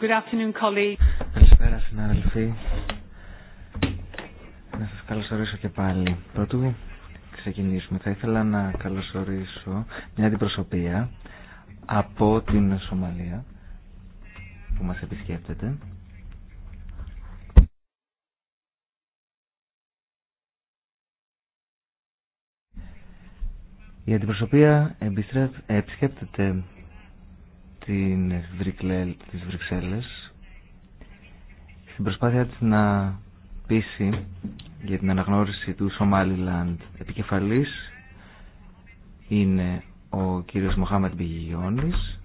Good afternoon, Καλησπέρα, συνάδελφοι. Να σας καλωσορίσω και πάλι. Πρώτου ξεκινήσουμε. Θα ήθελα να καλωσορίσω μια αντιπροσωπεία από την Σομαλία που μας επισκέπτεται. Η αντιπροσωπεία επισκέπτεται στην Βρυκλέ, της Βρυξέλλες στην προσπάθειά της να πείσει για την αναγνώριση του Σομάλιλαντ επικεφαλής είναι ο κύριος Μοχάμετ Μπηγιόνης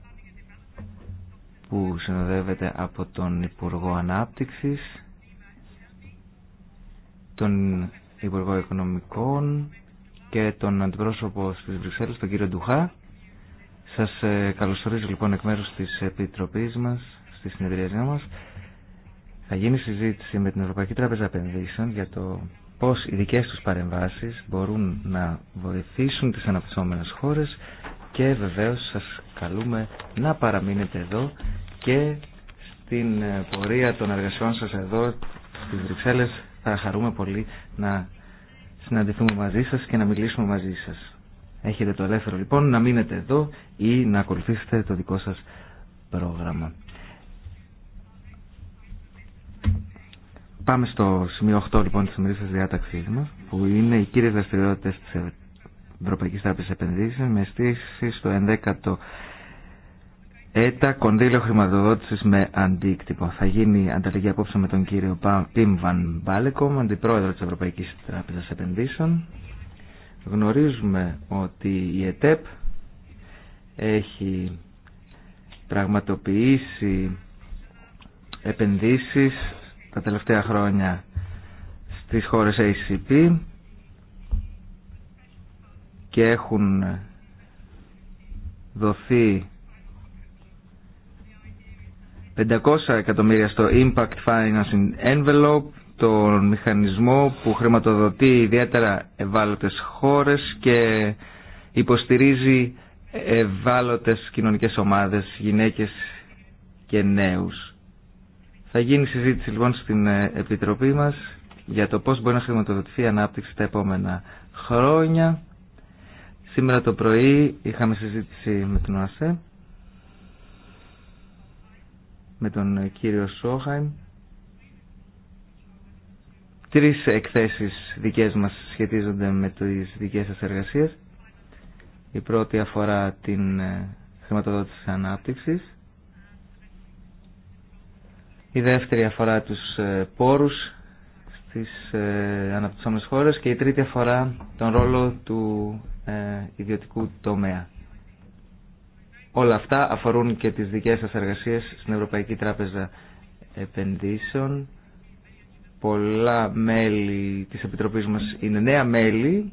που συνοδεύεται από τον Υπουργό Ανάπτυξης τον Υπουργό Οικονομικών και τον Αντιπρόσωπο στις Βρυξέλλες, τον κύριο Ντουχά σας ε, καλωσορίζω λοιπόν εκ μέρους της Επιτροπής μας, στη συνεδρία μας. Θα γίνει συζήτηση με την Ευρωπαϊκή Τράπεζα Επενδύσεων για το πώς οι δικές τους παρεμβάσεις μπορούν να βοηθήσουν τις αναπτυσσόμενες χώρες και βεβαίως σας καλούμε να παραμείνετε εδώ και στην ε, πορεία των εργασιών σας εδώ στις Βρυξέλλες θα χαρούμε πολύ να συναντηθούμε μαζί σας και να μιλήσουμε μαζί σας. Έχετε το ελεύθερο λοιπόν να μείνετε εδώ ή να ακολουθήσετε το δικό σας πρόγραμμα. Πάμε στο σημείο 8 λοιπόν της σημερινής διάταξής μας που είναι οι κύριες δραστηριότητες της Ευρωπαϊκής Τράπεζας Επενδύσεων με στήριξη στο 11ο ΕΤΑ κονδύλιο χρηματοδότησης με αντίκτυπο. Θα γίνει ανταλλαγή απόψε με τον κύριο Πιμ Βαν Μπάλεκομ, αντιπρόεδρο της Ευρωπαϊκής Τράπεζας Επενδύσεων. Γνωρίζουμε ότι η ΕΤΕΠ έχει πραγματοποιήσει επενδύσεις τα τελευταία χρόνια στις χώρες ACP και έχουν δοθεί 500 εκατομμύρια στο Impact Financing Envelope τον μηχανισμό που χρηματοδοτεί ιδιαίτερα ευάλωτες χώρες και υποστηρίζει ευάλωτες κοινωνικές ομάδες, γυναίκες και νέους. Θα γίνει συζήτηση λοιπόν στην ε, Επιτροπή μας για το πώς μπορεί να χρηματοδοτηθεί η ανάπτυξη τα επόμενα χρόνια. Σήμερα το πρωί είχαμε συζήτηση με τον ΟΑΣΕ, με τον ε, κύριο Σόχαϊμ. Τρεις εκθέσεις δικές μας σχετίζονται με τις δικές σας εργασίες. Η πρώτη αφορά την ε, χρηματοδότηση της ανάπτυξης. Η δεύτερη αφορά τους ε, πόρους στις ε, αναπτυσσόμενες χώρες και η τρίτη αφορά τον ρόλο του ιδιωτικού τομέα. Όλα αυτά αφορούν και τις δικές σας εργασίες στην Ευρωπαϊκή Τράπεζα Επενδύσεων πολλά μέλη της Επιτροπής μας είναι νέα μέλη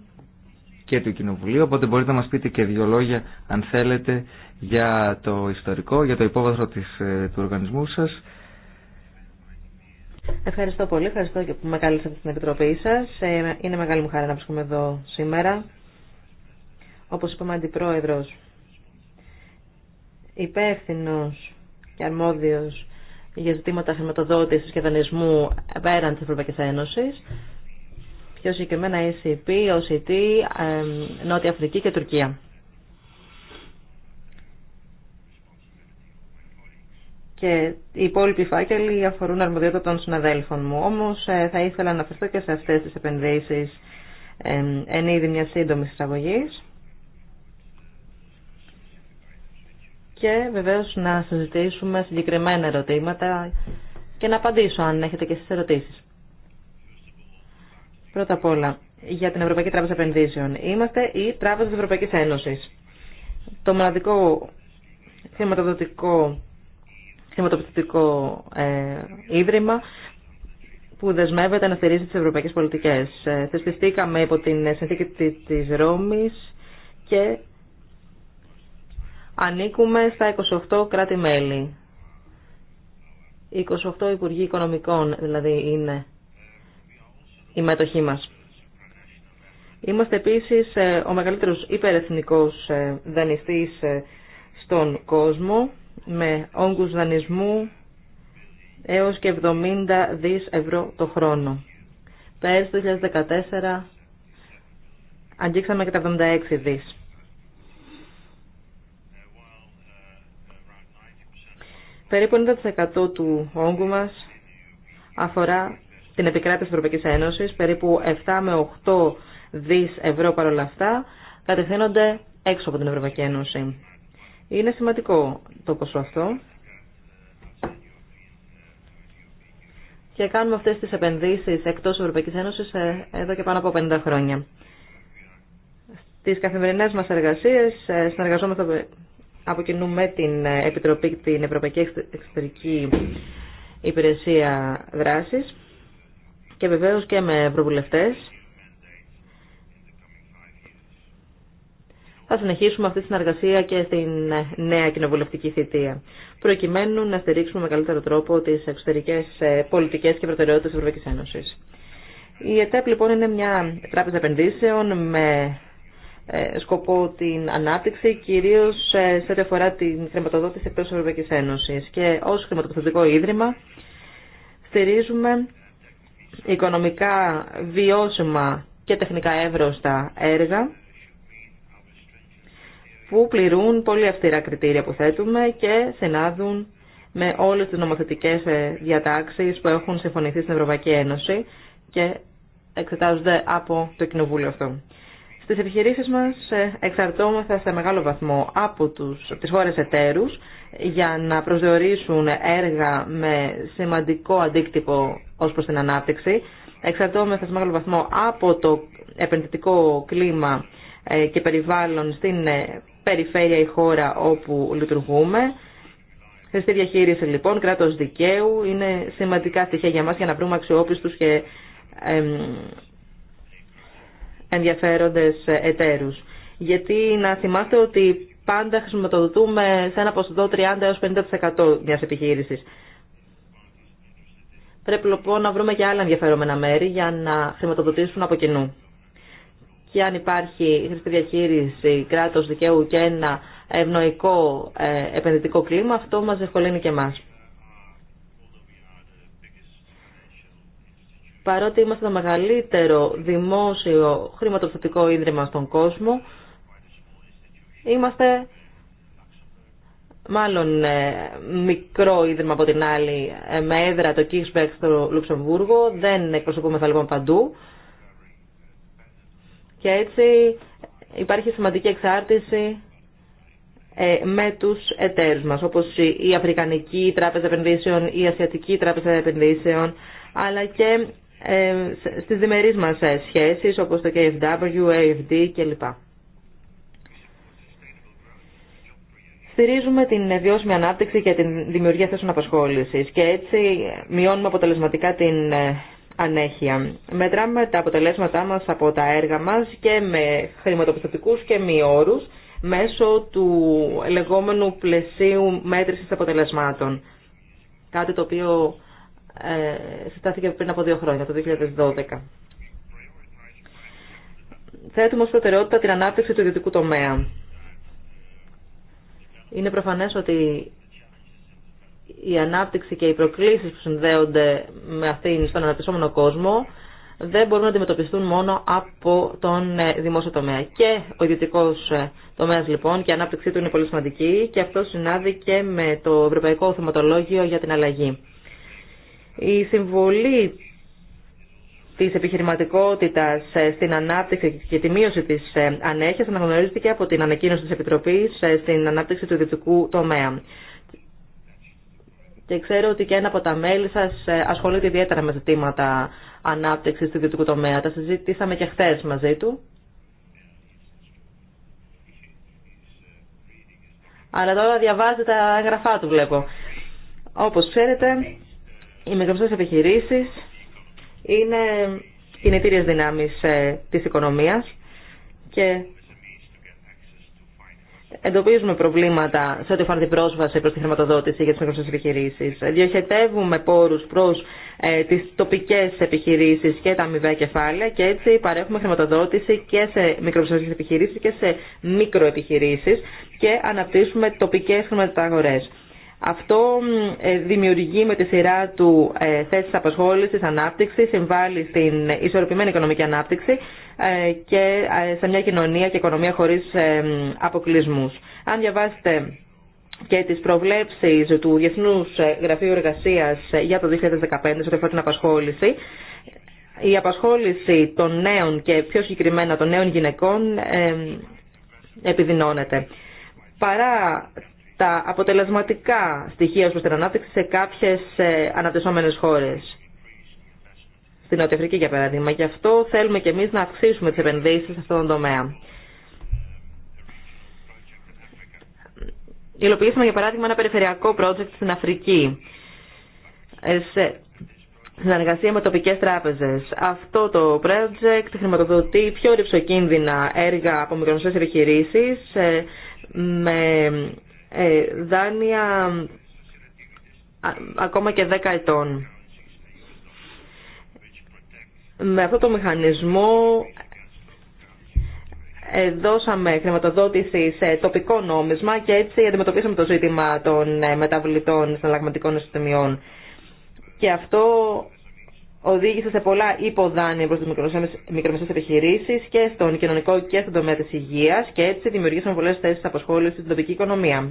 και του Κοινοβουλίου, οπότε μπορείτε να μας πείτε και δύο λόγια, αν θέλετε, για το ιστορικό, για το υπόβαθρο της, ε, του οργανισμού σας. Ευχαριστώ πολύ, ευχαριστώ και που με κάλεσατε στην Επιτροπή σας. Ε, είναι μεγάλη μου χαρά να βρίσκομαι εδώ σήμερα. Όπως είπαμε, αντιπρόεδρος, υπεύθυνο και αρμόδιος για ζητήματα χρηματοδότηση και δανεισμού πέραν της Ευρωπαϊκής Ένωσης, πιο συγκεκριμένα ACP, OCT, Νότια Αφρική και Τουρκία. Και οι υπόλοιποι φάκελοι αφορούν αρμοδιότητα των συναδέλφων μου. Όμως ε, θα ήθελα να αναφερθώ και σε αυτές τις επενδύσεις εν είδη σύντομη εισαγωγή. και βεβαίως να συζητήσουμε συγκεκριμένα ερωτήματα και να απαντήσω αν έχετε και εσείς ερωτήσεις. Πρώτα απ' όλα, για την Ευρωπαϊκή Τράπεζα Επενδύσεων. Είμαστε η Τράπεζα της Ευρωπαϊκής Ένωσης. Το μοναδικό χρηματοδοτικό χρηματοπιστωτικό ε, ίδρυμα που δεσμεύεται να στηρίζει τις ευρωπαϊκές πολιτικές. Ε, θεσπιστήκαμε υπό την συνθήκη της Ρώμης και ανήκουμε στα 28 κράτη-μέλη. 28 Υπουργοί Οικονομικών δηλαδή είναι η μετοχή μας. Είμαστε επίσης ε, ο μεγαλύτερος υπερεθνικός ε, δανειστής ε, στον κόσμο με όγκους δανεισμού έως και 70 δις ευρώ το χρόνο. Πέρσι το 2014 αγγίξαμε και τα 76 δις. Περίπου 90% του όγκου μα αφορά την επικράτηση της Ευρωπαϊκής Ένωσης, περίπου 7 με 8 δις ευρώ παρόλα αυτά, κατευθύνονται έξω από την Ευρωπαϊκή Ένωση. Είναι σημαντικό το ποσό αυτό. Και κάνουμε αυτές τις επενδύσεις εκτός Ευρωπαϊκής Ένωσης ε, εδώ και πάνω από 50 χρόνια. Στις καθημερινές μας εργασίες ε, συνεργαζόμαστε από κοινού με την Επιτροπή την Ευρωπαϊκή Εξωτερική Υπηρεσία Δράσης και βεβαίως και με ευρωβουλευτές Θα συνεχίσουμε αυτή τη συνεργασία και στην νέα κοινοβουλευτική θητεία, προκειμένου να στηρίξουμε με καλύτερο τρόπο τις εξωτερικές ε, πολιτικές και προτεραιότητες της Ευρωπαϊκής Ένωσης. Η ΕΤΕΠ λοιπόν είναι μια τράπεζα επενδύσεων με ε, σκοπό την ανάπτυξη, κυρίως ε, σε ό,τι αφορά την χρηματοδότηση εκτός της Ευρωπαϊκής Ένωσης. Και ως χρηματοδοτικό ίδρυμα στηρίζουμε οικονομικά βιώσιμα και τεχνικά εύρωστα έργα που πληρούν πολύ αυστηρά κριτήρια που θέτουμε και συνάδουν με όλες τις νομοθετικές ε, διατάξεις που έχουν συμφωνηθεί στην Ευρωπαϊκή Ένωση και εξετάζονται από το Κοινοβούλιο αυτό. Στις επιχειρήσεις μας ε, εξαρτώμεθα σε μεγάλο βαθμό από, τους, τις χώρες εταίρους για να προσδιορίσουν έργα με σημαντικό αντίκτυπο ως προς την ανάπτυξη. Εξαρτώμεθα σε μεγάλο βαθμό από το επενδυτικό κλίμα ε, και περιβάλλον στην ε, περιφέρεια ή χώρα όπου λειτουργούμε. Στη διαχείριση λοιπόν, κράτος δικαίου είναι σημαντικά στοιχεία για μας για να βρούμε αξιόπιστους και ενδιαφέροντες εταίρους. Γιατί να θυμάστε ότι πάντα χρησιμοποιούμε σε ένα ποσοστό 30-50% μιας επιχείρησης. Πρέπει λοιπόν να βρούμε και άλλα ενδιαφερόμενα μέρη για να χρηματοδοτήσουν από κοινού. Και αν υπάρχει χρηστή διαχείριση, κράτος δικαίου και ένα ευνοϊκό ε, επενδυτικό κλίμα, αυτό μας ευκολύνει και εμάς. παρότι είμαστε το μεγαλύτερο δημόσιο χρηματοπιστωτικό ίδρυμα στον κόσμο, είμαστε μάλλον ε, μικρό ίδρυμα από την άλλη ε, με έδρα το Kingsberg στο Λουξεμβούργο, δεν εκπροσωπούμεθα λοιπόν παντού και έτσι υπάρχει σημαντική εξάρτηση ε, με τους εταίρους μας, όπως η Αφρικανική Τράπεζα Επενδύσεων, η Ασιατική Τράπεζα Επενδύσεων, αλλά και ε, στις διμερείς μας ε, σχέσεις όπως το KFW, AFD κλπ. Στηρίζουμε την βιώσιμη ανάπτυξη και την δημιουργία θέσεων απασχόλησης και έτσι μειώνουμε αποτελεσματικά την ε, ανέχεια. Μετράμε τα αποτελέσματά μας από τα έργα μας και με χρηματοπιστωτικούς και μη όρους μέσω του λεγόμενου πλαισίου μέτρησης αποτελεσμάτων. Κάτι το οποίο ε, συστάθηκε πριν από δύο χρόνια, το 2012. Θέτουμε ως προτεραιότητα την ανάπτυξη του ιδιωτικού τομέα. Είναι προφανές ότι η ανάπτυξη και οι προκλήσεις που συνδέονται με αυτήν στον αναπτυσσόμενο κόσμο δεν μπορούν να αντιμετωπιστούν μόνο από τον ε, δημόσιο τομέα. Και ο ιδιωτικό ε, τομέα λοιπόν και η ανάπτυξή του είναι πολύ σημαντική και αυτό συνάδει και με το Ευρωπαϊκό Θεματολόγιο για την Αλλαγή. Η συμβολή της επιχειρηματικότητας ε, στην ανάπτυξη και τη μείωση της ε, ανέχειας αναγνωρίζεται και από την ανακοίνωση της Επιτροπής ε, στην ανάπτυξη του ιδιωτικού τομέα. Και ξέρω ότι και ένα από τα μέλη σας ασχολείται ιδιαίτερα με ζητήματα ανάπτυξης του ιδιωτικού τομέα. Τα συζητήσαμε και χθε μαζί του. Αλλά τώρα διαβάζει τα έγγραφά του, βλέπω. Όπως ξέρετε, οι μικρομεσαίες επιχειρήσεις είναι κινητήριες δυνάμεις ε, της οικονομίας και εντοπίζουμε προβλήματα σε ό,τι αφορά την πρόσβαση προ τη χρηματοδότηση για τι μικρομεσαίε επιχειρήσει. Διοχετεύουμε πόρου προ ε, τι τοπικέ επιχειρήσει και τα αμοιβαία κεφάλαια και έτσι παρέχουμε χρηματοδότηση και σε μικρομεσαίε επιχειρήσει και σε μικροεπιχειρήσει και αναπτύσσουμε τοπικέ χρηματαγορέ. Αυτό ε, δημιουργεί με τη σειρά του ε, θέσει απασχόλησης, ανάπτυξη, συμβάλλει στην ισορροπημένη οικονομική ανάπτυξη ε, και σε μια κοινωνία και οικονομία χωρίς αποκλεισμού. Αν διαβάσετε και τις προβλέψεις του Διεθνούς Γραφείου Εργασίας για το 2015 σε αφορά την απασχόληση, η απασχόληση των νέων και πιο συγκεκριμένα των νέων γυναικών επιδεινώνεται. Παρά τα αποτελεσματικά στοιχεία προ την ανάπτυξη σε κάποιες ε, αναπτυσσόμενε χώρες. Στην Νότια Αφρική, για παράδειγμα. Γι' αυτό θέλουμε και εμείς να αυξήσουμε τι επενδύσεις σε αυτόν τον τομέα. Υλοποιήσαμε, για παράδειγμα, ένα περιφερειακό project στην Αφρική. Ε, σε συνεργασία με τοπικέ τράπεζες. Αυτό το project χρηματοδοτεί πιο ρηψοκίνδυνα έργα από μικρομεσαίε επιχειρήσει. Ε, με ε, δάνεια ακόμα και 10 ετών. Με αυτό το μηχανισμό ε, δώσαμε χρηματοδότηση σε τοπικό νόμισμα και έτσι αντιμετωπίσαμε το ζήτημα των ε, μεταβλητών συναλλαγματικών συστημιών Και αυτό οδήγησε σε πολλά υποδάνεια προ τι μικρομεσαίες επιχειρήσεις και στον κοινωνικό και στον τομέα της υγείας και έτσι δημιουργήσαν πολλές θέσεις απασχόλησης στην τοπική οικονομία.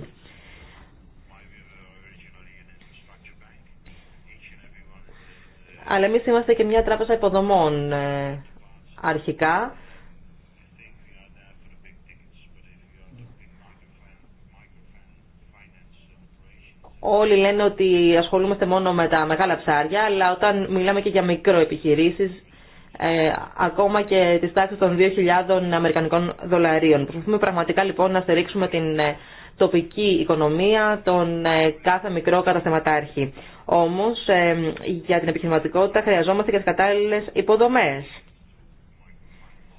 Αλλά εμεί είμαστε και μια τράπεζα υποδομών ε, αρχικά Όλοι λένε ότι ασχολούμαστε μόνο με τα μεγάλα ψάρια, αλλά όταν μιλάμε και για μικροεπιχειρήσεις, ε, ακόμα και τις τάξεις των 2.000 Αμερικανικών δολαρίων. Προσπαθούμε πραγματικά λοιπόν να στηρίξουμε την ε, τοπική οικονομία, τον ε, κάθε μικρό καταστηματάρχη. Όμως ε, για την επιχειρηματικότητα χρειαζόμαστε και τις κατάλληλες υποδομές.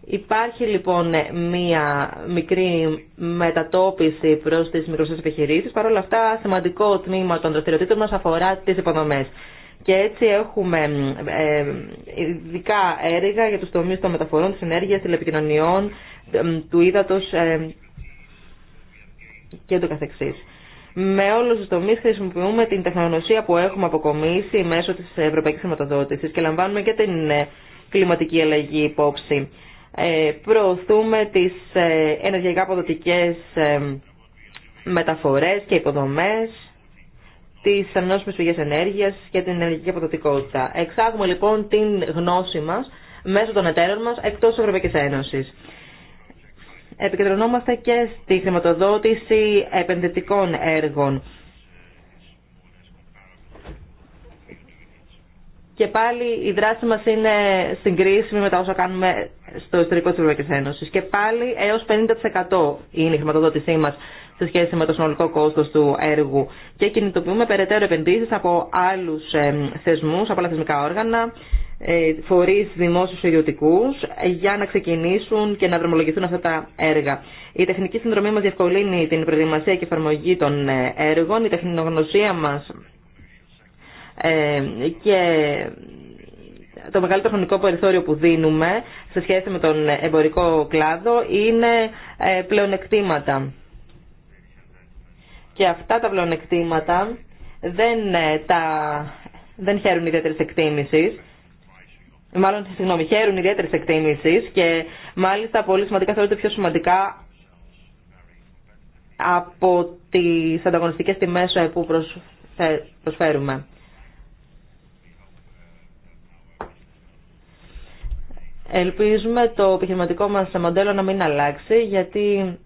Υπάρχει λοιπόν μία μικρή μετατόπιση προς τις μικροσύνε επιχειρήσεις. Παρ' όλα αυτά, σημαντικό τμήμα των δραστηριοτήτων μας αφορά τις υποδομές. Και έτσι έχουμε ε, ειδικά έργα για τους τομείς των μεταφορών, της ενέργειας, τηλεπικοινωνιών, του ύδατος ε, και του καθεξής. Με όλους τους τομείς χρησιμοποιούμε την τεχνογνωσία που έχουμε αποκομίσει μέσω της Ευρωπαϊκής Χρηματοδότησης και λαμβάνουμε και την ε, κλιματική αλλαγή υπόψη. Ε, προωθούμε τις ε, ενεργειακά αποδοτικές ε, μεταφορές και υποδομές, τις ανανεώσιμες πηγές ενέργειας και την ενεργειακή αποδοτικότητα. Εξάγουμε λοιπόν την γνώση μας μέσω των εταίρων μας εκτός της Ευρωπαϊκής Ένωσης. Επικεντρωνόμαστε και στη χρηματοδότηση επενδυτικών έργων Και πάλι η δράση μας είναι συγκρίσιμη με τα όσα κάνουμε στο ιστορικό της Ευρωπαϊκής Ένωσης. Και πάλι έως 50% είναι η χρηματοδότησή μας σε σχέση με το συνολικό κόστος του έργου. Και κινητοποιούμε περαιτέρω επενδύσεις από άλλους ε, θεσμούς, από άλλα θεσμικά όργανα, ε, φορείς δημόσιους ιδιωτικού για να ξεκινήσουν και να δρομολογηθούν αυτά τα έργα. Η τεχνική συνδρομή μας διευκολύνει την προετοιμασία και εφαρμογή των ε, έργων. Η τεχνογνωσία μας ε, και το μεγαλύτερο χρονικό περιθώριο που δίνουμε σε σχέση με τον εμπορικό κλάδο είναι ε, πλεονεκτήματα. Και αυτά τα πλεονεκτήματα δεν, ε, τα, δεν χαίρουν ιδιαίτερη εκτίμηση. Μάλλον, συγγνώμη, χαίρουν ιδιαίτερη εκτίμηση και μάλιστα πολύ σημαντικά θεωρούνται πιο σημαντικά από τις ανταγωνιστικές τιμές που προσφέρουμε. Ελπίζουμε το επιχειρηματικό μας μοντέλο να μην αλλάξει, γιατί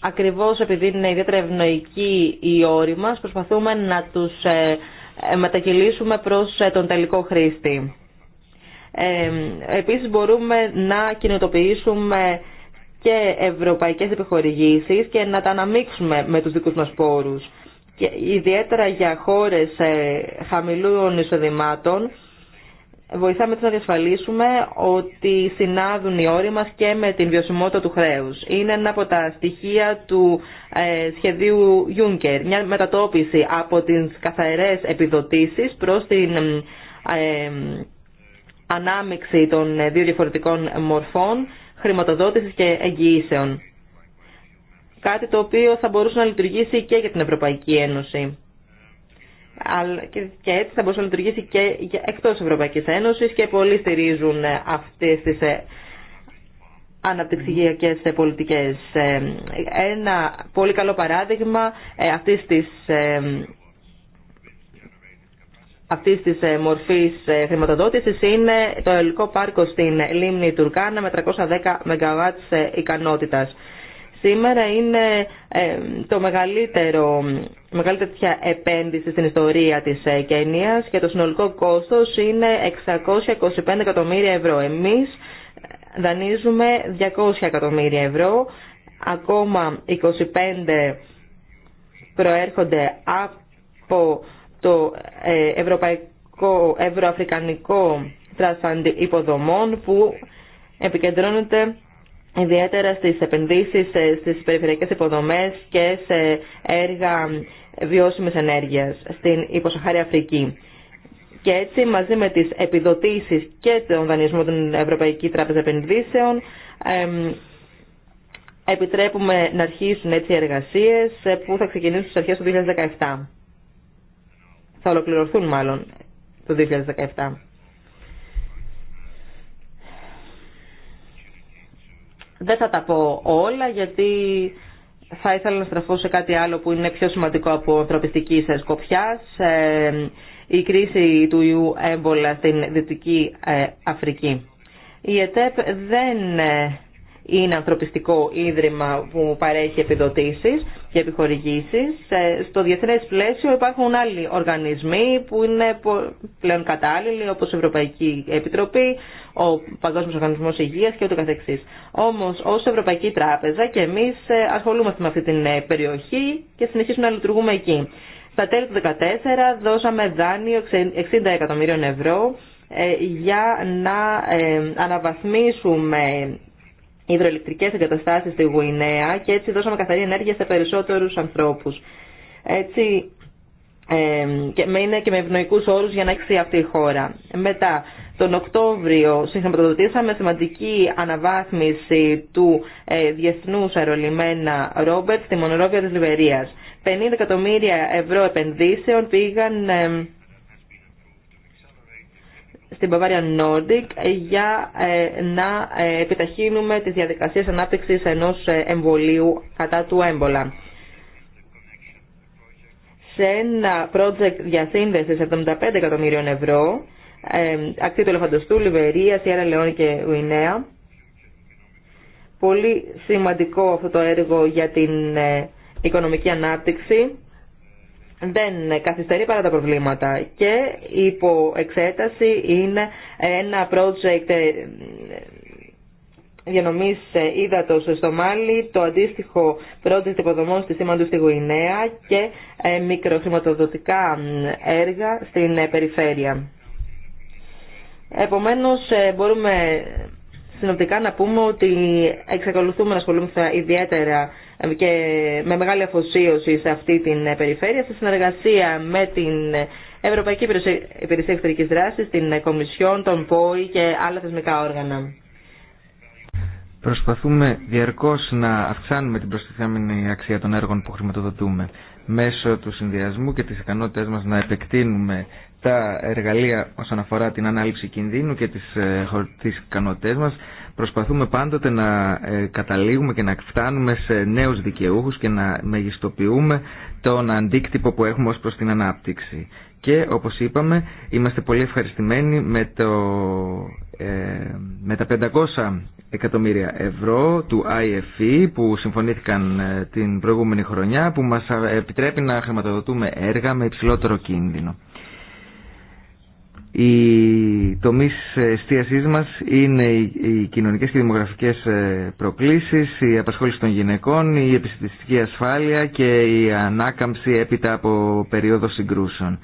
ακριβώς επειδή είναι ιδιαίτερα ευνοϊκοί οι όροι μας, προσπαθούμε να τους ε, ε, μετακυλήσουμε προς ε, τον τελικό χρήστη. Ε, επίσης μπορούμε να κοινοτοποιήσουμε και ευρωπαϊκές επιχορηγήσεις και να τα αναμίξουμε με τους δικούς μας πόρους και ιδιαίτερα για χώρες ε, χαμηλών εισοδημάτων βοηθάμε να διασφαλίσουμε ότι συνάδουν οι όροι μας και με την βιωσιμότητα του χρέους. Είναι ένα από τα στοιχεία του ε, σχεδίου Juncker, μια μετατόπιση από τις καθαρές επιδοτήσεις προς την ε, ανάμειξη των δύο διαφορετικών μορφών χρηματοδότησης και εγγυήσεων κάτι το οποίο θα μπορούσε να λειτουργήσει και για την Ευρωπαϊκή Ένωση. και έτσι θα μπορούσε να λειτουργήσει και εκτός Ευρωπαϊκής Ένωση και πολλοί στηρίζουν ε, αυτές τις ε, αναπτυξιακές ε, πολιτικές. Ένα πολύ καλό παράδειγμα αυτής της αυτή τη μορφή χρηματοδότηση είναι το ελληνικό πάρκο στην λίμνη Τουρκάνα με 310 ΜΒ ικανότητα σήμερα είναι ε, το μεγαλύτερο, μεγαλύτερη τέτοια επένδυση στην ιστορία της ε, Κένιας και το συνολικό κόστος είναι 625 εκατομμύρια ευρώ. Εμείς ε, δανείζουμε 200 εκατομμύρια ευρώ, ακόμα 25 προέρχονται από το Ευρωπαϊκό, Ευρωαφρικανικό Τρασάντι Υποδομών που επικεντρώνεται ιδιαίτερα στις επενδύσεις στις περιφερειακές υποδομές και σε έργα βιώσιμης ενέργειας στην υποσαχάρια Αφρική. Και έτσι μαζί με τις επιδοτήσεις και τον δανεισμό των Ευρωπαϊκή Τράπεζα Επενδύσεων επιτρέπουμε να αρχίσουν έτσι οι εργασίες που θα ξεκινήσουν στις αρχές του 2017. Θα ολοκληρωθούν μάλλον το 2017. Δεν θα τα πω όλα γιατί θα ήθελα να στραφώ σε κάτι άλλο που είναι πιο σημαντικό από ανθρωπιστική σκοπιά. σκοπιά. Ε, η κρίση του ιού έμπολα στην Δυτική ε, Αφρική. Η ΕΤΕΠ δεν ε, είναι ανθρωπιστικό ίδρυμα που παρέχει επιδοτήσεις και επιχορηγήσεις. Ε, στο διεθνές πλαίσιο υπάρχουν άλλοι οργανισμοί που είναι πλέον κατάλληλοι όπως η Ευρωπαϊκή Επιτροπή, ο Παγκόσμιος Οργανισμός Υγείας και ούτω καθεξής. Όμως ως Ευρωπαϊκή Τράπεζα και εμείς ε, ασχολούμαστε με αυτή την ε, περιοχή και συνεχίζουμε να λειτουργούμε εκεί. Στα τέλη του 2014 δώσαμε δάνειο 60 εκατομμύριων ευρώ για να αναβαθμίσουμε υδροελεκτρικές εγκαταστάσεις στη Γουινέα και έτσι δώσαμε καθαρή ενέργεια σε περισσότερους ανθρώπους. Έτσι και με, είναι και με ευνοϊκού όρου για να έχει αυτή η χώρα. Μετά, τον Οκτώβριο συγχρηματοδοτήσαμε σημαντική αναβάθμιση του ε, διεθνού αερολιμένα Ρόμπερτ στη Μονορόβια της Λιβερίας. 50 εκατομμύρια ευρώ επενδύσεων πήγαν στην Bavaria Nordic για ε, να ε, επιταχύνουμε τις διαδικασίες ανάπτυξης ενός ε, εμβολίου κατά του έμπολα. Σε ένα project διασύνδεσης 75 εκατομμύριων ευρώ, ακτή του Ελεφαντοστού, Λιβερία, Σιέρα Λεώνη και Ουινέα. Πολύ σημαντικό αυτό το έργο για την οικονομική ανάπτυξη δεν καθυστερεί παρά τα προβλήματα και υπό εξέταση είναι ένα project ε, διανομής ε, ύδατος στο Μάλι, το αντίστοιχο project υποδομών στη Σήμαντου στη Γουινέα και ε, μικροχρηματοδοτικά έργα στην περιφέρεια. Επομένως μπορούμε συνοπτικά να πούμε ότι εξακολουθούμε να ασχολούμαστε ιδιαίτερα ε, και με μεγάλη αφοσίωση σε αυτή την ε, περιφέρεια, σε συνεργασία με την Ευρωπαϊκή Υπηρεσία Εξωτερικής Δράσης, την ε, Κομισιόν, τον ΠΟΗ και άλλα θεσμικά όργανα. Προσπαθούμε διαρκώς να αυξάνουμε την προστιθέμενη αξία των έργων που χρηματοδοτούμε μέσω του συνδυασμού και της ικανότητας μας να επεκτείνουμε τα εργαλεία όσον αφορά την ανάληψη κινδύνου και τις, τις ικανότητές μας προσπαθούμε πάντοτε να ε, καταλήγουμε και να φτάνουμε σε νέους δικαιούχους και να μεγιστοποιούμε τον αντίκτυπο που έχουμε ως προς την ανάπτυξη. Και όπως είπαμε είμαστε πολύ ευχαριστημένοι με, το, ε, με τα 500 εκατομμύρια ευρώ του IFE που συμφωνήθηκαν ε, την προηγούμενη χρονιά που μας επιτρέπει να χρηματοδοτούμε έργα με υψηλότερο κίνδυνο. Οι τομεί εστίασή μα είναι οι κοινωνικές και δημογραφικές ε, προκλήσεις, η απασχόληση των γυναικών, η επιστημιστική ασφάλεια και η ανάκαμψη έπειτα από περίοδο συγκρούσεων.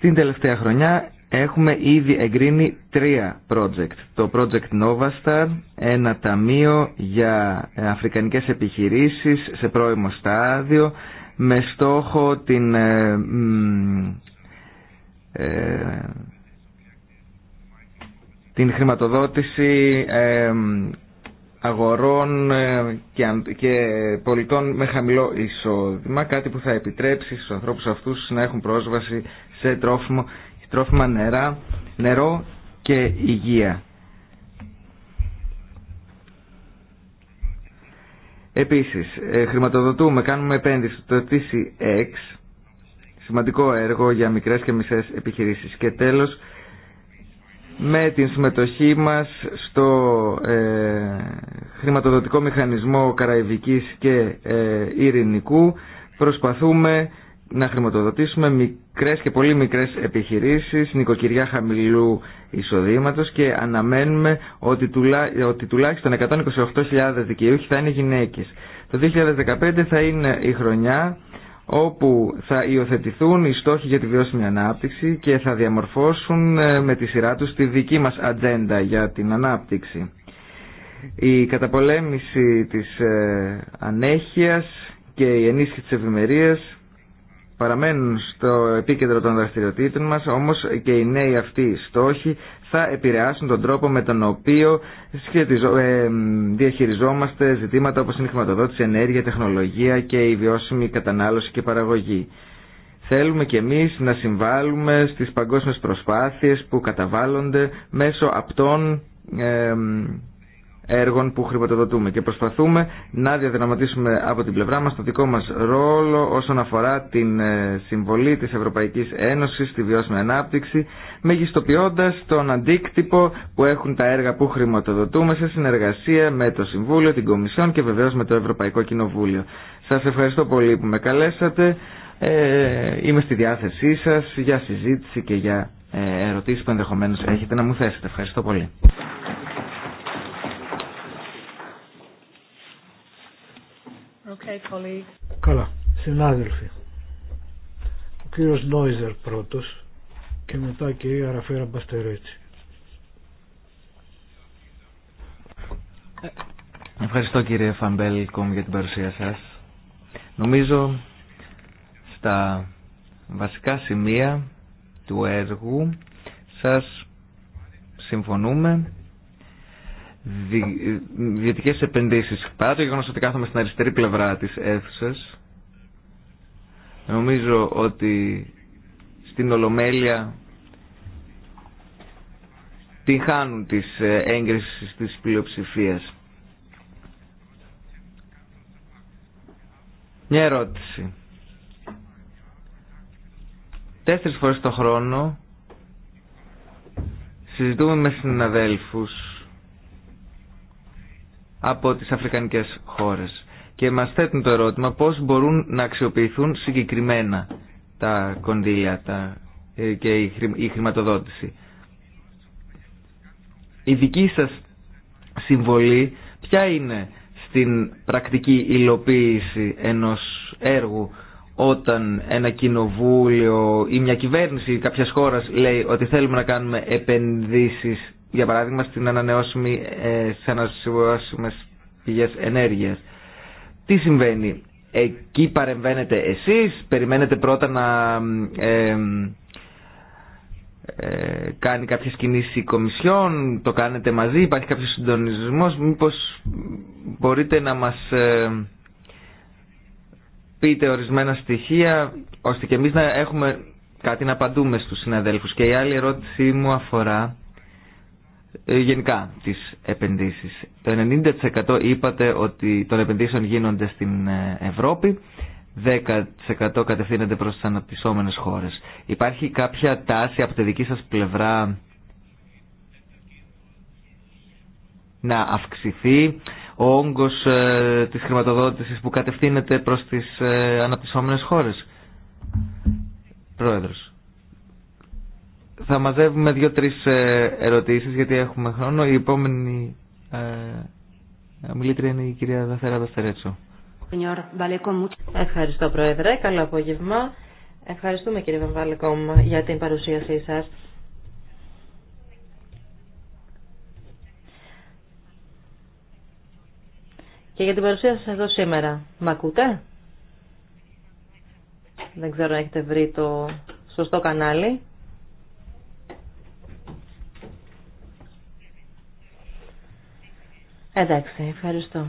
Την τελευταία χρονιά έχουμε ήδη εγκρίνει τρία project. Το project Novastar, ένα ταμείο για αφρικανικές επιχειρήσεις σε πρώιμο στάδιο, με στόχο την... Ε, ε, την χρηματοδότηση αγορών ε, και πολιτών με χαμηλό εισόδημα, κάτι που θα επιτρέψει στους ανθρώπους αυτούς να έχουν πρόσβαση σε τρόφιμο, τρόφιμα νερά, νερό και υγεία. Επίσης, ε, χρηματοδοτούμε, κάνουμε επένδυση στο TCX, σημαντικό έργο για μικρές και μισές επιχειρήσεις. Και τέλος, με την συμμετοχή μας στο ε, χρηματοδοτικό μηχανισμό Καραϊβικής και ε, Ειρηνικού προσπαθούμε να χρηματοδοτήσουμε μικρές και πολύ μικρές επιχειρήσεις, νοικοκυριά χαμηλού εισοδήματος και αναμένουμε ότι, ότι τουλάχιστον 128.000 δικαιούχοι θα είναι γυναίκες. Το 2015 θα είναι η χρονιά όπου θα υιοθετηθούν οι στόχοι για τη βιώσιμη ανάπτυξη και θα διαμορφώσουν ε, με τη σειρά τους τη δική μας ατζέντα για την ανάπτυξη. Η καταπολέμηση της ε, ανέχειας και η ενίσχυση της ευημερία παραμένουν στο επίκεντρο των δραστηριοτήτων μας, όμως και οι νέοι αυτοί στόχοι θα επηρεάσουν τον τρόπο με τον οποίο ε, διαχειριζόμαστε ζητήματα όπως είναι η χρηματοδότηση, ενέργεια, τεχνολογία και η βιώσιμη κατανάλωση και παραγωγή. Θέλουμε και εμείς να συμβάλλουμε στις παγκόσμιες προσπάθειες που καταβάλλονται μέσω απτών ε, έργων που χρηματοδοτούμε και προσπαθούμε να διαδραματίσουμε από την πλευρά μας το δικό μας ρόλο όσον αφορά την ε, συμβολή της Ευρωπαϊκής Ένωσης στη βιώσιμη ανάπτυξη μεγιστοποιώντας τον αντίκτυπο που έχουν τα έργα που χρηματοδοτούμε σε συνεργασία με το Συμβούλιο, την Κομισιόν και βεβαίως με το Ευρωπαϊκό Κοινοβούλιο. Σας ευχαριστώ πολύ που με καλέσατε. Ε, είμαι στη διάθεσή σας για συζήτηση και για ε, ερωτήσεις που ενδεχομένως έχετε να μου θέσετε. Ευχαριστώ πολύ. Καλά, συνάδελφοι. Ο κύριος Νόιζερ πρώτος και μετά η κυρία Ραφέρα Μπαστερέτσι. Ευχαριστώ κύριε Κομ για την παρουσία σας. Νομίζω στα βασικά σημεία του έργου σας συμφωνούμε ιδιωτικέ επενδύσεις. Παρά το γεγονό ότι κάθομαι στην αριστερή πλευρά της αίθουσα. νομίζω ότι στην Ολομέλεια την χάνουν τη ε, έγκριση της πλειοψηφίας. Μια ερώτηση. Τέσσερις φορές το χρόνο συζητούμε με συναδέλφους από τις αφρικανικές χώρες. Και μας θέτουν το ερώτημα πώς μπορούν να αξιοποιηθούν συγκεκριμένα τα κονδύλια τα, ε, και η χρηματοδότηση. Η δική σας συμβολή ποια είναι στην πρακτική υλοποίηση ενός έργου όταν ένα κοινοβούλιο ή μια κυβέρνηση κάποιας χώρας λέει ότι θέλουμε να κάνουμε επενδύσεις για παράδειγμα στην ανανεώσιμη, ε, στις ανανεώσιμες πηγές ενέργειας. Τι συμβαίνει, εκεί παρεμβαίνετε εσείς, περιμένετε πρώτα να ε, ε, κάνει κάποιες κινήσεις η Κομισιόν, το κάνετε μαζί, υπάρχει κάποιος συντονισμός, μήπως μπορείτε να μας ε, πείτε ορισμένα στοιχεία, ώστε και εμείς να έχουμε κάτι να απαντούμε στους συναδέλφους. Και η άλλη ερώτησή μου αφορά ε, γενικά τις επενδύσεις. Το 90% είπατε ότι των επενδύσεων γίνονται στην ε, Ευρώπη, 10% κατευθύνεται προς τις αναπτυσσόμενες χώρες. Υπάρχει κάποια τάση από τη δική σας πλευρά να αυξηθεί ο όγκος ε, της χρηματοδότησης που κατευθύνεται προς τις αναπτυσσόμενες χώρες. Πρόεδρος. Θα μαζεύουμε δύο-τρεις ε, ερωτήσεις γιατί έχουμε χρόνο. Η επόμενη ε, μιλήτρια είναι η κυρία Δαθέρα Δαστερέτσο. Ευχαριστώ Πρόεδρε. Καλό απόγευμα. Ευχαριστούμε κύριε Βαμβάλεκομ για την παρουσίασή σας. Και για την παρουσία σας εδώ σήμερα. Μ' ακούτε? Δεν ξέρω αν έχετε βρει το σωστό κανάλι. Εντάξει, ευχαριστώ.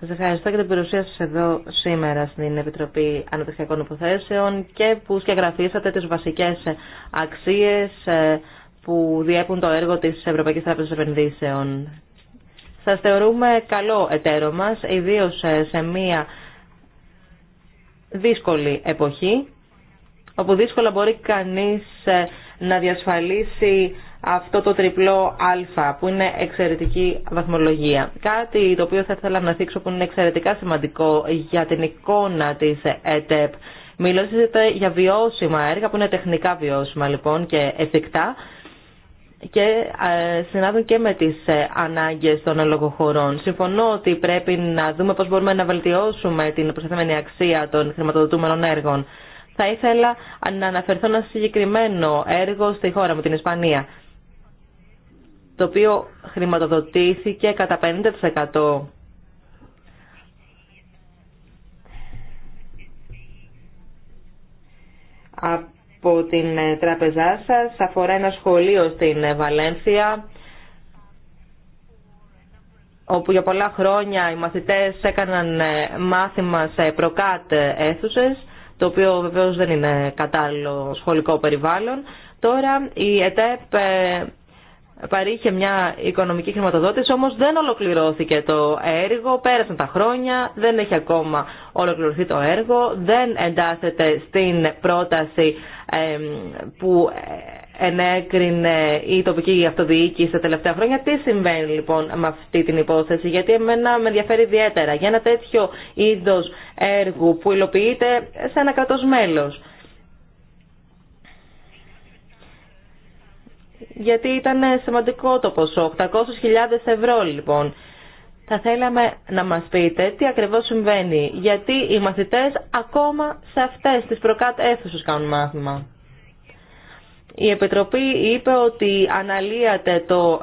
Σα ευχαριστώ και την παρουσία σα εδώ σήμερα στην Επιτροπή Ανατοχιακών Υποθέσεων και που σκεγγραφίσατε τις βασικές αξίες ε, που διέπουν το έργο της Ευρωπαϊκής Τράπεζα Επενδύσεων. Σα θεωρούμε καλό εταίρο μα, ιδίω ε, σε μία δύσκολη εποχή, όπου δύσκολα μπορεί κανείς ε, να διασφαλίσει αυτό το τριπλό α που είναι εξαιρετική βαθμολογία. Κάτι το οποίο θα ήθελα να δείξω που είναι εξαιρετικά σημαντικό για την εικόνα της ΕΤΕΠ. Μιλώσετε για βιώσιμα έργα που είναι τεχνικά βιώσιμα λοιπόν και εφικτά και ε, συνάδουν και με τις ε, ανάγκες των ελλογοχωρών Συμφωνώ ότι πρέπει να δούμε πώς μπορούμε να βελτιώσουμε την προσθέμενη αξία των χρηματοδοτούμενων έργων. Θα ήθελα να αναφερθώ ένα συγκεκριμένο έργο στη χώρα μου, την Ισπανία το οποίο χρηματοδοτήθηκε κατά 50% από την ε, τράπεζά σας. Αφορά ένα σχολείο στην ε, Βαλένθια, όπου για πολλά χρόνια οι μαθητές έκαναν ε, μάθημα σε προκάτ αίθουσες, το οποίο βεβαίως δεν είναι κατάλληλο σχολικό περιβάλλον. Τώρα η ΕΤΕΠ παρήχε μια οικονομική χρηματοδότηση, όμως δεν ολοκληρώθηκε το έργο, πέρασαν τα χρόνια, δεν έχει ακόμα ολοκληρωθεί το έργο, δεν εντάσσεται στην πρόταση που ενέκρινε η τοπική αυτοδιοίκηση τα τελευταία χρόνια. Τι συμβαίνει λοιπόν με αυτή την υπόθεση, γιατί εμένα με ενδιαφέρει ιδιαίτερα για ένα τέτοιο είδος έργου που υλοποιείται σε ένα κρατός μέλος. γιατί ήταν σημαντικό το ποσό, 800.000 ευρώ λοιπόν. Θα θέλαμε να μας πείτε τι ακριβώς συμβαίνει, γιατί οι μαθητές ακόμα σε αυτές τις προκάτ κάνουν μάθημα. Η Επιτροπή είπε ότι αναλύατε το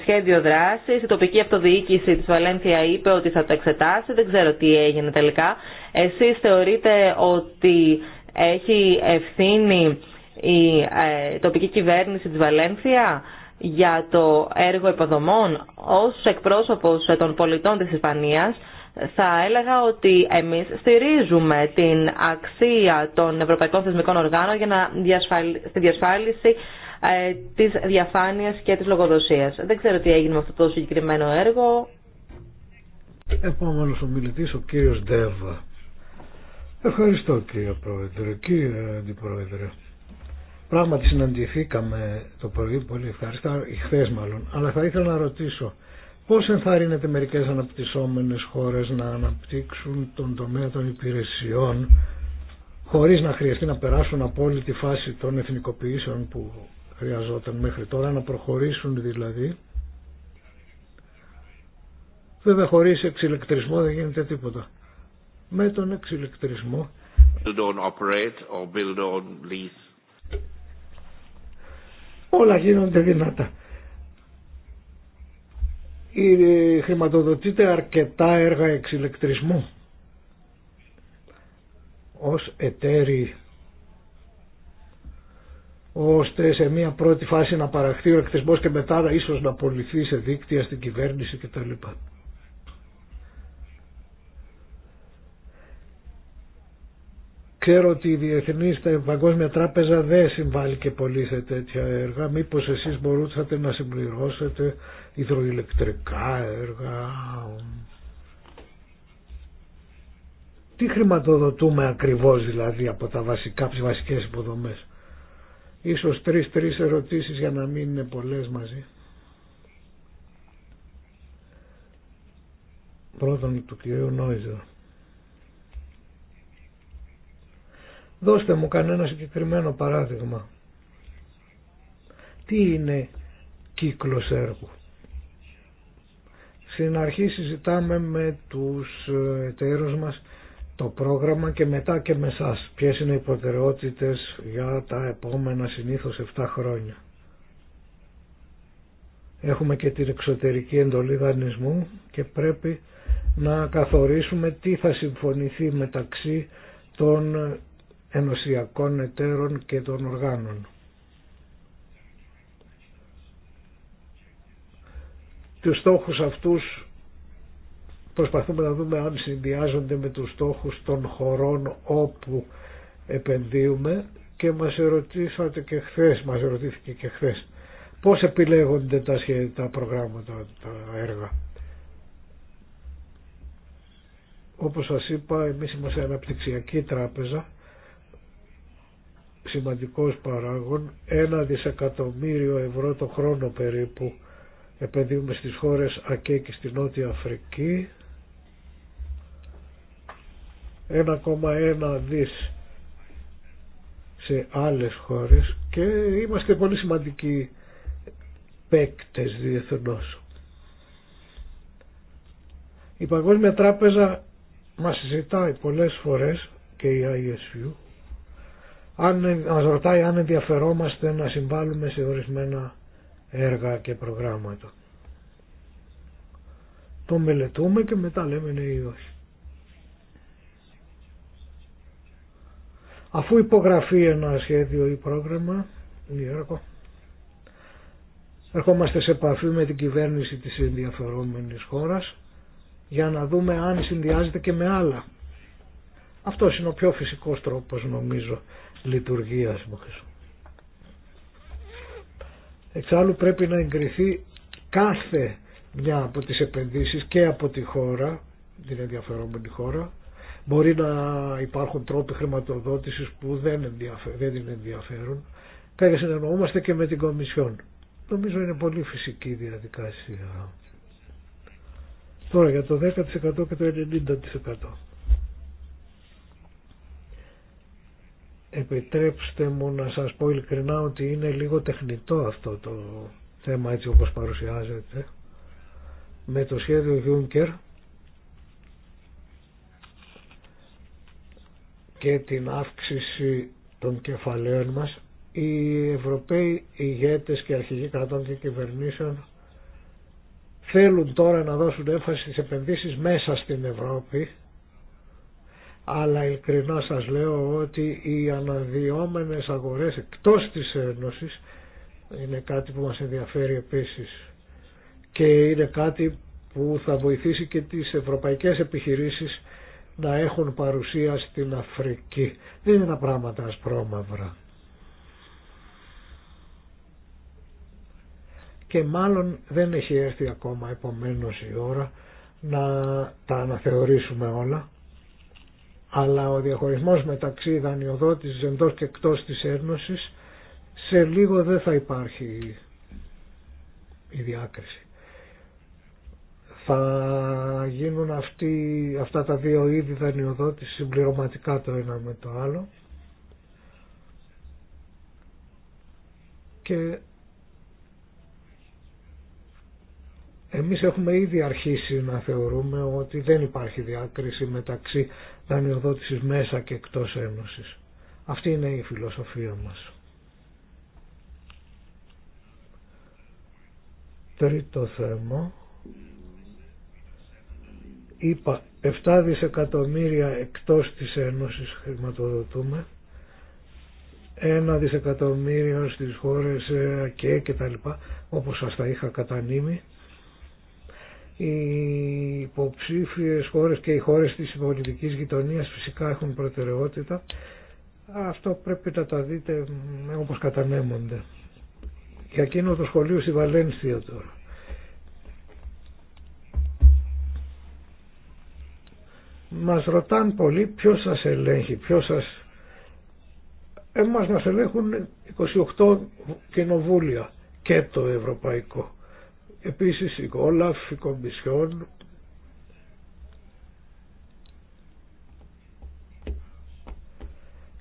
σχέδιο δράσης, η τοπική αυτοδιοίκηση της Βαλένθια είπε ότι θα το εξετάσει, δεν ξέρω τι έγινε τελικά. Εσείς θεωρείτε ότι έχει ευθύνη η ε, τοπική κυβέρνηση της Βαλένθια για το έργο υποδομών ως εκπρόσωπος των πολιτών της Ισπανίας θα έλεγα ότι εμείς στηρίζουμε την αξία των Ευρωπαϊκών Θεσμικών Οργάνων για να στη διασφάλιση ε, της διαφάνειας και της λογοδοσίας. Δεν ξέρω τι έγινε με αυτό το συγκεκριμένο έργο. Επόμενος ο ο κύριος Ευχαριστώ κύριε Πρόεδρε, κύριε Αντιπρόεδρε. Πράγματι συναντηθήκαμε το πρωί πολύ ευχαριστά, χθε μάλλον, αλλά θα ήθελα να ρωτήσω πώς ενθαρρύνεται μερικές αναπτυσσόμενες χώρες να αναπτύξουν τον τομέα των υπηρεσιών χωρίς να χρειαστεί να περάσουν από όλη τη φάση των εθνικοποιήσεων που χρειαζόταν μέχρι τώρα, να προχωρήσουν δηλαδή. Βέβαια χωρίς εξηλεκτρισμό δεν γίνεται τίποτα. Με τον εξηλεκτρισμό όλα γίνονται δυνατά. Χρηματοδοτείται αρκετά έργα εξηλεκτρισμού ως εταίροι ώστε σε μια πρώτη φάση να παραχθεί ο εκτισμός και μετά ίσως να απολυθεί σε δίκτυα στην κυβέρνηση κτλ. Ξέρω ότι η Διεθνή Βαγκόσμια Παγκόσμια Τράπεζα δεν συμβάλλει και πολύ σε τέτοια έργα. Μήπως εσείς μπορούσατε να συμπληρώσετε υδροηλεκτρικά έργα. Τι χρηματοδοτούμε ακριβώς δηλαδή από τα βασικά, τις βασικές υποδομές. Ίσως τρεις-τρεις ερωτήσεις για να μην είναι πολλές μαζί. Πρώτον του κυρίου Νόιζερ. Δώστε μου κανένα συγκεκριμένο παράδειγμα. Τι είναι κύκλος έργου. Στην αρχή συζητάμε με τους εταίρους μας το πρόγραμμα και μετά και με σας. Ποιες είναι οι προτεραιότητες για τα επόμενα συνήθως 7 χρόνια. Έχουμε και την εξωτερική εντολή δανεισμού και πρέπει να καθορίσουμε τι θα συμφωνηθεί μεταξύ των ενωσιακών εταίρων και των οργάνων. Τους στόχους αυτούς προσπαθούμε να δούμε αν συνδυάζονται με τους στόχους των χωρών όπου επενδύουμε και μας ερωτήσατε και χθες, μας ερωτήθηκε και χθες πώς επιλέγονται τα, τα προγράμματα, τα έργα. Όπως σας είπα εμείς είμαστε αναπτυξιακή τράπεζα σημαντικός παράγων, ένα δισεκατομμύριο ευρώ το χρόνο περίπου επενδύουμε στις χώρες ΑΚΕ και στη Νότια Αφρική 1,1 δις σε άλλες χώρες και είμαστε πολύ σημαντικοί παίκτες διεθνώς. Η Παγκόσμια Τράπεζα μας συζητάει πολλές φορές και η ISU αν, μας ρωτάει αν ενδιαφερόμαστε να συμβάλλουμε σε ορισμένα έργα και προγράμματα. Το μελετούμε και μετά λέμε ναι ή όχι. Αφού υπογραφεί ένα σχέδιο ή πρόγραμμα ή έργο, ερχόμαστε σε επαφή με την κυβέρνηση της ενδιαφερόμενης χώρας για να δούμε αν συνδυάζεται και με άλλα. Αυτό είναι ο πιο φυσικός τρόπος νομίζω λειτουργίας μας. Εξάλλου πρέπει να εγκριθεί κάθε μια από τις επενδύσεις και από τη χώρα, την ενδιαφερόμενη χώρα. Μπορεί να υπάρχουν τρόποι χρηματοδότησης που δεν, δεν την ενδιαφέρουν. Κάτι συνεννοούμαστε και με την Κομισιόν. Νομίζω είναι πολύ φυσική διαδικασία. Τώρα για το 10% και το 90%. Επιτρέψτε μου να σας πω ειλικρινά ότι είναι λίγο τεχνητό αυτό το θέμα έτσι όπως παρουσιάζεται. Με το σχέδιο Juncker και την αύξηση των κεφαλαίων μας οι Ευρωπαίοι ηγέτες και αρχηγοί κρατών και κυβερνήσεων θέλουν τώρα να δώσουν έμφαση στις επενδύσεις μέσα στην Ευρώπη αλλά ειλικρινά σας λέω ότι οι αναδυόμενες αγορές εκτός της Ένωσης είναι κάτι που μας ενδιαφέρει επίσης και είναι κάτι που θα βοηθήσει και τις ευρωπαϊκές επιχειρήσεις να έχουν παρουσία στην Αφρική. Δεν είναι ένα πράγμα ασπρόμαυρα. Και μάλλον δεν έχει έρθει ακόμα επομένως η ώρα να τα αναθεωρήσουμε όλα αλλά ο διαχωρισμός μεταξύ δανειοδότησης εντός και εκτός της Ένωσης σε λίγο δεν θα υπάρχει η διάκριση. Θα γίνουν αυτοί, αυτά τα δύο είδη δανειοδότηση συμπληρωματικά το ένα με το άλλο και Εμείς έχουμε ήδη αρχίσει να θεωρούμε ότι δεν υπάρχει διάκριση μεταξύ δανειοδότησης μέσα και εκτός ένωσης. Αυτή είναι η φιλοσοφία μας. Τρίτο θέμα. Είπα 7 δισεκατομμύρια εκτός της Ένωσης χρηματοδοτούμε, 1 δισεκατομμύριο στις χώρες ε, και κτλ όπως σας τα είχα κατανείμει οι υποψήφιες χώρες και οι χώρες της πολιτικής γειτονίας φυσικά έχουν προτεραιότητα. Αυτό πρέπει να τα δείτε όπως κατανέμονται. Για εκείνο το σχολείο στη Βαλένθια τώρα. Μας ρωτάνε πολύ ποιος σας ελέγχει, ποιος σας... Εμάς μας ελέγχουν 28 κοινοβούλια και το Ευρωπαϊκό. Επίσης η Γόλαφ, η Κομπισιόν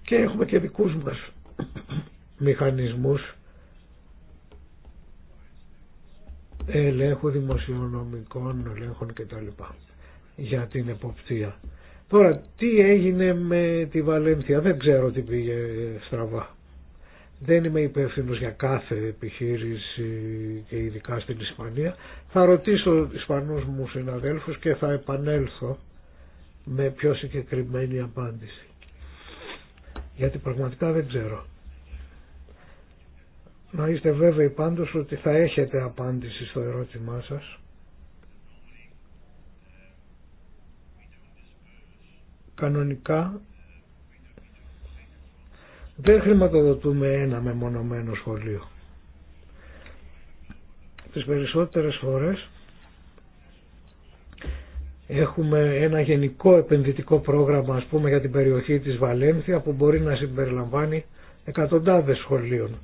και έχουμε και δικούς μας μηχανισμούς ελέγχου δημοσιονομικών ελέγχων κτλ. για την εποπτεία. Τώρα τι έγινε με τη Βαλένθια δεν ξέρω τι πήγε στραβά δεν είμαι υπεύθυνο για κάθε επιχείρηση και ειδικά στην Ισπανία. Θα ρωτήσω Ισπανούς μου συναδέλφους και θα επανέλθω με πιο συγκεκριμένη απάντηση. Γιατί πραγματικά δεν ξέρω. Να είστε βέβαιοι πάντως ότι θα έχετε απάντηση στο ερώτημά σας. Κανονικά δεν χρηματοδοτούμε ένα μεμονωμένο σχολείο. Τις περισσότερες φορές έχουμε ένα γενικό επενδυτικό πρόγραμμα ας πούμε για την περιοχή της Βαλένθια που μπορεί να συμπεριλαμβάνει εκατοντάδες σχολείων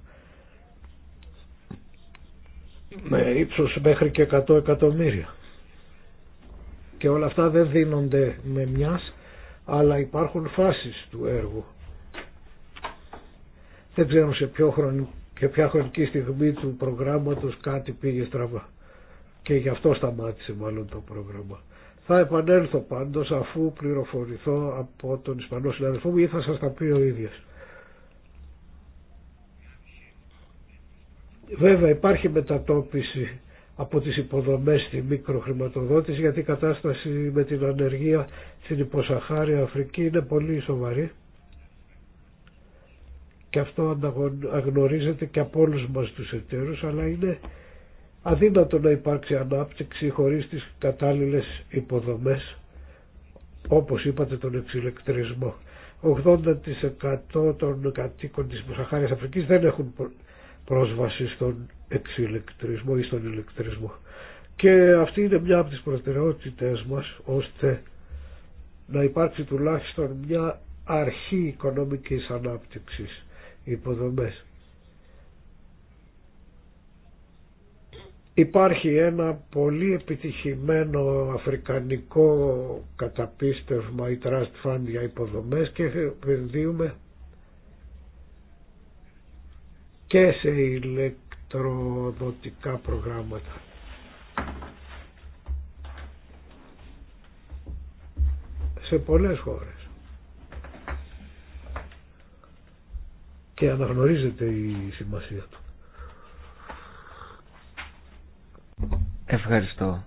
με ύψος μέχρι και 100 εκατομμύρια και όλα αυτά δεν δίνονται με μιας αλλά υπάρχουν φάσεις του έργου δεν ξέρω σε ποιο και ποια χρονική στιγμή του προγράμματος κάτι πήγε στραβά. Και γι' αυτό σταμάτησε μάλλον το πρόγραμμα. Θα επανέλθω πάντως αφού πληροφορηθώ από τον Ισπανό συναδελφό μου ή θα σας τα πει ο ίδιος. Βέβαια υπάρχει μετατόπιση από τις υποδομές στη μικροχρηματοδότηση γιατί η κατάσταση με την ανεργία στην υποσαχάρια Αφρική είναι πολύ σοβαρή και αυτό αγνωρίζεται και από όλους μας τους εταίρους αλλά είναι αδύνατο να υπάρξει ανάπτυξη χωρίς τις κατάλληλες υποδομές όπως είπατε τον εξηλεκτρισμό. 80% των κατοίκων της Μουσαχάριας Αφρικής δεν έχουν πρόσβαση στον εξηλεκτρισμό ή στον ηλεκτρισμό. Και αυτή είναι μια από τις προτεραιότητες μας ώστε να υπάρξει τουλάχιστον μια αρχή οικονομικής ανάπτυξης υποδομές. Υπάρχει ένα πολύ επιτυχημένο αφρικανικό καταπίστευμα ή trust fund για υποδομές και επενδύουμε και σε ηλεκτροδοτικά προγράμματα. Σε πολλές χώρες. και αναγνωρίζεται η σημασία του. Ευχαριστώ.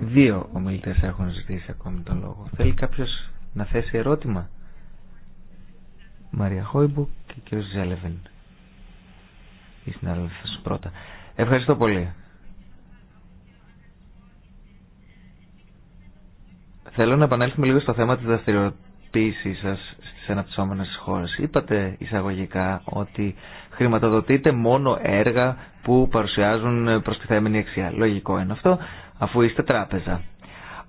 Δύο ομιλητές έχουν ζητήσει ακόμη τον λόγο. Θέλει κάποιος να θέσει ερώτημα. Μαρία Χόιμπου και ο κ. Ζέλεβεν. Η πρώτα. Ευχαριστώ πολύ. Θέλω να επανέλθουμε λίγο στο θέμα της δραστηριοποίησής σας στις αναπτυσσόμενες χώρες. Είπατε εισαγωγικά ότι χρηματοδοτείτε μόνο έργα που παρουσιάζουν προστιθέμενη αξία. Λογικό είναι αυτό, αφού είστε τράπεζα.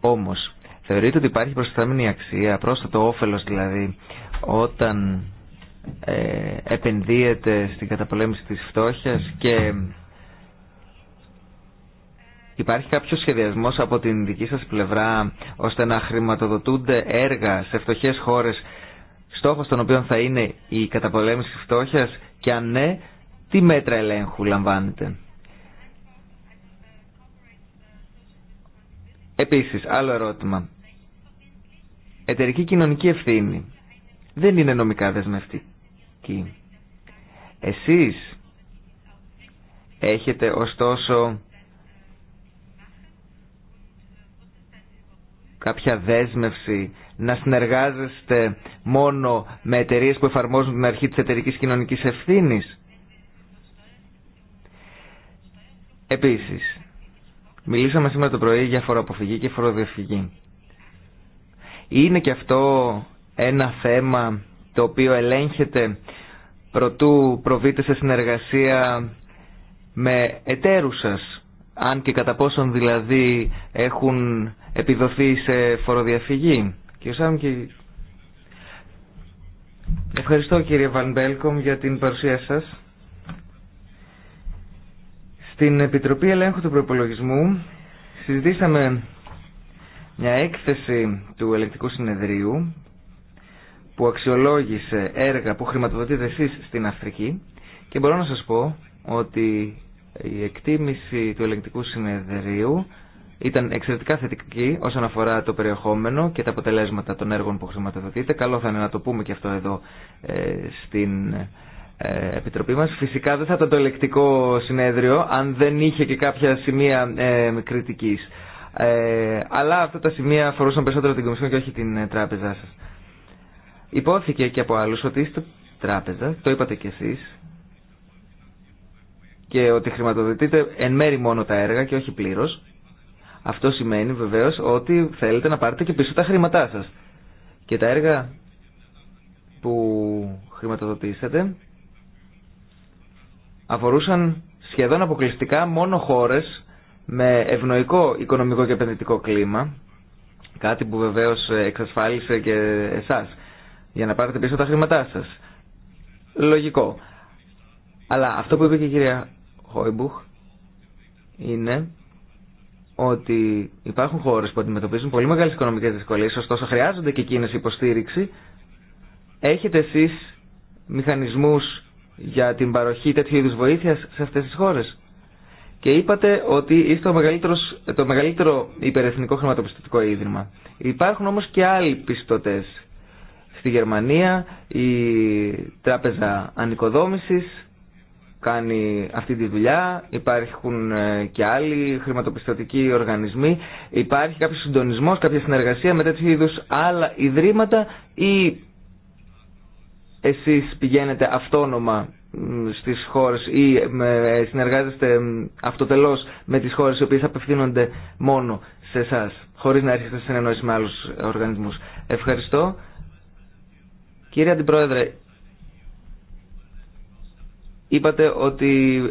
Όμως, θεωρείτε ότι υπάρχει προστιθέμενη αξία, πρόσθετο όφελος δηλαδή, όταν ε, επενδύεται στην καταπολέμηση της φτώχειας και Υπάρχει κάποιο σχεδιασμός από την δική σας πλευρά ώστε να χρηματοδοτούνται έργα σε φτωχές χώρες στόχος των οποίων θα είναι η καταπολέμηση φτώχειας και αν ναι, τι μέτρα ελέγχου λαμβάνετε. Επίσης, άλλο ερώτημα. Εταιρική κοινωνική ευθύνη δεν είναι νομικά δεσμευτική. Εσείς έχετε ωστόσο κάποια δέσμευση να συνεργάζεστε μόνο με εταιρείες που εφαρμόζουν την αρχή της εταιρικής κοινωνικής ευθύνης. Επίσης, μιλήσαμε σήμερα το πρωί για φοροαποφυγή και φοροδιαφυγή. Είναι και αυτό ένα θέμα το οποίο ελέγχεται προτού προβείτε σε συνεργασία με εταίρους σας αν και κατά πόσον δηλαδή έχουν επιδοθεί σε φοροδιαφυγή. Κύριε ευχαριστώ κύριε Μπέλκομ για την παρουσία σας. Στην Επιτροπή Ελέγχου του Προπολογισμού συζητήσαμε μια έκθεση του Ελεκτικού Συνεδρίου που αξιολόγησε έργα που χρηματοδοτείτε εσείς στην Αφρική και μπορώ να σας πω ότι η εκτίμηση του ελεγκτικού συνεδρίου ήταν εξαιρετικά θετική όσον αφορά το περιεχόμενο και τα αποτελέσματα των έργων που χρηματοδοτείται. Καλό θα είναι να το πούμε και αυτό εδώ ε, στην ε, Επιτροπή μας. Φυσικά δεν θα ήταν το ελεκτικό συνέδριο αν δεν είχε και κάποια σημεία ε, κριτικής. Ε, αλλά αυτά τα σημεία αφορούσαν περισσότερο την Κομισιόν και όχι την ε, τράπεζά σας. Υπόθηκε και από άλλους ότι είστε τράπεζα, το είπατε κι εσείς, και ότι χρηματοδοτείτε εν μέρη μόνο τα έργα και όχι πλήρω. Αυτό σημαίνει βεβαίως ότι θέλετε να πάρετε και πίσω τα χρήματά σα. Και τα έργα που χρηματοδοτήσατε αφορούσαν σχεδόν αποκλειστικά μόνο χώρες με ευνοϊκό οικονομικό και επενδυτικό κλίμα, κάτι που βεβαίως εξασφάλισε και εσάς, για να πάρετε πίσω τα χρήματά σα. Λογικό. Αλλά αυτό που είπε και η κυρία Χόιμπουχ είναι ότι υπάρχουν χώρες που αντιμετωπίζουν πολύ μεγάλες οικονομικές δυσκολίες, ωστόσο χρειάζονται και εκείνες υποστήριξη. Έχετε εσείς μηχανισμούς για την παροχή τέτοιου είδους βοήθειας σε αυτές τις χώρες. Και είπατε ότι είστε το μεγαλύτερο υπερεθνικό χρηματοπιστωτικό ίδρυμα. Υπάρχουν όμως και άλλοι πιστωτές. Στη Γερμανία η Τράπεζα Ανοικοδόμησης, κάνει αυτή τη δουλειά, υπάρχουν ε, και άλλοι χρηματοπιστωτικοί οργανισμοί, υπάρχει κάποιο συντονισμός, κάποια συνεργασία με τέτοιου είδου άλλα ιδρύματα ή εσείς πηγαίνετε αυτόνομα στις χώρες ή συνεργάζεστε αυτοτελώς με τις χώρες οι οποίες απευθύνονται μόνο σε εσά, χωρίς να έρχεστε σε συνεννόηση με άλλους οργανισμούς. Ευχαριστώ. Κύριε Αντιπρόεδρε, Είπατε ότι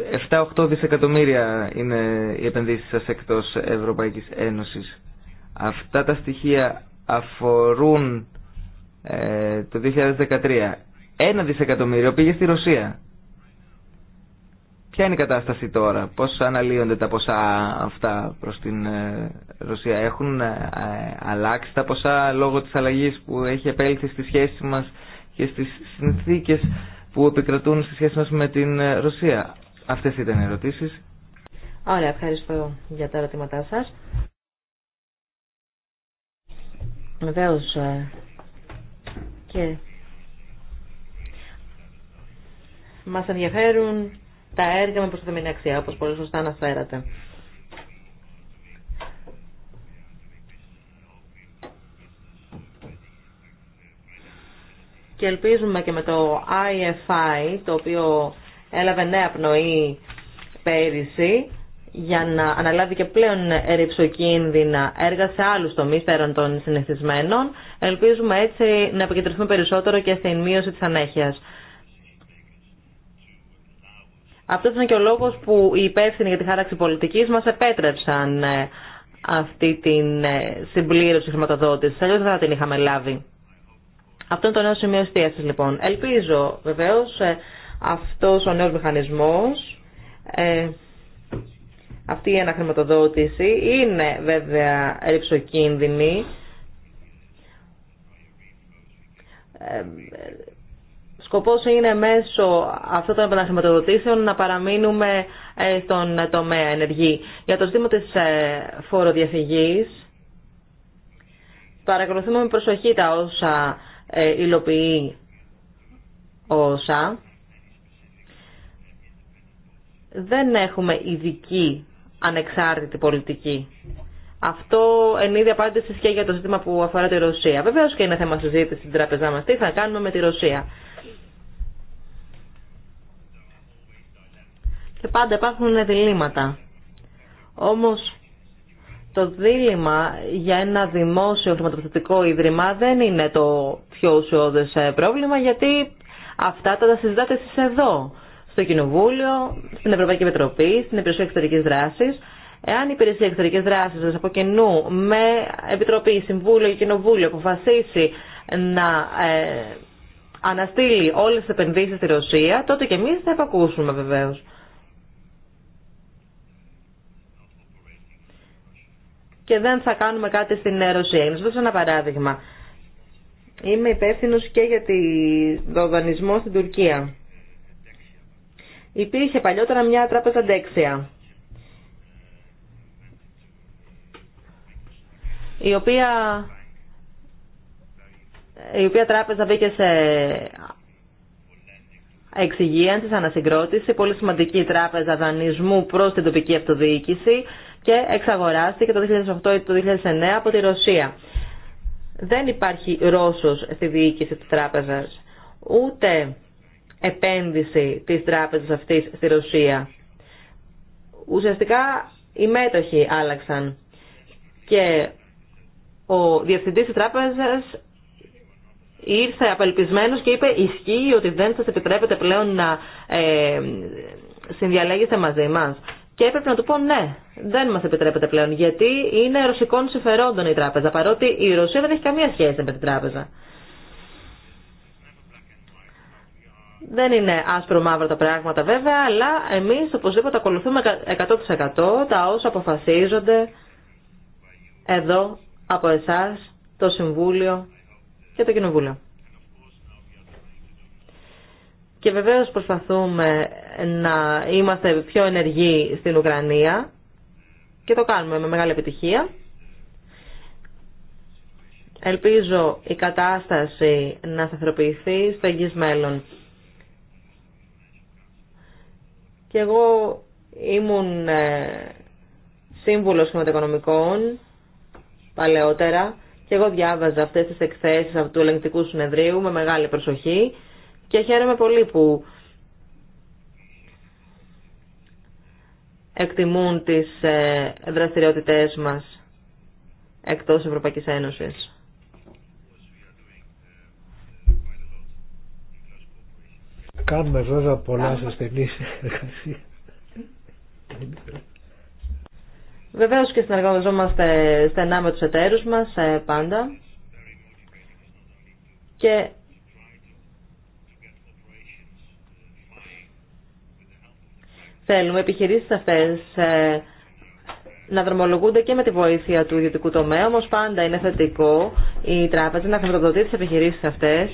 7-8 δισεκατομμύρια είναι οι επενδύσεις σας εκτός Ευρωπαϊκής Ένωσης. Αυτά τα στοιχεία αφορούν ε, το 2013. Ένα δισεκατομμύριο πήγε στη Ρωσία. Ποια είναι η κατάσταση τώρα, πώς αναλύονται τα ποσά αυτά προς την ε, Ρωσία. Έχουν ε, αλλάξει τα ποσά λόγω της αλλαγής που έχει επέλθει στη σχέση μας και στις συνθήκες που επικρατούν στη σχέση μας με την ε, Ρωσία. Αυτές ήταν οι ερωτήσεις. Ωραία, ευχαριστώ για τα ερωτήματά σας. Βεβαίω ε, και μας ενδιαφέρουν τα έργα με προστατεμένη αξία, όπως πολύ σωστά αναφέρατε. και ελπίζουμε και με το IFI, το οποίο έλαβε νέα πνοή πέρυσι, για να αναλάβει και πλέον ρηψοκίνδυνα έργα σε άλλου τομεί πέραν των συνηθισμένων. Ελπίζουμε έτσι να επικεντρωθούμε περισσότερο και στην μείωση τη ανέχεια. Αυτό είναι και ο λόγο που οι υπεύθυνοι για τη χάραξη πολιτική μα επέτρεψαν ε, αυτή την ε, συμπλήρωση χρηματοδότηση. Αλλιώ δεν θα την είχαμε λάβει. Αυτό είναι το νέο σημείο εστίασης λοιπόν. Ελπίζω βεβαίως ε, αυτός ο νέος μηχανισμός, ε, αυτή η αναχρηματοδότηση είναι βέβαια ρηψοκίνδυνη. Ε, σκοπός είναι μέσω αυτών των επαναχρηματοδοτήσεων να παραμείνουμε στον τομέα ενεργή. Για το ζήτημα της φοροδιαφυγής, παρακολουθούμε με προσοχή τα όσα ε, υλοποιεί ο Δεν έχουμε ειδική ανεξάρτητη πολιτική. Αυτό εν είδη απάντηση και για το ζήτημα που αφορά τη Ρωσία. Βεβαίω και είναι θέμα συζήτηση στην τραπεζά μα. Τι θα κάνουμε με τη Ρωσία. Και πάντα υπάρχουν διλήμματα. Όμως το δίλημα για ένα δημόσιο χρηματοπιστωτικό ίδρυμα δεν είναι το πιο ουσιώδες ε, πρόβλημα γιατί αυτά τα συζητάτε εσείς εδώ, στο Κοινοβούλιο, στην Ευρωπαϊκή Επιτροπή, στην Υπηρεσία Εξωτερικής Δράσης. Εάν η Υπηρεσία Εξωτερικής Δράσης από κοινού με Επιτροπή, Συμβούλιο και Κοινοβούλιο αποφασίσει να ε, αναστείλει όλες τις επενδύσεις στη Ρωσία, τότε και εμείς θα επακούσουμε βεβαίως. και δεν θα κάνουμε κάτι στην Ρωσία. Να σα δώσω ένα παράδειγμα. Είμαι υπεύθυνο και για το δανεισμό στην Τουρκία. Υπήρχε παλιότερα μια τράπεζα αντέξια. η οποία, η οποία τράπεζα μπήκε σε εξυγίανση, ανασυγκρότηση, πολύ σημαντική τράπεζα δανεισμού προς την τοπική αυτοδιοίκηση και εξαγοράστηκε το 2008 ή το 2009 από τη Ρωσία. Δεν υπάρχει Ρώσος στη διοίκηση της τράπεζας, ούτε επένδυση της τράπεζας αυτής στη Ρωσία. Ουσιαστικά οι μέτοχοι άλλαξαν και ο διευθυντής της τράπεζας ήρθε απελπισμένος και είπε ισχύει ότι δεν σας επιτρέπεται πλέον να ε, συνδιαλέγεστε μαζί μας και έπρεπε να του πω ναι, δεν μα επιτρέπεται πλέον, γιατί είναι ρωσικών συμφερόντων η τράπεζα, παρότι η Ρωσία δεν έχει καμία σχέση με την τράπεζα. Δεν είναι άσπρο-μαύρο τα πράγματα βέβαια, αλλά εμείς οπωσδήποτε ακολουθούμε 100% τα όσα αποφασίζονται εδώ από εσάς, το Συμβούλιο και το Κοινοβούλιο. Και βεβαίως προσπαθούμε να είμαστε πιο ενεργοί στην Ουκρανία και το κάνουμε με μεγάλη επιτυχία. Ελπίζω η κατάσταση να σταθεροποιηθεί στο εγγύς μέλλον. Και εγώ ήμουν ε, σύμβουλος χρηματοοικονομικών παλαιότερα και εγώ διάβαζα αυτές τις εκθέσεις του ελεγκτικού συνεδρίου με μεγάλη προσοχή και χαίρομαι πολύ που εκτιμούν τις ε, δραστηριότητές μας εκτός Ευρωπαϊκής Ένωσης. Κάνουμε βέβαια πολλά σε στενή συνεργασία. Βεβαίως και συνεργαζόμαστε στενά με τους εταίρους μας ε, πάντα και θέλουμε επιχειρήσεις αυτές ε, να δρομολογούνται και με τη βοήθεια του ιδιωτικού τομέα, όμως πάντα είναι θετικό η τράπεζα να χρηματοδοτεί τι επιχειρήσει αυτές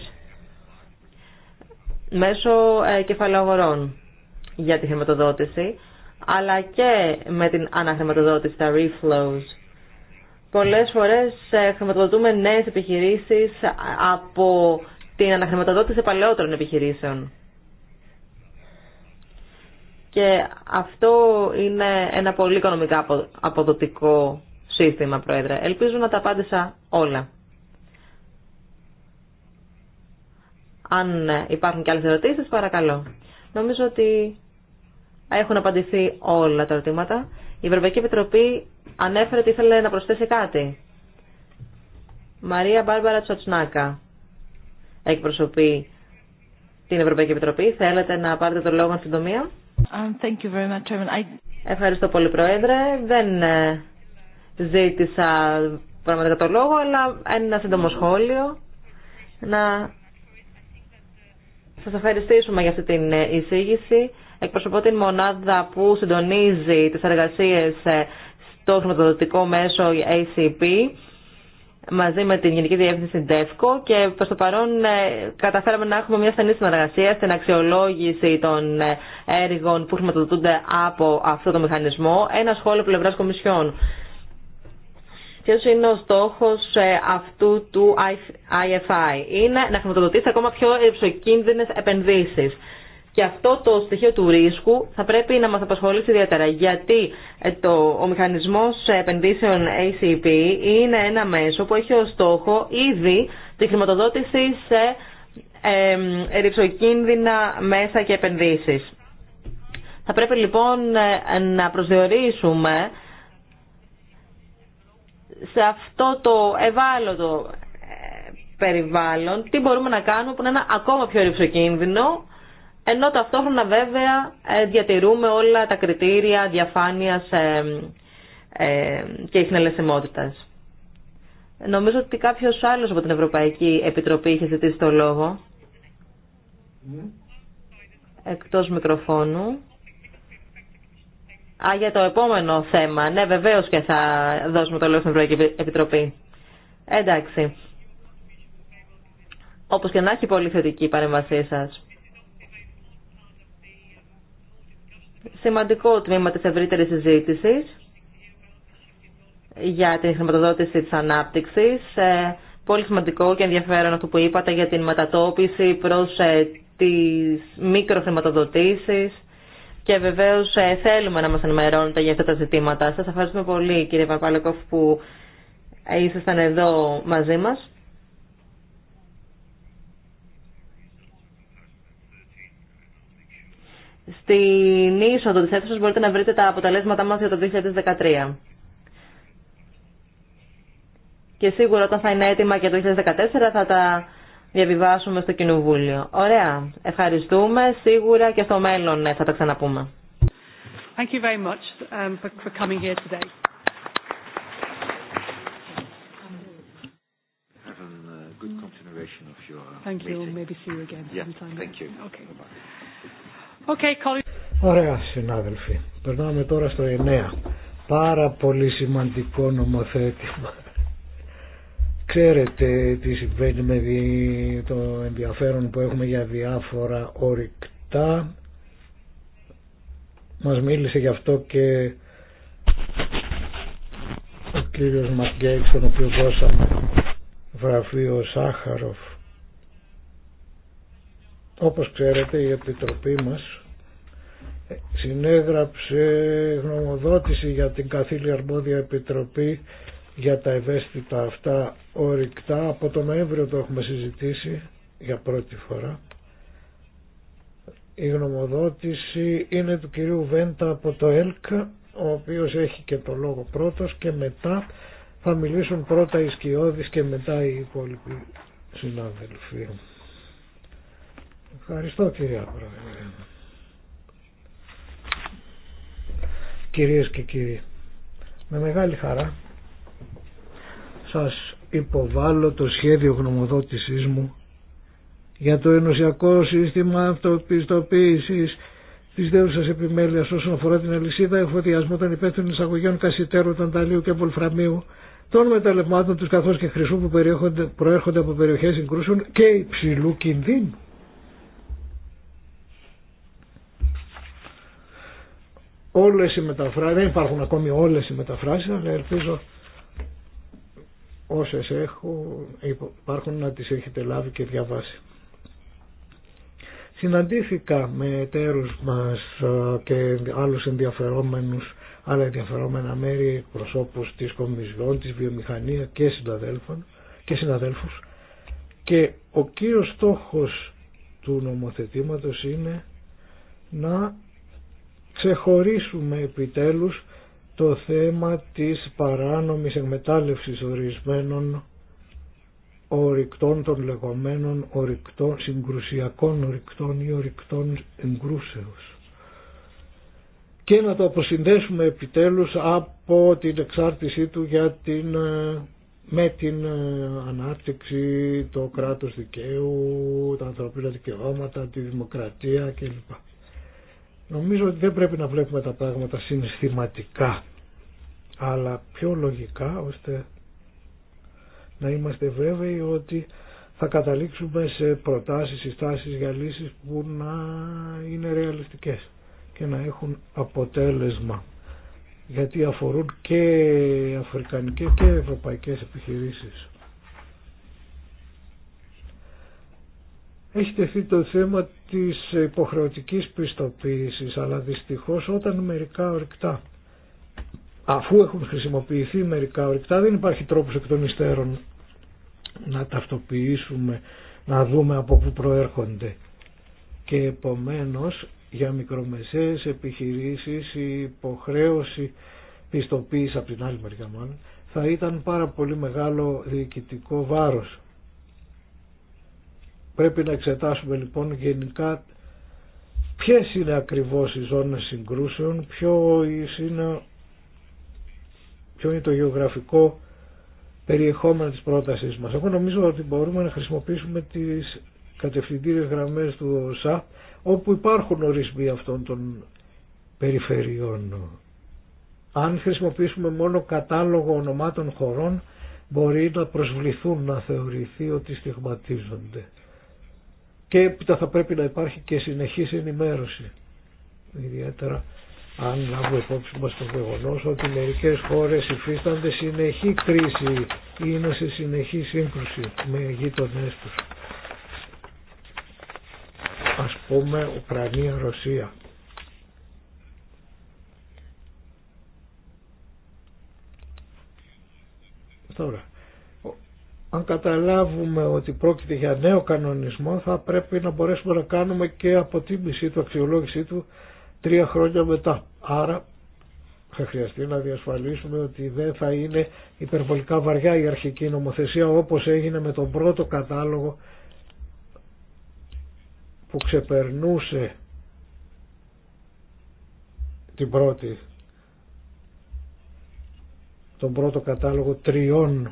μέσω ε, κεφαλαγορών για τη χρηματοδότηση, αλλά και με την αναχρηματοδότηση, τα reflows. Πολλές φορές ε, χρηματοδοτούμε νέες επιχειρήσεις από την αναχρηματοδότηση παλαιότερων επιχειρήσεων. Και αυτό είναι ένα πολύ οικονομικά αποδοτικό σύστημα, Πρόεδρε. Ελπίζω να τα απάντησα όλα. Αν υπάρχουν και άλλες ερωτήσεις, παρακαλώ. Νομίζω ότι έχουν απαντηθεί όλα τα ερωτήματα. Η Ευρωπαϊκή Επιτροπή ανέφερε ότι ήθελε να προσθέσει κάτι. Μαρία Μπάρμπαρα Τσατσνάκα εκπροσωπεί την Ευρωπαϊκή Επιτροπή. Θέλετε να πάρετε το λόγο στην συντομία. Ευχαριστώ πολύ, Πρόεδρε. Δεν ε, ζήτησα πραγματικά το λόγο, αλλά ένα σύντομο σχόλιο. Να σας ευχαριστήσουμε για αυτή την ε, εισήγηση. Εκπροσωπώ την μονάδα που συντονίζει τις εργασίες ε, στο χρηματοδοτικό μέσο ACP μαζί με την Γενική Διεύθυνση ΔΕΦΚΟ και προ το παρόν ε, καταφέραμε να έχουμε μια στενή συνεργασία στην αξιολόγηση των ε, έργων που χρηματοδοτούνται από αυτό το μηχανισμό. Ένα σχόλιο πλευρά Κομισιόν. Ποιο είναι ο στόχο ε, αυτού του IFI. Είναι να χρηματοδοτήσει ακόμα πιο υψοκίνδυνες επενδύσει. Και αυτό το στοιχείο του ρίσκου θα πρέπει να μας απασχολήσει ιδιαίτερα, γιατί ε, το, ο μηχανισμός επενδύσεων ACP είναι ένα μέσο που έχει ως στόχο ήδη τη χρηματοδότηση σε ε, ρηψοκίνδυνα μέσα και επενδύσεις. Θα πρέπει λοιπόν ε, να προσδιορίσουμε σε αυτό το ευάλωτο ε, περιβάλλον τι μπορούμε να κάνουμε που είναι ένα ακόμα πιο ρηψοκίνδυνο ενώ ταυτόχρονα βέβαια ε, διατηρούμε όλα τα κριτήρια διαφάνειας ε, ε, και ιχνελεσιμότητας. Νομίζω ότι κάποιος άλλος από την Ευρωπαϊκή Επιτροπή είχε ζητήσει το λόγο. Εκτός μικροφώνου. Α, για το επόμενο θέμα. Ναι, βεβαίως και θα δώσουμε το λόγο στην Ευρωπαϊκή Επιτροπή. Εντάξει. Όπως και να έχει πολύ θετική η παρέμβασή σας. σημαντικό τμήμα της ευρύτερης συζήτησης για την χρηματοδότηση της ανάπτυξης. Ε, πολύ σημαντικό και ενδιαφέρον αυτό που είπατε για την μετατόπιση προς ε, τις μικροχρηματοδοτήσεις και βεβαίως ε, θέλουμε να μας ενημερώνετε για αυτά τα ζητήματα. Σας ευχαριστούμε πολύ κύριε Παπαλοκόφ που ήσασταν εδώ μαζί μας. Στην είσοδο της αίθουσας μπορείτε να βρείτε τα αποτελέσματά μας για το 2013. Και σίγουρα όταν θα είναι έτοιμα και το 2014 θα τα διαβιβάσουμε στο Κοινοβούλιο. Ωραία. Ευχαριστούμε. Σίγουρα και στο μέλλον ε, θα τα ξαναπούμε. Thank you very much um, for coming here today. Uh, Thank you. Maybe see you again sometime. Thank you. Okay. Bye. Okay, Ωραία συνάδελφοι. Περνάμε τώρα στο 9. Πάρα πολύ σημαντικό νομοθέτημα. Ξέρετε τι συμβαίνει με το ενδιαφέρον που έχουμε για διάφορα ορυκτά. Μας μίλησε γι' αυτό και ο κύριος Ματγκέικ, τον οποίο δώσαμε βραφείο Σάχαροφ. Όπως ξέρετε η Επιτροπή μας συνέγραψε γνωμοδότηση για την καθήλια αρμόδια επιτροπή για τα ευαίσθητα αυτά ορυκτά. Από το Νοέμβριο το έχουμε συζητήσει για πρώτη φορά. Η γνωμοδότηση είναι του κυρίου Βέντα από το ΕΛΚ, ο οποίος έχει και το λόγο πρώτος και μετά θα μιλήσουν πρώτα οι σκιώδεις και μετά οι υπόλοιποι συνάδελφοι. Ευχαριστώ κυρία Πρόεδρε. κυρίες και κύριοι. Με μεγάλη χαρά σας υποβάλλω το σχέδιο γνωμοδότησής μου για το ενωσιακό σύστημα αυτοπιστοποίησης τη δέουσα επιμέλεια όσον αφορά την αλυσίδα εφοδιασμού των υπεύθυνων εισαγωγών κασιτέρου, τανταλίου και Βολφραμίου, των μεταλλευμάτων του καθώς και χρυσού που προέρχονται από περιοχέ συγκρούσεων και υψηλού κινδύνου. όλες οι μεταφράσεις, δεν υπάρχουν ακόμη όλες οι μεταφράσεις, αλλά ελπίζω όσες έχω υπάρχουν να τις έχετε λάβει και διαβάσει. Συναντήθηκα με εταίρους μας και άλλους ενδιαφερόμενους, άλλα ενδιαφερόμενα μέρη, προσώπους της Κομισιόν, της βιομηχανία και συναδέλφων και συναδέλφους και ο κύριος στόχος του νομοθετήματος είναι να ξεχωρίσουμε επιτέλους το θέμα της παράνομης εκμετάλλευσης ορισμένων ορικτών των λεγόμενων ορικτών, συγκρουσιακών ορικτών ή ορικτών εγκρούσεως και να το αποσυνδέσουμε επιτέλους από την εξάρτησή του για την, ε, με την ε, ανάπτυξη, το κράτος δικαίου, τα ανθρωπίνα δικαιώματα, τη δημοκρατία κλπ. Νομίζω ότι δεν πρέπει να βλέπουμε τα πράγματα συναισθηματικά, αλλά πιο λογικά, ώστε να είμαστε βέβαιοι ότι θα καταλήξουμε σε προτάσεις, συστάσεις για λύσεις που να είναι ρεαλιστικές και να έχουν αποτέλεσμα γιατί αφορούν και αφρικανικές και ευρωπαϊκές επιχειρήσεις. Έχει τεθεί το θέμα της υποχρεωτικής πιστοποίησης, αλλά δυστυχώς όταν μερικά ορυκτά, αφού έχουν χρησιμοποιηθεί μερικά ορυκτά, δεν υπάρχει τρόπος εκ των υστέρων να ταυτοποιήσουμε, να δούμε από πού προέρχονται. Και επομένως για μικρομεσαίες επιχειρήσεις η υποχρέωση πιστοποίηση από την άλλη μεριά θα ήταν πάρα πολύ μεγάλο διοικητικό βάρος Πρέπει να εξετάσουμε λοιπόν γενικά ποιες είναι ακριβώς οι ζώνες συγκρούσεων, ποιο είναι, το γεωγραφικό περιεχόμενο της πρότασής μας. Εγώ νομίζω ότι μπορούμε να χρησιμοποιήσουμε τις κατευθυντήριες γραμμές του ΣΑΠ όπου υπάρχουν ορισμοί αυτών των περιφερειών. Αν χρησιμοποιήσουμε μόνο κατάλογο ονομάτων χωρών μπορεί να προσβληθούν να θεωρηθεί ότι στιγματίζονται και έπειτα θα πρέπει να υπάρχει και συνεχής ενημέρωση. Ιδιαίτερα αν λάβουμε υπόψη μας το γεγονό ότι μερικές χώρες υφίστανται συνεχή κρίση ή είναι σε συνεχή σύγκρουση με γείτονές τους. Ας πούμε Ουκρανία-Ρωσία. Τώρα, αν καταλάβουμε ότι πρόκειται για νέο κανονισμό θα πρέπει να μπορέσουμε να κάνουμε και αποτίμησή του, αξιολόγησή του τρία χρόνια μετά. Άρα θα χρειαστεί να διασφαλίσουμε ότι δεν θα είναι υπερβολικά βαριά η αρχική νομοθεσία όπως έγινε με τον πρώτο κατάλογο που ξεπερνούσε την πρώτη τον πρώτο κατάλογο τριών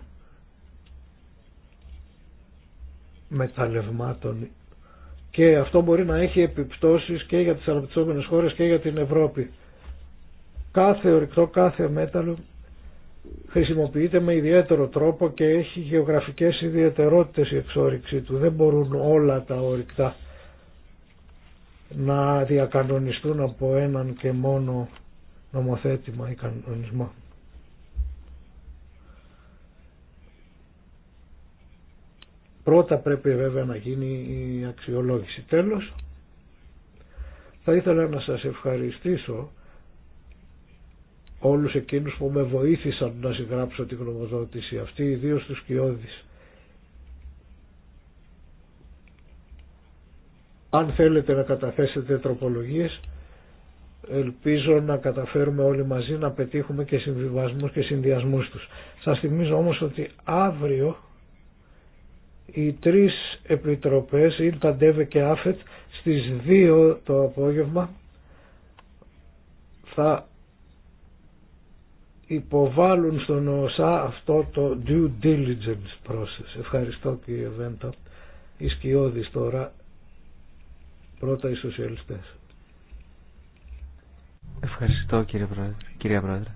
μεταλλευμάτων και αυτό μπορεί να έχει επιπτώσεις και για τις αναπτυσσόμενες χώρες και για την Ευρώπη. Κάθε ορυκτό, κάθε μέταλλο χρησιμοποιείται με ιδιαίτερο τρόπο και έχει γεωγραφικές ιδιαιτερότητες η εξόριξή του. Δεν μπορούν όλα τα ορυκτά να διακανονιστούν από έναν και μόνο νομοθέτημα ή κανονισμό. Πρώτα πρέπει βέβαια να γίνει η αξιολόγηση. Τέλος, θα ήθελα να σας ευχαριστήσω όλους εκείνους που με βοήθησαν να συγγράψω την γνωμοδότηση αυτή, ιδίως τους Κιώδης. Αν θέλετε να καταθέσετε τροπολογίες, ελπίζω να καταφέρουμε όλοι μαζί να πετύχουμε και συμβιβασμούς και συνδυασμούς τους. Σας θυμίζω όμως ότι αύριο οι τρεις επιτροπές, Ήλτα, Ντέβε και Άφετ, στις 2 το απόγευμα θα υποβάλουν στον ΩΣΑ αυτό το due diligence process. Ευχαριστώ κύριε Βέντα. Οι σκιώδεις τώρα, πρώτα οι σοσιαλιστές. Ευχαριστώ κύριε Πρόεδρε. Κυρία Πρόεδρε.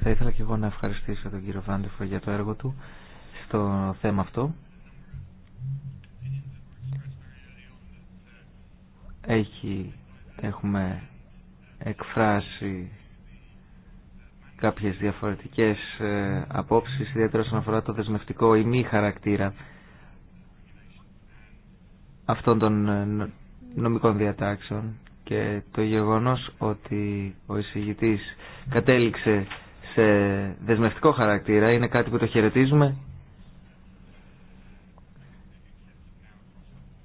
Θα ήθελα και εγώ να ευχαριστήσω τον κύριο Βάντεφο για το έργο του το θέμα αυτό. Έχει, έχουμε εκφράσει κάποιες διαφορετικές ε, απόψεις, ιδιαίτερα όσον αφορά το δεσμευτικό ή μη χαρακτήρα αυτών των ε, νομικών διατάξεων και το γεγονός ότι ο εισηγητής κατέληξε σε δεσμευτικό χαρακτήρα είναι κάτι που το χαιρετίζουμε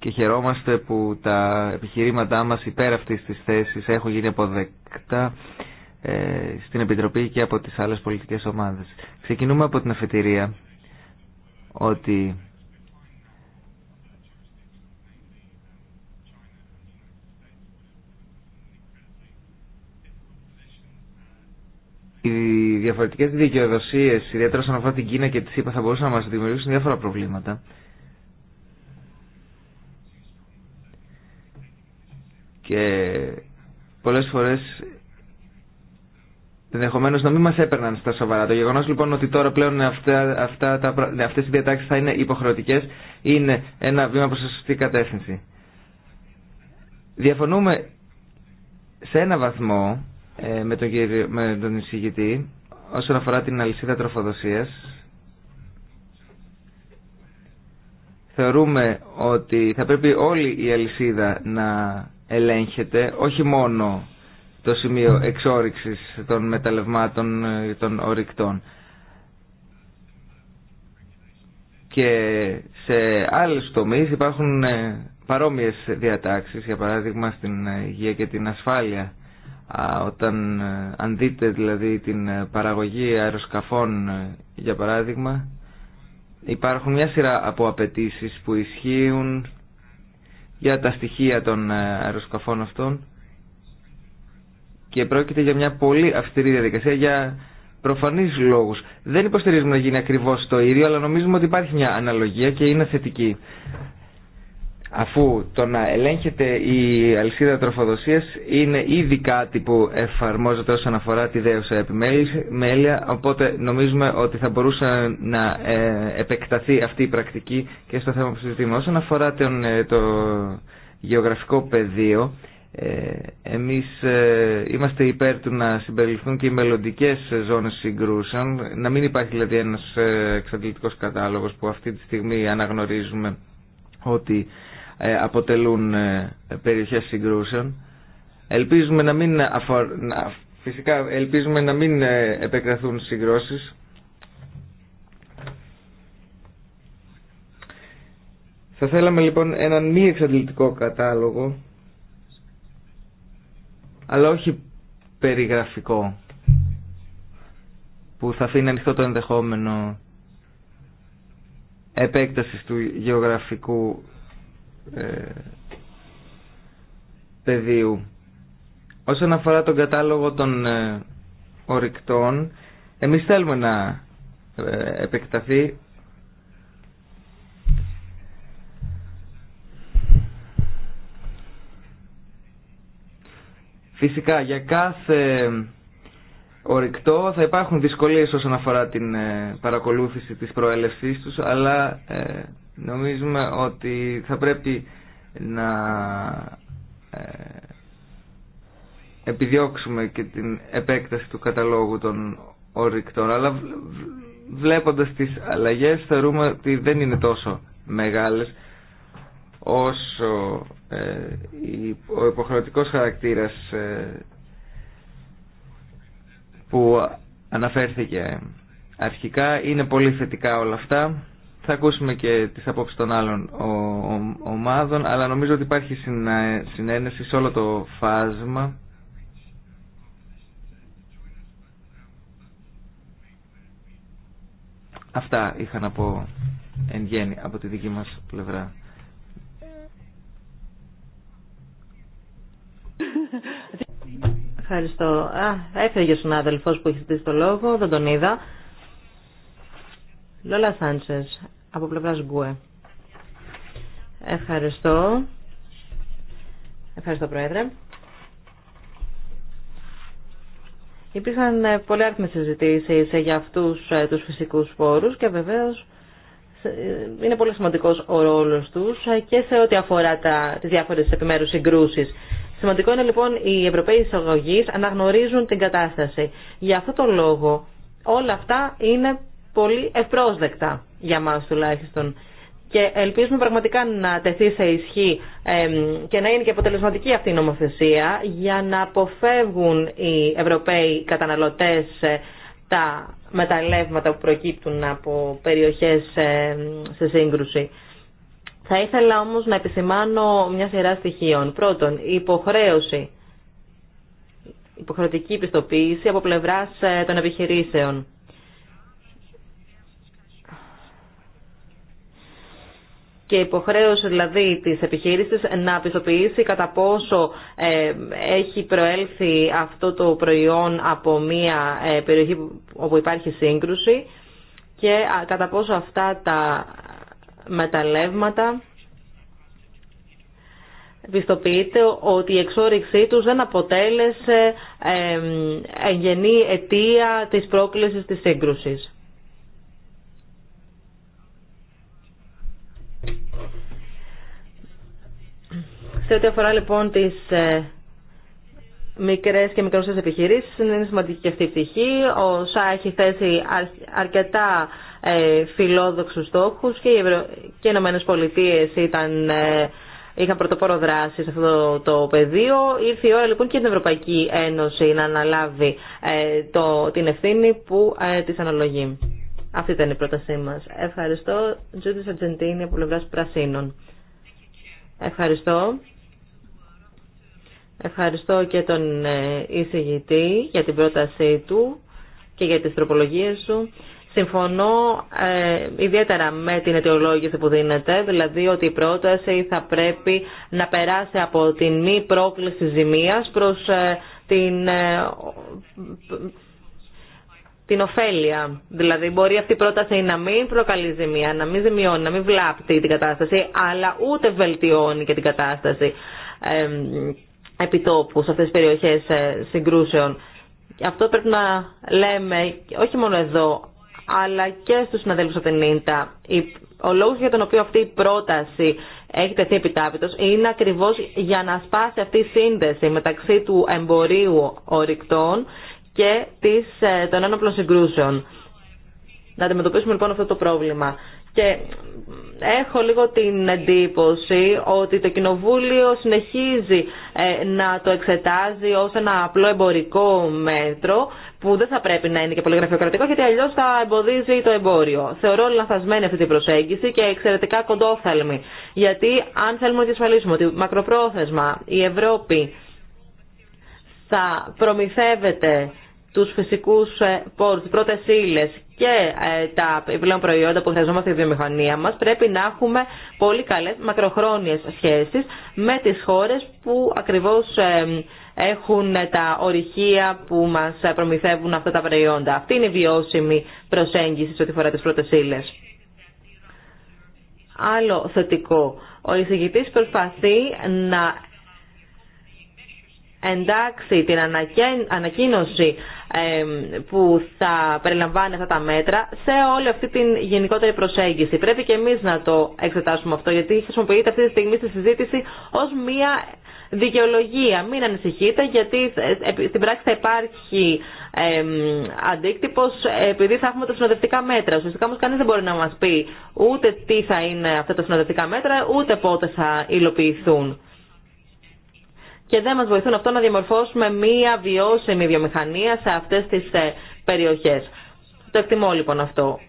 και χαιρόμαστε που τα επιχειρήματά μας υπέρ αυτής της θέσης έχουν γίνει αποδεκτά ε, στην Επιτροπή και από τις άλλες πολιτικές ομάδες. Ξεκινούμε από την αφετηρία ότι οι διαφορετικές δικαιοδοσίες, ιδιαίτερα σαν αφορά την Κίνα και τη ΣΥΠΑ, θα μπορούσαν να μας δημιουργήσουν διάφορα προβλήματα. και πολλές φορές ενδεχομένω να μην μας έπαιρναν στα σοβαρά. Το γεγονός λοιπόν ότι τώρα πλέον αυτά, αυτά, τα, αυτές οι διατάξεις θα είναι υποχρεωτικές είναι ένα βήμα προς τη σωστή κατεύθυνση. Διαφωνούμε σε ένα βαθμό ε, με, τον, κύριο, με τον εισηγητή όσον αφορά την αλυσίδα τροφοδοσίας. Θεωρούμε ότι θα πρέπει όλη η αλυσίδα να ελέγχεται όχι μόνο το σημείο mm. εξόριξης των μεταλλευμάτων ε, των ορυκτών και σε άλλες τομείς υπάρχουν ε, παρόμοιες διατάξεις για παράδειγμα στην ε, υγεία και την ασφάλεια όταν αν δείτε δηλαδή την παραγωγή αεροσκαφών για παράδειγμα υπάρχουν μια σειρά από απαιτήσει που ισχύουν για τα στοιχεία των ε, αεροσκαφών αυτών και πρόκειται για μια πολύ αυστηρή διαδικασία για προφανείς λόγους. Δεν υποστηρίζουμε να γίνει ακριβώς το ίδιο, αλλά νομίζουμε ότι υπάρχει μια αναλογία και είναι θετική αφού το να ελέγχεται η αλυσίδα τροφοδοσίας είναι ήδη κάτι που εφαρμόζεται όσον αφορά τη δέουσα επιμέλεια, οπότε νομίζουμε ότι θα μπορούσε να ε, επεκταθεί αυτή η πρακτική και στο θέμα που συστήματος Όσον αφορά τον, ε, το γεωγραφικό πεδίο, ε, εμείς είμαστε υπέρ του να συμπεριληφθούν και οι μελλοντικέ ζώνες συγκρούσεων, να μην υπάρχει δηλαδή ένας εξαντλητικός κατάλογος που αυτή τη στιγμή αναγνωρίζουμε ότι ε, αποτελούν ε, περιοχές συγκρούσεων. Ελπίζουμε να μην αφο... Φυσικά ελπίζουμε να μην ε, επεκταθούν συγκρούσεις. Θα θέλαμε λοιπόν έναν μη εξαντλητικό κατάλογο, αλλά όχι περιγραφικό, που θα αφήνει ανοιχτό το ενδεχόμενο επέκτασης του γεωγραφικού ε, πεδίου. Όσον αφορά τον κατάλογο των ε, ορυκτών, εμείς θέλουμε να ε, επεκταθεί Φυσικά για κάθε ορυκτό θα υπάρχουν δυσκολίες όσον αφορά την παρακολούθηση της προέλευσής τους αλλά Νομίζουμε ότι θα πρέπει να ε, επιδιώξουμε και την επέκταση του καταλόγου των ορυκτών, αλλά βλέποντας τις αλλαγές θεωρούμε ότι δεν είναι τόσο μεγάλες όσο ε, ο υποχρεωτικός χαρακτήρας ε, που αναφέρθηκε αρχικά. Είναι πολύ θετικά όλα αυτά. Θα ακούσουμε και τις απόψεις των άλλων ομάδων, αλλά νομίζω ότι υπάρχει συνένεση σε όλο το φάσμα. Αυτά είχα να πω εν γέννη από τη δική μας πλευρά. Ευχαριστώ. Α, έφυγε ο συνάδελφο που έχει ζητήσει το λόγο, δεν τον είδα. Λόλα Σάντσε, από πλευράς Γκουε. Ευχαριστώ. Ευχαριστώ, Πρόεδρε. Υπήρχαν ε, πολλέ άρθμε συζητήσει ε, για αυτού ε, τους φυσικούς φόρους και βεβαίως είναι πολύ σημαντικό ο ρόλο του και σε ό,τι αφορά τι τις διάφορες επιμέρους Σημαντικό είναι λοιπόν οι Ευρωπαίοι Ισογωγοί αναγνωρίζουν την κατάσταση. Για αυτό το λόγο όλα αυτά είναι πολύ ευπρόσδεκτα για μας τουλάχιστον. Και ελπίζουμε πραγματικά να τεθεί σε ισχύ και να είναι και αποτελεσματική αυτή η νομοθεσία για να αποφεύγουν οι Ευρωπαίοι καταναλωτές ε, τα μεταλλεύματα που προκύπτουν από περιοχές ε, σε σύγκρουση. Θα ήθελα όμως να επισημάνω μια σειρά στοιχείων. Πρώτον, η υποχρέωση, υποχρεωτική πιστοποίηση από πλευράς ε, των επιχειρήσεων. και υποχρέωση δηλαδή της επιχείρησης να πιστοποιήσει κατά πόσο ε, έχει προέλθει αυτό το προϊόν από μια ε, περιοχή όπου υπάρχει σύγκρουση και κατά πόσο αυτά τα μεταλλεύματα πιστοποιείται ότι η εξόριξή τους δεν αποτέλεσε ε, εγγενή αιτία της πρόκλησης της σύγκρουσης. Σε ό,τι αφορά λοιπόν τις ε, μικρέ και μικρότερε επιχειρήσει, είναι σημαντική και αυτή η πτυχή. Ο ΣΑ έχει θέσει αρκετά ε, φιλόδοξου στόχου και οι, Ευρω... και ε, Είχαν πρωτοπόρο δράση σε αυτό το πεδίο. Ήρθε η ώρα λοιπόν και την Ευρωπαϊκή Ένωση να αναλάβει το, την ευθύνη που ε, της αναλογεί. Αυτή ήταν η πρότασή μα. Ευχαριστώ. Τζούντις Ατζεντίνη από πλευράς Πρασίνων. Ευχαριστώ. Ευχαριστώ και τον ε, εισηγητή για την πρότασή του και για τις τροπολογίες σου. Συμφωνώ ε, ιδιαίτερα με την αιτιολόγηση που δίνεται, δηλαδή ότι η πρόταση θα πρέπει να περάσει από την μη πρόκληση ζημίας προς ε, την, την ωφέλεια. Δηλαδή μπορεί αυτή η πρόταση να μην προκαλεί ζημία, να μην ζημιώνει, να μην βλάπτει την κατάσταση, αλλά ούτε βελτιώνει και την κατάσταση επιτόπου σε αυτές τις περιοχές ε, συγκρούσεων. Αυτό πρέπει να λέμε όχι μόνο εδώ, αλλά και στους συναδέλφους από την ΙΝΤΑ. Ο λόγος για τον οποίο αυτή η πρόταση έχει τεθεί επιτάπητος είναι ακριβώς για να σπάσει αυτή η σύνδεση μεταξύ του εμπορίου ορυκτών και της, ε, των ένοπλων συγκρούσεων. Να αντιμετωπίσουμε λοιπόν αυτό το πρόβλημα. Και έχω λίγο την εντύπωση ότι το Κοινοβούλιο συνεχίζει ε, να το εξετάζει ως ένα απλό εμπορικό μέτρο που δεν θα πρέπει να είναι και πολύ γραφειοκρατικό γιατί αλλιώς θα εμποδίζει το εμπόριο. Θεωρώ λαθασμένη αυτή την προσέγγιση και εξαιρετικά κοντόφθαλμη γιατί αν θέλουμε να διασφαλίσουμε ότι μακροπρόθεσμα η Ευρώπη θα προμηθεύεται τους φυσικούς ε, πόρους, τις πρώτες ύλες και ε, τα επιπλέον προϊόντα που χρειαζόμαστε στη βιομηχανία μας, πρέπει να έχουμε πολύ καλέ, μακροχρόνιες σχέσεις με τις χώρες που ακριβώς ε, έχουν τα ορυχεία που μας προμηθεύουν αυτά τα προϊόντα. Αυτή είναι η βιώσιμη προσέγγιση σε ό,τι φορά τι πρώτε ύλε. Άλλο θετικό. Ο εισηγητή προσπαθεί να εντάξει την ανακοίνωση που θα περιλαμβάνει αυτά τα μέτρα σε όλη αυτή την γενικότερη προσέγγιση. Πρέπει και εμείς να το εξετάσουμε αυτό γιατί χρησιμοποιείται αυτή τη στιγμή στη συζήτηση ως μία δικαιολογία. Μην ανησυχείτε γιατί στην πράξη θα υπάρχει αντίκτυπος επειδή θα έχουμε τα συνοδευτικά μέτρα. Ουσιαστικά όμω κανείς δεν μπορεί να μα πει ούτε τι θα είναι αυτά τα συνοδευτικά μέτρα ούτε πότε θα υλοποιηθούν και δεν μας βοηθούν αυτό να διαμορφώσουμε μία βιώσιμη βιομηχανία σε αυτές τις ε, περιοχές. Το εκτιμώ λοιπόν αυτό.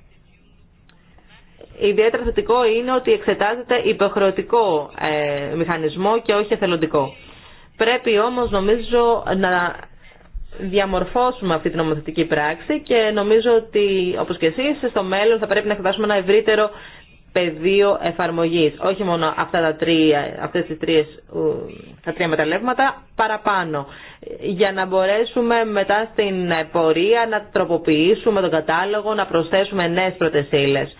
Ιδιαίτερα θετικό είναι ότι εξετάζεται υποχρεωτικό ε, μηχανισμό και όχι εθελοντικό. Πρέπει όμως νομίζω να διαμορφώσουμε αυτή την νομοθετική πράξη και νομίζω ότι όπως και εσείς στο μέλλον θα πρέπει να εξετάσουμε ένα ευρύτερο πεδίο εφαρμογής. Όχι μόνο αυτά τα τρία, αυτές τις τρεις τα τρία μεταλλεύματα, παραπάνω. Για να μπορέσουμε μετά στην πορεία να τροποποιήσουμε τον κατάλογο, να προσθέσουμε νέες πρωτεσίλες.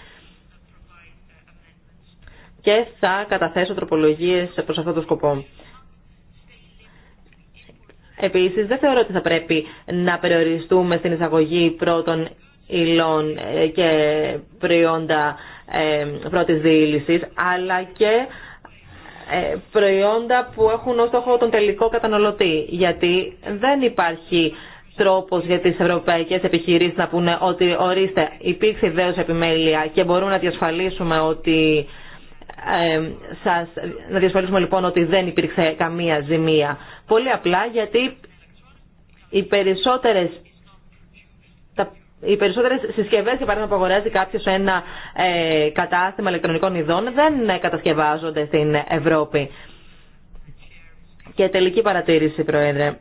Και θα καταθέσω τροπολογίες προς αυτό τον σκοπό. Επίσης, δεν θεωρώ ότι θα πρέπει να περιοριστούμε στην εισαγωγή πρώτων υλών ε, και προϊόντα ε, πρώτης διήλυσης, αλλά και ε, προϊόντα που έχουν ως στόχο τον τελικό καταναλωτή. Γιατί δεν υπάρχει τρόπος για τις ευρωπαϊκές επιχειρήσεις να πούνε ότι ορίστε υπήρξε ιδέως επιμέλεια και μπορούμε να διασφαλίσουμε ότι ε, σας, να διασφαλίσουμε λοιπόν ότι δεν υπήρξε καμία ζημία. Πολύ απλά γιατί οι περισσότερες οι περισσότερες συσκευές, για παράδειγμα, που αγοράζει κάποιος σε ένα ε, κατάστημα ηλεκτρονικών ειδών δεν ε, κατασκευάζονται στην Ευρώπη. Και τελική παρατήρηση, Πρόεδρε.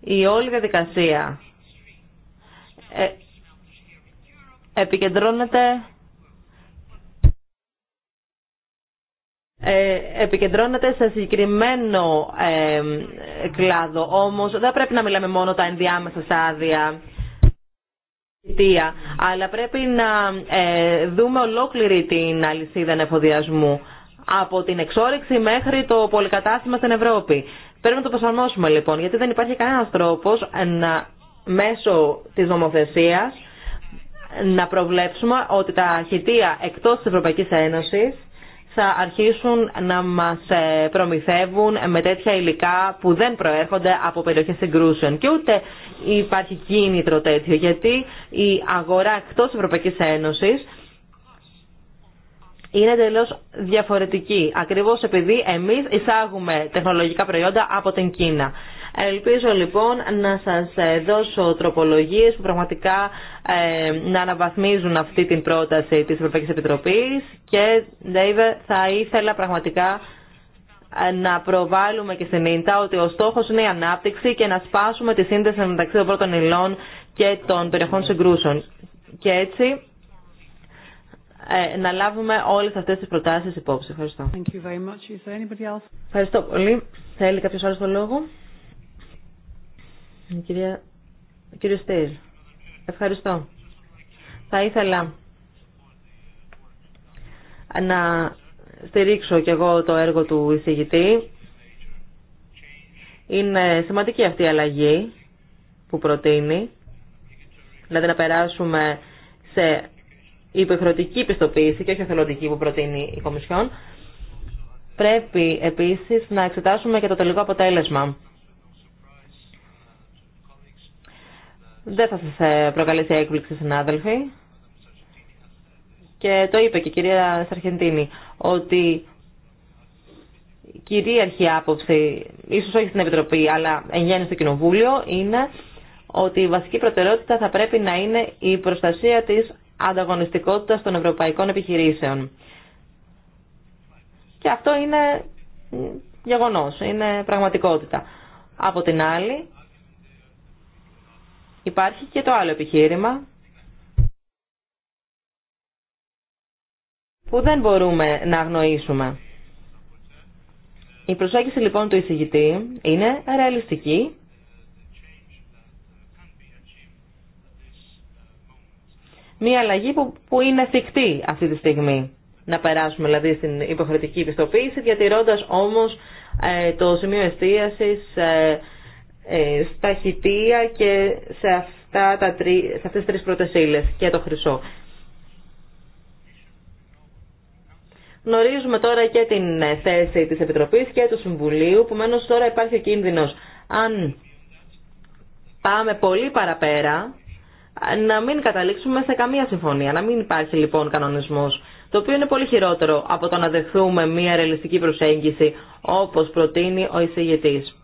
Η όλη διαδικασία ε, επικεντρώνεται... Ε, επικεντρώνεται σε συγκεκριμένο κλάδο, όμως δεν πρέπει να μιλάμε μόνο τα ενδιάμεσα στάδια αλλά πρέπει να ε, δούμε ολόκληρη την αλυσίδα ενεφοδιασμού από την εξόρυξη μέχρι το πολυκατάστημα στην Ευρώπη. Πρέπει να το προσαρμόσουμε λοιπόν, γιατί δεν υπάρχει κανένας τρόπος μέσω της νομοθεσία, να προβλέψουμε ότι τα χιτεία εκτός τη Ευρωπαϊκής Ένωσης θα αρχίσουν να μας ε, προμηθεύουν με τέτοια υλικά που δεν προέρχονται από περιοχές συγκρούσεων. Και ούτε υπάρχει κίνητρο τέτοιο, γιατί η αγορά εκτός Ευρωπαϊκής Ένωσης είναι εντελώ διαφορετική. Ακριβώ επειδή εμεί εισάγουμε τεχνολογικά προϊόντα από την Κίνα. Ελπίζω λοιπόν να σας ε, δώσω τροπολογίες που πραγματικά ε, να αναβαθμίζουν αυτή την πρόταση της Ευρωπαϊκής Επιτροπής και, Ντέιβε, θα ήθελα πραγματικά ε, να προβάλλουμε και στην ίντα ότι ο στόχος είναι η ανάπτυξη και να σπάσουμε τη σύνδεση μεταξύ των πρώτων υλών και των περιοχών συγκρούσεων. Και έτσι να λάβουμε όλες αυτές τις προτάσεις υπόψη. Ευχαριστώ. Ευχαριστώ πολύ. Θέλει κάποιος άλλος το λόγο. Κύριε κυρία... Κύριο Στέιρ, ευχαριστώ. Θα ήθελα να στηρίξω κι εγώ το έργο του εισηγητή. Είναι σημαντική αυτή η αλλαγή που προτείνει, δηλαδή να περάσουμε σε υπεχρεωτική πιστοποίηση και όχι εθελοντική που προτείνει η Κομισιόν. Πρέπει επίσης να εξετάσουμε και το τελικό αποτέλεσμα. Δεν θα σας ε, προκαλέσει έκπληξη, συνάδελφοι. Και το είπε και η κυρία Σαρχεντίνη, ότι η κυρίαρχη άποψη, ίσως όχι στην Επιτροπή, αλλά εν γέννη στο Κοινοβούλιο, είναι ότι η βασική προτεραιότητα θα πρέπει να είναι η προστασία της ανταγωνιστικότητας των ευρωπαϊκών επιχειρήσεων. Και αυτό είναι γεγονός, είναι πραγματικότητα. Από την άλλη, Υπάρχει και το άλλο επιχείρημα που δεν μπορούμε να αγνοήσουμε. Η προσέγγιση λοιπόν του εισηγητή είναι ρεαλιστική Μία αλλαγή που, είναι εφικτή αυτή τη στιγμή. Να περάσουμε δηλαδή στην υποχρεωτική επιστοποίηση, διατηρώντας όμως ε, το σημείο εστίασης ε, ε, στα χιτία και σε, αυτά τα τρι, σε αυτές τις τρεις πρώτες ύλες και το χρυσό. Γνωρίζουμε τώρα και την ε, θέση της Επιτροπής και του Συμβουλίου, που μένως τώρα υπάρχει ο κίνδυνος. Αν πάμε πολύ παραπέρα, να μην καταλήξουμε σε καμία συμφωνία, να μην υπάρχει λοιπόν κανονισμός, το οποίο είναι πολύ χειρότερο από το να δεχθούμε μια ρεαλιστική προσέγγιση, όπως προτείνει ο εισηγητής.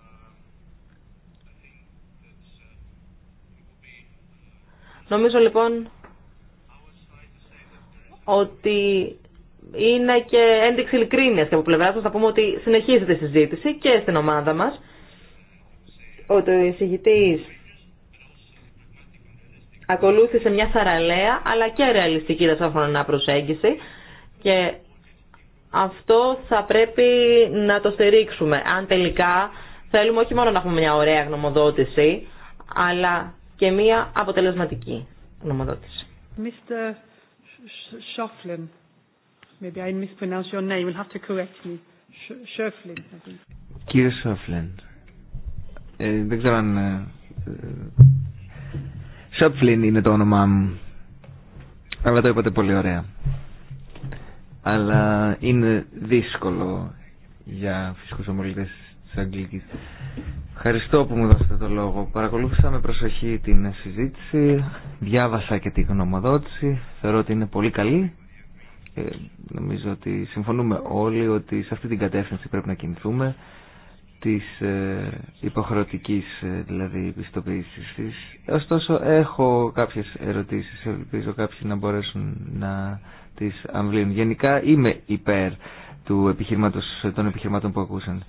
Νομίζω λοιπόν ότι είναι και ένδειξη ειλικρίνειας και από πλευρά σας θα πούμε ότι συνεχίζεται η συζήτηση και στην ομάδα μας ότι ο εισηγητής ακολούθησε μια θαραλέα αλλά και ρεαλιστική ταυτόχρονα προσέγγιση και αυτό θα πρέπει να το στηρίξουμε αν τελικά θέλουμε όχι μόνο να έχουμε μια ωραία γνωμοδότηση αλλά και μία αποτελεσματική ονοματότηση. Mr. Schofflin, maybe I mispronounce your name, you'll have to correct me. Schofflin. I think. Κύριε Σόφλεν, δεν ξέρω αν... Ε, ε, Schofflin Σόφλιν είναι το όνομά μου, αλλά το είπατε πολύ ωραία. Αλλά είναι δύσκολο για φυσικούς ομολίτες της Αγγλικής. Ευχαριστώ που μου δώσατε το λόγο. Παρακολούθησα με προσοχή την συζήτηση, διάβασα και τη γνωμοδότηση, θεωρώ ότι είναι πολύ καλή. Ε, νομίζω ότι συμφωνούμε όλοι ότι σε αυτή την κατεύθυνση πρέπει να κινηθούμε της ε, υποχρεωτικής ε, δηλαδή πιστοποίησης της. Ωστόσο έχω κάποιες ερωτήσεις, ελπίζω κάποιοι να μπορέσουν να τις αμβλύνουν. Γενικά είμαι υπέρ του επιχειρηματος, των επιχειρηματών που ακούσαν.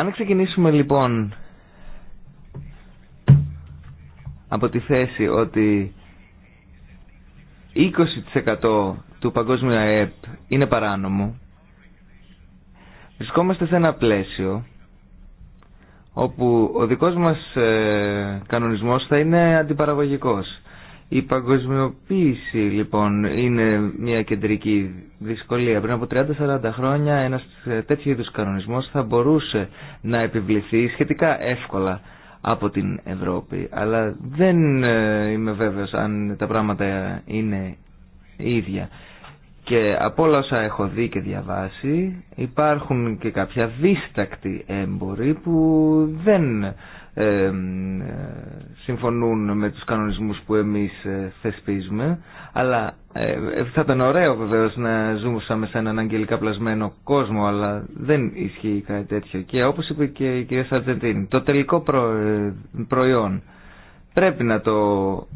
Αν ξεκινήσουμε λοιπόν από τη θέση ότι 20% του παγκόσμιου ΑΕΠ είναι παράνομο, βρισκόμαστε σε ένα πλαίσιο όπου ο δικός μας ε, κανονισμός θα είναι αντιπαραγωγικός. Η παγκοσμιοποίηση λοιπόν είναι μια κεντρική δυσκολία. Πριν από 30-40 χρόνια ένας τέτοιου είδους κανονισμός θα μπορούσε να επιβληθεί σχετικά εύκολα από την Ευρώπη. Αλλά δεν ε, είμαι βέβαιος αν τα πράγματα είναι ίδια. Και από όλα όσα έχω δει και διαβάσει υπάρχουν και κάποια δίστακτοι έμποροι που δεν συμφωνούν με τους κανονισμούς που εμείς ε, θεσπίζουμε αλλά ε, ε, θα ήταν ωραίο βεβαίως να ζούμε σε έναν αγγελικά πλασμένο κόσμο αλλά δεν ισχύει κάτι τέτοιο και όπως είπε και η κυρία Σαρτζεντίνη το τελικό προϊόν πρέπει να το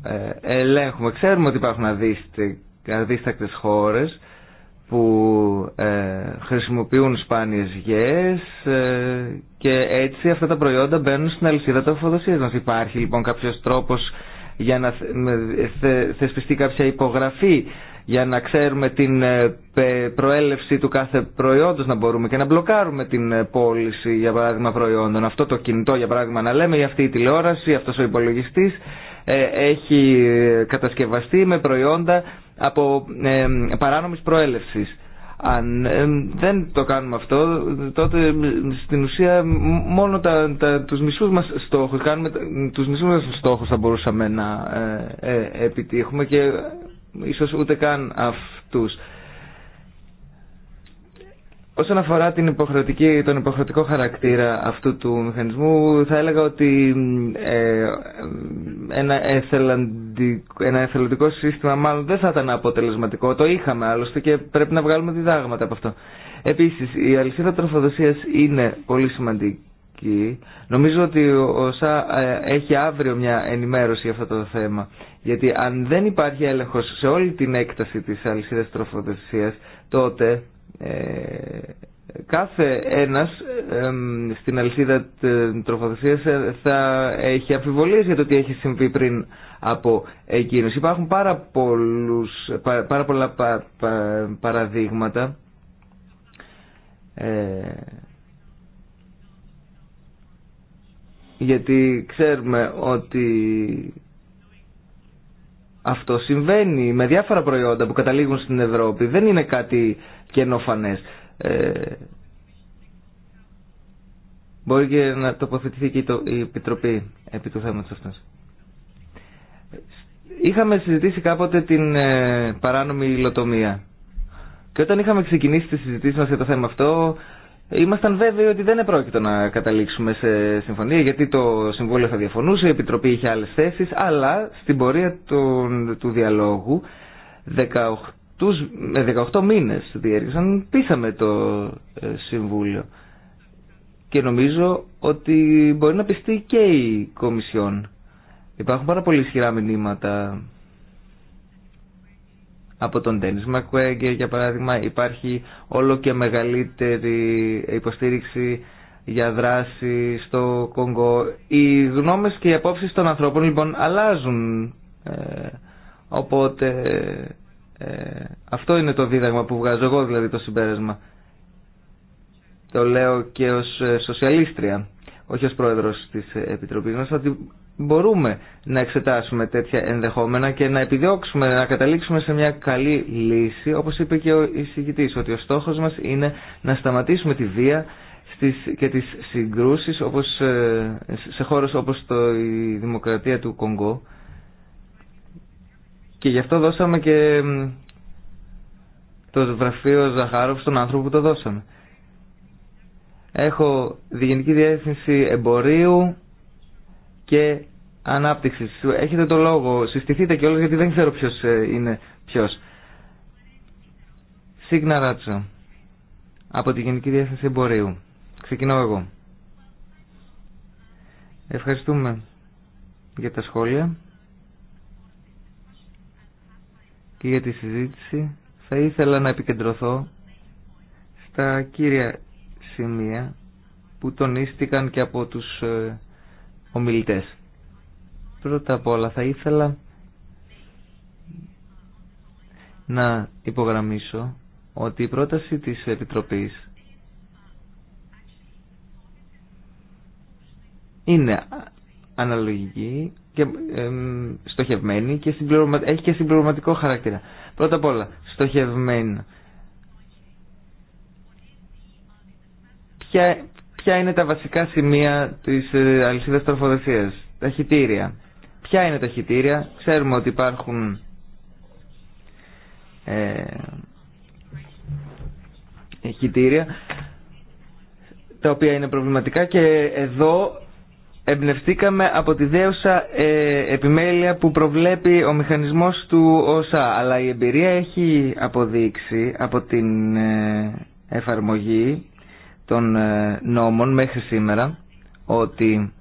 ελέγχουμε ξέρουμε ότι υπάρχουν αδίστακτες χώρες που ε, χρησιμοποιούν σπάνιες γέες ε, και έτσι αυτά τα προϊόντα μπαίνουν στην αλυσίδα φοδοσίες μας. Υπάρχει λοιπόν κάποιος τρόπος για να θεσπιστεί κάποια υπογραφή για να ξέρουμε την ε, προέλευση του κάθε προϊόντος να μπορούμε και να μπλοκάρουμε την πώληση για παράδειγμα προϊόντων. Αυτό το κινητό για παράδειγμα να λέμε ή αυτή η τηλεόραση, αυτός ο υπολογιστής έχει κατασκευαστεί με προϊόντα από ε, παράνομης προέλευσης. Αν δεν το κάνουμε αυτό, τότε στην ουσία μόνο τα, τα, τους μισούς μας στόχους, κάνουμε, τους μισούς μας στόχους θα μπορούσαμε να ε, ε, επιτύχουμε και ίσως ούτε καν αυτούς. Όσον αφορά την τον υποχρεωτικό χαρακτήρα αυτού του μηχανισμού, θα έλεγα ότι ε, ένα, εθελοντικό, ένα εθελοντικό σύστημα μάλλον δεν θα ήταν αποτελεσματικό. Το είχαμε άλλωστε και πρέπει να βγάλουμε διδάγματα από αυτό. Επίσης, η αλυσίδα τροφοδοσίας είναι πολύ σημαντική. Νομίζω ότι ο ΣΑ ε, έχει αύριο μια ενημέρωση για αυτό το θέμα. Γιατί αν δεν υπάρχει έλεγχο σε όλη την έκταση τη αλυσίδας τροφοδοσία, τότε ε, κάθε ένας στην αλυσίδα τροφοδοσίας ε, θα έχει αμφιβολίες για το τι έχει συμβεί πριν από εκείνους. Υπάρχουν πάρα, πολλούς, πάρα πολλά παραδείγματα ε, γιατί ξέρουμε ότι αυτό συμβαίνει με διάφορα προϊόντα που καταλήγουν στην Ευρώπη. Δεν είναι κάτι και Ε, μπορεί και να τοποθετηθεί και η Επιτροπή επί του θέματος αυτός. Είχαμε συζητήσει κάποτε την ε, παράνομη υλοτομία. Και όταν είχαμε ξεκινήσει τη συζήτηση μας για το θέμα αυτό, ήμασταν βέβαιοι ότι δεν επρόκειτο να καταλήξουμε σε συμφωνία, γιατί το Συμβούλιο θα διαφωνούσε, η Επιτροπή είχε άλλες θέσεις, αλλά στην πορεία του, του διαλόγου, 18 με 18 μήνες διέργησαν, πείσαμε το ε, Συμβούλιο. Και νομίζω ότι μπορεί να πιστεί και η Κομισιόν. Υπάρχουν πάρα πολύ ισχυρά μηνύματα από τον Τένις Μακουέγκε, για παράδειγμα, υπάρχει όλο και μεγαλύτερη υποστήριξη για δράση στο Κονγκό. Οι γνώμες και οι απόψεις των ανθρώπων λοιπόν αλλάζουν. Ε, οπότε ε, αυτό είναι το δίδαγμα που βγάζω εγώ δηλαδή το συμπέρασμα. Το λέω και ως ε, σοσιαλίστρια, όχι ως πρόεδρος της Επιτροπής μας, ότι μπορούμε να εξετάσουμε τέτοια ενδεχόμενα και να επιδιώξουμε να καταλήξουμε σε μια καλή λύση, όπως είπε και ο εισηγητής, ότι ο στόχος μας είναι να σταματήσουμε τη βία και τις συγκρούσεις όπως, ε, σε χώρες όπως το, η Δημοκρατία του Κονγκό και γι' αυτό δώσαμε και το βραφείο Ζαχάροφ στον άνθρωπο που το δώσαμε. Έχω Διγενική Διεύθυνση Εμπορίου και ανάπτυξη. Έχετε το λόγο, συστηθείτε κιόλας γιατί δεν ξέρω ποιος ε, είναι ποιος. Σίγνα Ράτσο, από τη Γενική Διεύθυνση Εμπορίου. Ξεκινώ εγώ. Ευχαριστούμε για τα σχόλια. και για τη συζήτηση. Θα ήθελα να επικεντρωθώ στα κύρια σημεία που τονίστηκαν και από τους ε, ομιλητές. Πρώτα απ' όλα θα ήθελα να υπογραμμίσω ότι η πρόταση της Επιτροπής είναι αναλογική και στοχευμένη και έχει και συμπληρωματικό χαρακτήρα. Πρώτα απ' όλα, στοχευμένη. Ποια, ποια είναι τα βασικά σημεία της ε, αλυσίδας τροφοδοσίας, τα χιτήρια. Ποια είναι τα χιτήρια, ξέρουμε ότι υπάρχουν ε, χιτήρια τα οποία είναι προβληματικά και εδώ εμπνευστήκαμε από τη δέουσα ε, επιμέλεια που προβλέπει ο μηχανισμός του ΩΣΑ αλλά η εμπειρία έχει αποδείξει από την ε, εφαρμογή των ε, νόμων μέχρι σήμερα ότι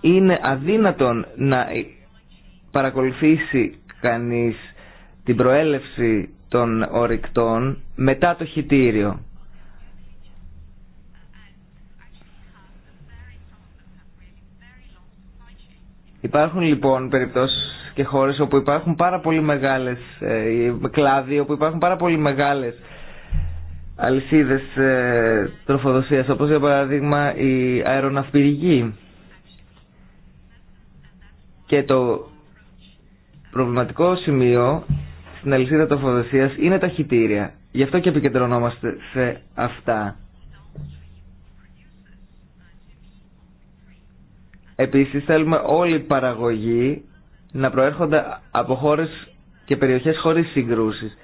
είναι αδύνατον να παρακολουθήσει κανείς την προέλευση των ορυκτών μετά το χιτήριο. Υπάρχουν λοιπόν περιπτώσεις και χώρες όπου υπάρχουν πάρα πολύ μεγάλες ε, κλάδοι, όπου υπάρχουν πάρα πολύ μεγάλες αλυσίδες ε, τροφοδοσίας, όπως για παράδειγμα η αεροναυπηρική. Και το προβληματικό σημείο στην αλυσίδα τροφοδοσίας είναι τα χιτήρια. Γι' αυτό και επικεντρωνόμαστε σε αυτά. Επίσης θέλουμε όλοι οι παραγωγοί να προέρχονται από χώρες και περιοχές χωρίς συγκρούσεις.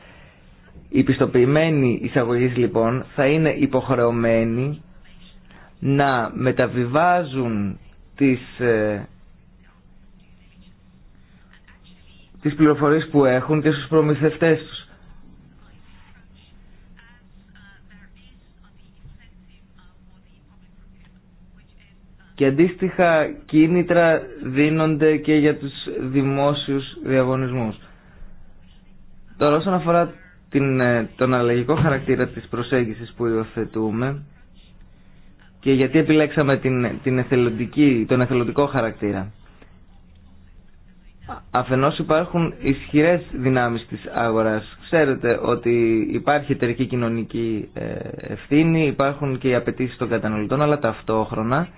Οι πιστοποιημένοι εισαγωγείς λοιπόν θα είναι υποχρεωμένοι να μεταβιβάζουν τις, ε, τις πληροφορίες που έχουν και στους προμηθευτές τους. και αντίστοιχα κίνητρα δίνονται και για τους δημόσιους διαγωνισμούς. Τώρα όσον αφορά την, ε, τον αλλαγικό χαρακτήρα της προσέγγισης που υιοθετούμε και γιατί επιλέξαμε την, την εθελοντική, τον εθελοντικό χαρακτήρα. Αφενός υπάρχουν ισχυρές δυνάμεις της αγοράς. Ξέρετε ότι υπάρχει εταιρική κοινωνική ε, ευθύνη, υπάρχουν και οι απαιτήσει των καταναλωτών, αλλά ταυτόχρονα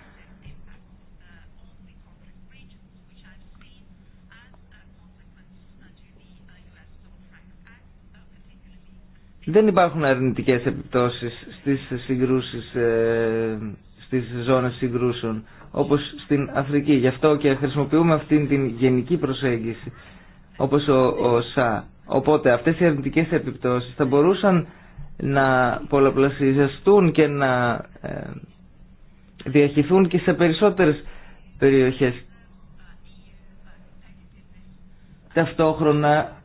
Δεν υπάρχουν αρνητικές επιπτώσεις στις συγκρούσεις, ε, στις ζώνες συγκρούσεων, όπως στην Αφρική. Γι' αυτό και χρησιμοποιούμε αυτήν την γενική προσέγγιση, όπως ο, ΣΑ. Οπότε αυτές οι αρνητικές επιπτώσεις θα μπορούσαν να πολλαπλασιαστούν και να ε, και σε περισσότερες περιοχές. Ταυτόχρονα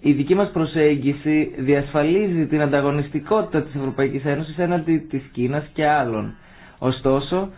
η δική μας προσέγγιση διασφαλίζει την ανταγωνιστικότητα της Ευρωπαϊκής Ένωσης έναντι της Κίνας και άλλων. Ωστόσο,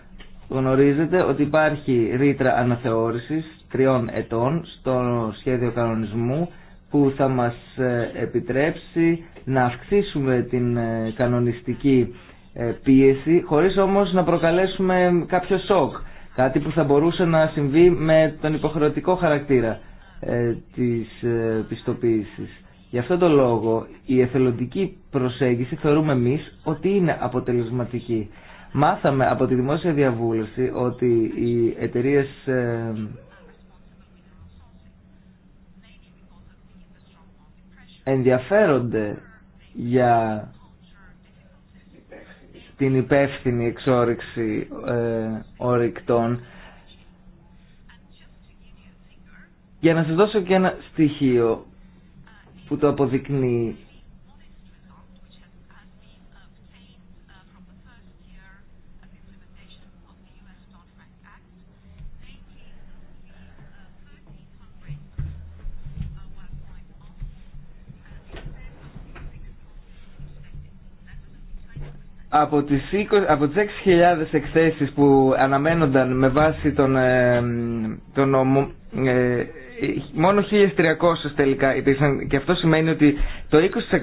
γνωρίζετε ότι υπάρχει ρήτρα αναθεώρησης τριών ετών στο σχέδιο κανονισμού που θα μας ε, επιτρέψει να αυξήσουμε την ε, κανονιστική ε, πίεση χωρίς όμως να προκαλέσουμε κάποιο σοκ, κάτι που θα μπορούσε να συμβεί με τον υποχρεωτικό χαρακτήρα ε, της ε, πιστοποίησης. Γι' αυτόν τον λόγο η εθελοντική προσέγγιση θεωρούμε εμείς ότι είναι αποτελεσματική. Μάθαμε από τη δημόσια διαβούλευση ότι οι εταιρείες ε, ενδιαφέρονται για την υπεύθυνη εξόριξη ε, Για να σας δώσω και ένα στοιχείο που το αποδεικνύει. από τις, από τις 6.000 εκθέσεις που αναμένονταν με βάση τον, ε, τον νομο, ε, μόνο 1.300 τελικά υπήρξαν και αυτό σημαίνει ότι το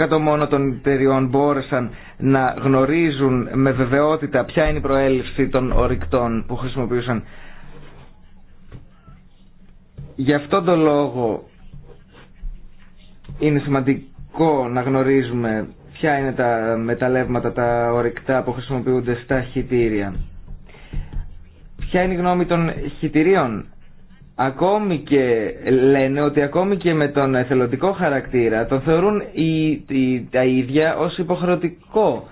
20% μόνο των εταιριών μπόρεσαν να γνωρίζουν με βεβαιότητα ποια είναι η προέλευση των ορυκτών που χρησιμοποιούσαν. Γι' αυτόν τον λόγο είναι σημαντικό να γνωρίζουμε ποια είναι τα μεταλλεύματα, τα ορυκτά που χρησιμοποιούνται στα χιτήρια. Ποια είναι η γνώμη των χιτηρίων ακόμη και λένε ότι ακόμη και με τον εθελοντικό χαρακτήρα τον θεωρούν οι, τα ίδια ως υποχρεωτικό.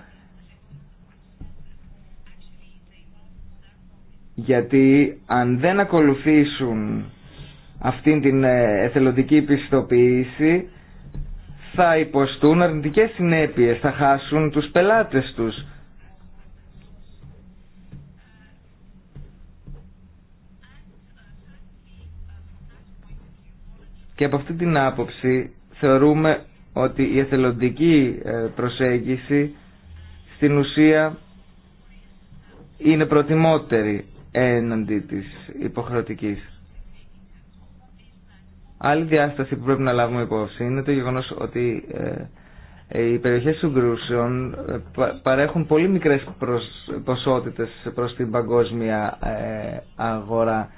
Γιατί αν δεν ακολουθήσουν αυτήν την ε, εθελοντική πιστοποίηση θα υποστούν αρνητικές συνέπειες, θα χάσουν τους πελάτες τους. Και από αυτή την άποψη θεωρούμε ότι η εθελοντική ε, προσέγγιση στην ουσία είναι προτιμότερη έναντι της υποχρεωτικής. Άλλη διάσταση που πρέπει να λάβουμε υπόψη είναι το γεγονός ότι ε, οι περιοχές συγκρούσεων ε, παρέχουν πολύ μικρές ποσότητες προς την παγκόσμια αγορά.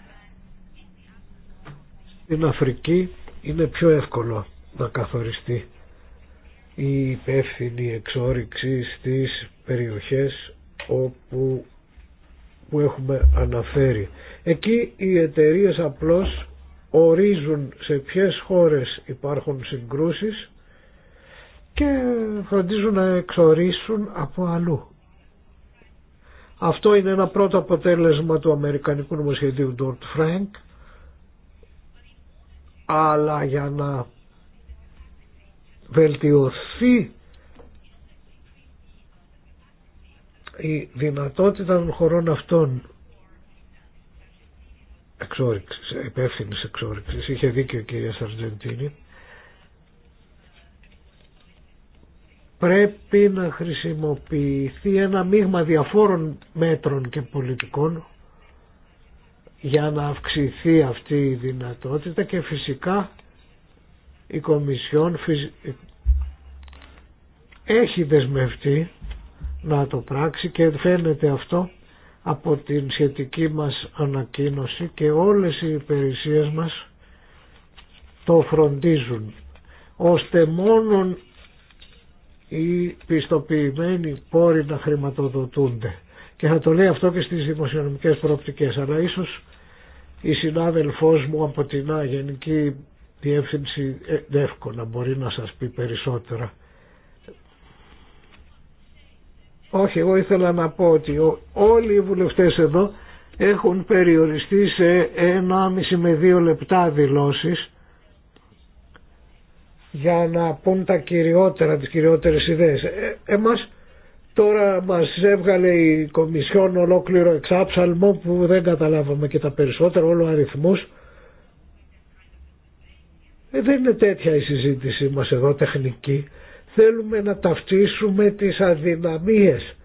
Στην Αφρική είναι πιο εύκολο να καθοριστεί η υπεύθυνη εξόριξη στις περιοχές όπου που έχουμε αναφέρει. Εκεί οι εταιρείε απλώς ορίζουν σε ποιες χώρες υπάρχουν συγκρούσεις και φροντίζουν να εξορίσουν από αλλού. Αυτό είναι ένα πρώτο αποτέλεσμα του Αμερικανικού νομοσχεδίου Ντόρτ Φρανκ αλλά για να βελτιωθεί η δυνατότητα των χωρών αυτών εξόρυξης, υπεύθυνης εξόρυξης. είχε δίκιο η κυρία Σαρτζεντίνη, πρέπει να χρησιμοποιηθεί ένα μείγμα διαφόρων μέτρων και πολιτικών για να αυξηθεί αυτή η δυνατότητα και φυσικά η Κομισιόν έχει δεσμευτεί να το πράξει και φαίνεται αυτό από την σχετική μας ανακοίνωση και όλες οι υπηρεσίες μας το φροντίζουν ώστε μόνον οι πιστοποιημένοι πόροι να χρηματοδοτούνται και θα το λέει αυτό και στις δημοσιονομικές προοπτικές αλλά ίσως η συνάδελφός μου από την Γενική Διεύθυνση ε, εύκολα να μπορεί να σας πει περισσότερα όχι εγώ ήθελα να πω ότι όλοι οι βουλευτές εδώ έχουν περιοριστεί σε 1,5 με 2 λεπτά δηλώσεις για να πούν τα κυριότερα, τις κυριότερες ιδέες. Ε, εμάς Τώρα μας έβγαλε η Κομισιόν ολόκληρο εξάψαλμο που δεν καταλάβαμε και τα περισσότερα, όλο αριθμούς. Ε, δεν είναι τέτοια η συζήτησή μας εδώ τεχνική. Θέλουμε να ταυτίσουμε τις αδυναμίες.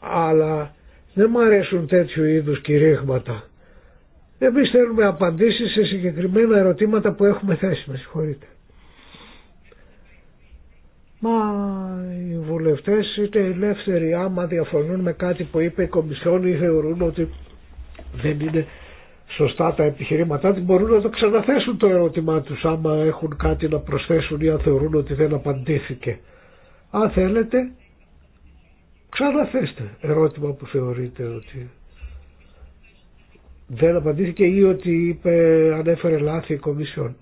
Αλλά δεν μου αρέσουν τέτοιου είδους κηρύγματα. Εμείς θέλουμε απαντήσεις σε συγκεκριμένα ερωτήματα που έχουμε θέσει. Με συγχωρείτε. Μα οι βουλευτές είτε ελεύθεροι άμα διαφωνούν με κάτι που είπε η Κομισιόν ή θεωρούν ότι δεν είναι σωστά τα επιχειρήματά του μπορούν να το ξαναθέσουν το ερώτημά τους άμα έχουν κάτι να προσθέσουν ή αν θεωρούν ότι δεν απαντήθηκε. Αν θέλετε ξαναθέστε ερώτημα που θεωρείτε ότι δεν απαντήθηκε ή ότι είπε, ανέφερε λάθη η Κομισιόν.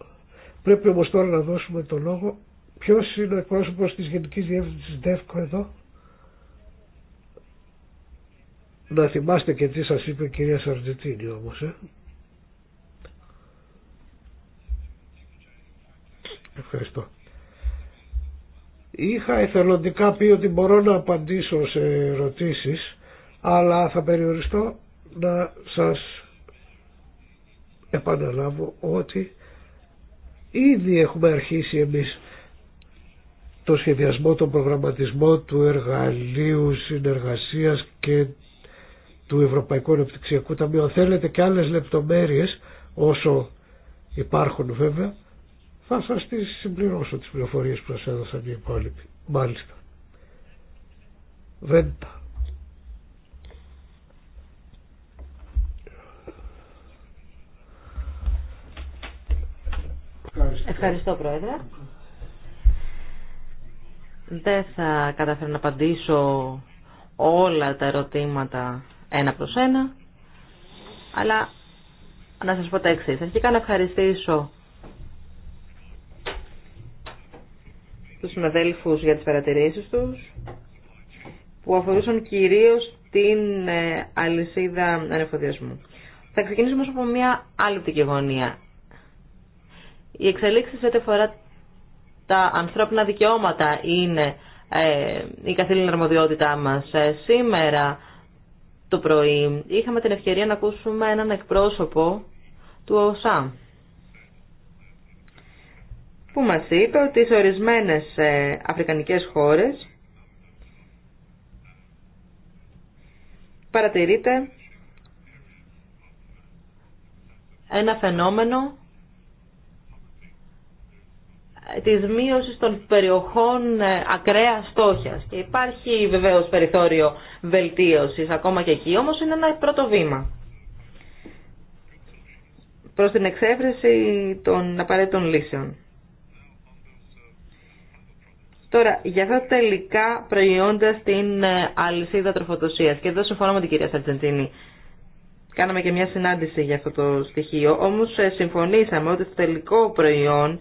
Πρέπει όμως τώρα να δώσουμε το λόγο Ποιο είναι ο εκπρόσωπος της Γενικής Διεύθυνσης ΔΕΦΚΟ εδώ. Να θυμάστε και τι σα είπε η κυρία Σαρτζετίνη όμω. Ε. Ευχαριστώ. Είχα εθελοντικά πει ότι μπορώ να απαντήσω σε ερωτήσεις, αλλά θα περιοριστώ να σας επαναλάβω ότι ήδη έχουμε αρχίσει εμείς το σχεδιασμό, τον προγραμματισμό του εργαλείου συνεργασίας και του Ευρωπαϊκού Ανεπτυξιακού Ταμείου. Αν θέλετε και άλλες λεπτομέρειες όσο υπάρχουν βέβαια θα σας τις συμπληρώσω τις πληροφορίες που σας έδωσαν οι υπόλοιποι. Μάλιστα. Βέντα. Ευχαριστώ Πρόεδρε. Δεν θα καταφέρω να απαντήσω όλα τα ερωτήματα ένα προς ένα, αλλά να σας πω τα εξής. Αρχικά να ευχαριστήσω τους συναδέλφους για τις παρατηρήσεις τους, που αφορούσαν κυρίως την ε, αλυσίδα ανεφοδιασμού. Θα ξεκινήσουμε όμως από μια άλλη οπτική γωνία. Οι σε ό,τι αφορά τα ανθρώπινα δικαιώματα είναι ε, η καθήλυνα αρμοδιότητά μας. Ε, σήμερα το πρωί είχαμε την ευκαιρία να ακούσουμε έναν εκπρόσωπο του ΟΣΑ που μας είπε ότι σε ορισμένες ε, αφρικανικές χώρες παρατηρείται ένα φαινόμενο της μείωσης των περιοχών ε, ακραία στόχιας. Και υπάρχει βεβαίως περιθώριο βελτίωσης ακόμα και εκεί, όμως είναι ένα πρώτο βήμα προς την εξέβρεση των απαραίτητων λύσεων. Τώρα, για αυτά τελικά προϊόντα στην ε, αλυσίδα τροφοδοσίας. Και εδώ συμφωνώ με την κυρία Σαρτζεντίνη. Κάναμε και μια συνάντηση για αυτό το στοιχείο, όμως ε, συμφωνήσαμε ότι το τελικό προϊόν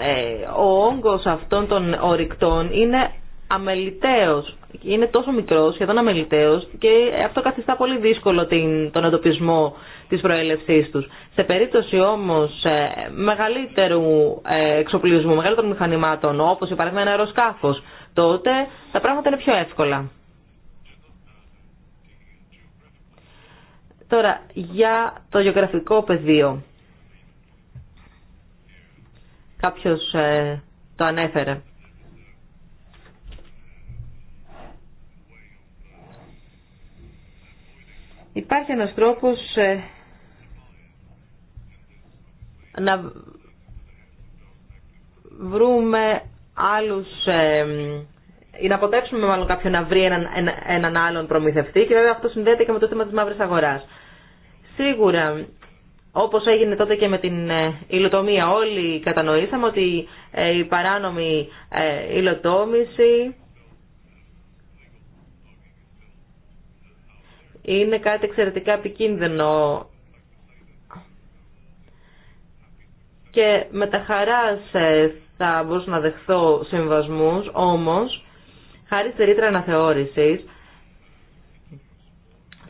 Ε, ο όγκος αυτών των ορυκτών είναι αμεληταίος. Είναι τόσο μικρός, σχεδόν αμεληταίος και αυτό καθιστά πολύ δύσκολο την, τον εντοπισμό της προέλευσής τους. Σε περίπτωση όμως ε, μεγαλύτερου ε, εξοπλισμού, μεγαλύτερων μηχανημάτων, όπως υπάρχει ένα αεροσκάφος, τότε τα πράγματα είναι πιο εύκολα. Τώρα, για το γεωγραφικό πεδίο. Κάποιος ε, το ανέφερε. Υπάρχει ένας τρόπος ε, να βρούμε άλλους ε, ή να αποτέψουμε μάλλον κάποιον να βρει έναν, έναν άλλον προμηθευτή και βέβαια αυτό συνδέεται και με το θέμα της μαύρης αγοράς. Σίγουρα όπως έγινε τότε και με την ε, υλοτομία. Όλοι κατανοήσαμε ότι ε, η παράνομη ε, υλοτόμηση είναι κάτι εξαιρετικά επικίνδυνο και με τα χαράς θα μπορούσα να δεχθώ συμβασμούς, όμως χάρη στη ρήτρα αναθεώρησης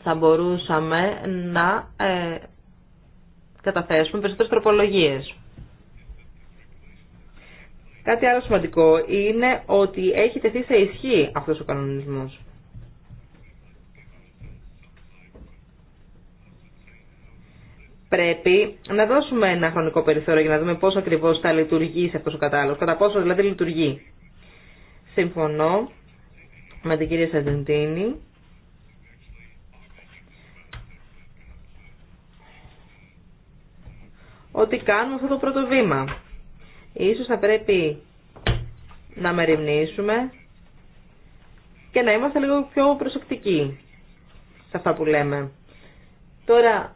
θα μπορούσαμε να καταθέσουμε περισσότερες τροπολογίες. Κάτι άλλο σημαντικό είναι ότι έχει τεθεί σε ισχύ αυτός ο κανονισμός. Πρέπει να δώσουμε ένα χρονικό περιθώριο για να δούμε πώς ακριβώς θα λειτουργήσει αυτός ο κατάλληλος. κατά πόσο δηλαδή λειτουργεί. Συμφωνώ με την κυρία Σαντζεντίνη. ότι κάνουμε αυτό το πρώτο βήμα. Ίσως θα πρέπει να μεριμνήσουμε και να είμαστε λίγο πιο προσεκτικοί σε αυτά που λέμε. Τώρα,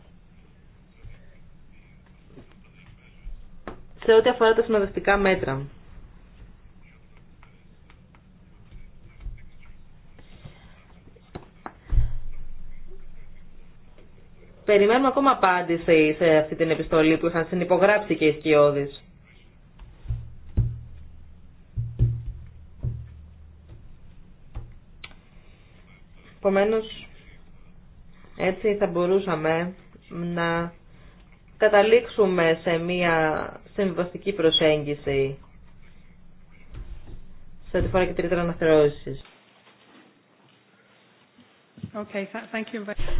σε ό,τι αφορά τα συνοδευτικά μέτρα. Περιμένουμε ακόμα απάντηση σε αυτή την επιστολή που είχαν συνυπογράψει και οι σκιώδεις. Επομένω, έτσι θα μπορούσαμε να καταλήξουμε σε μία συμβαστική προσέγγιση σε ό,τι φορά και τρίτη αναθεώρησης.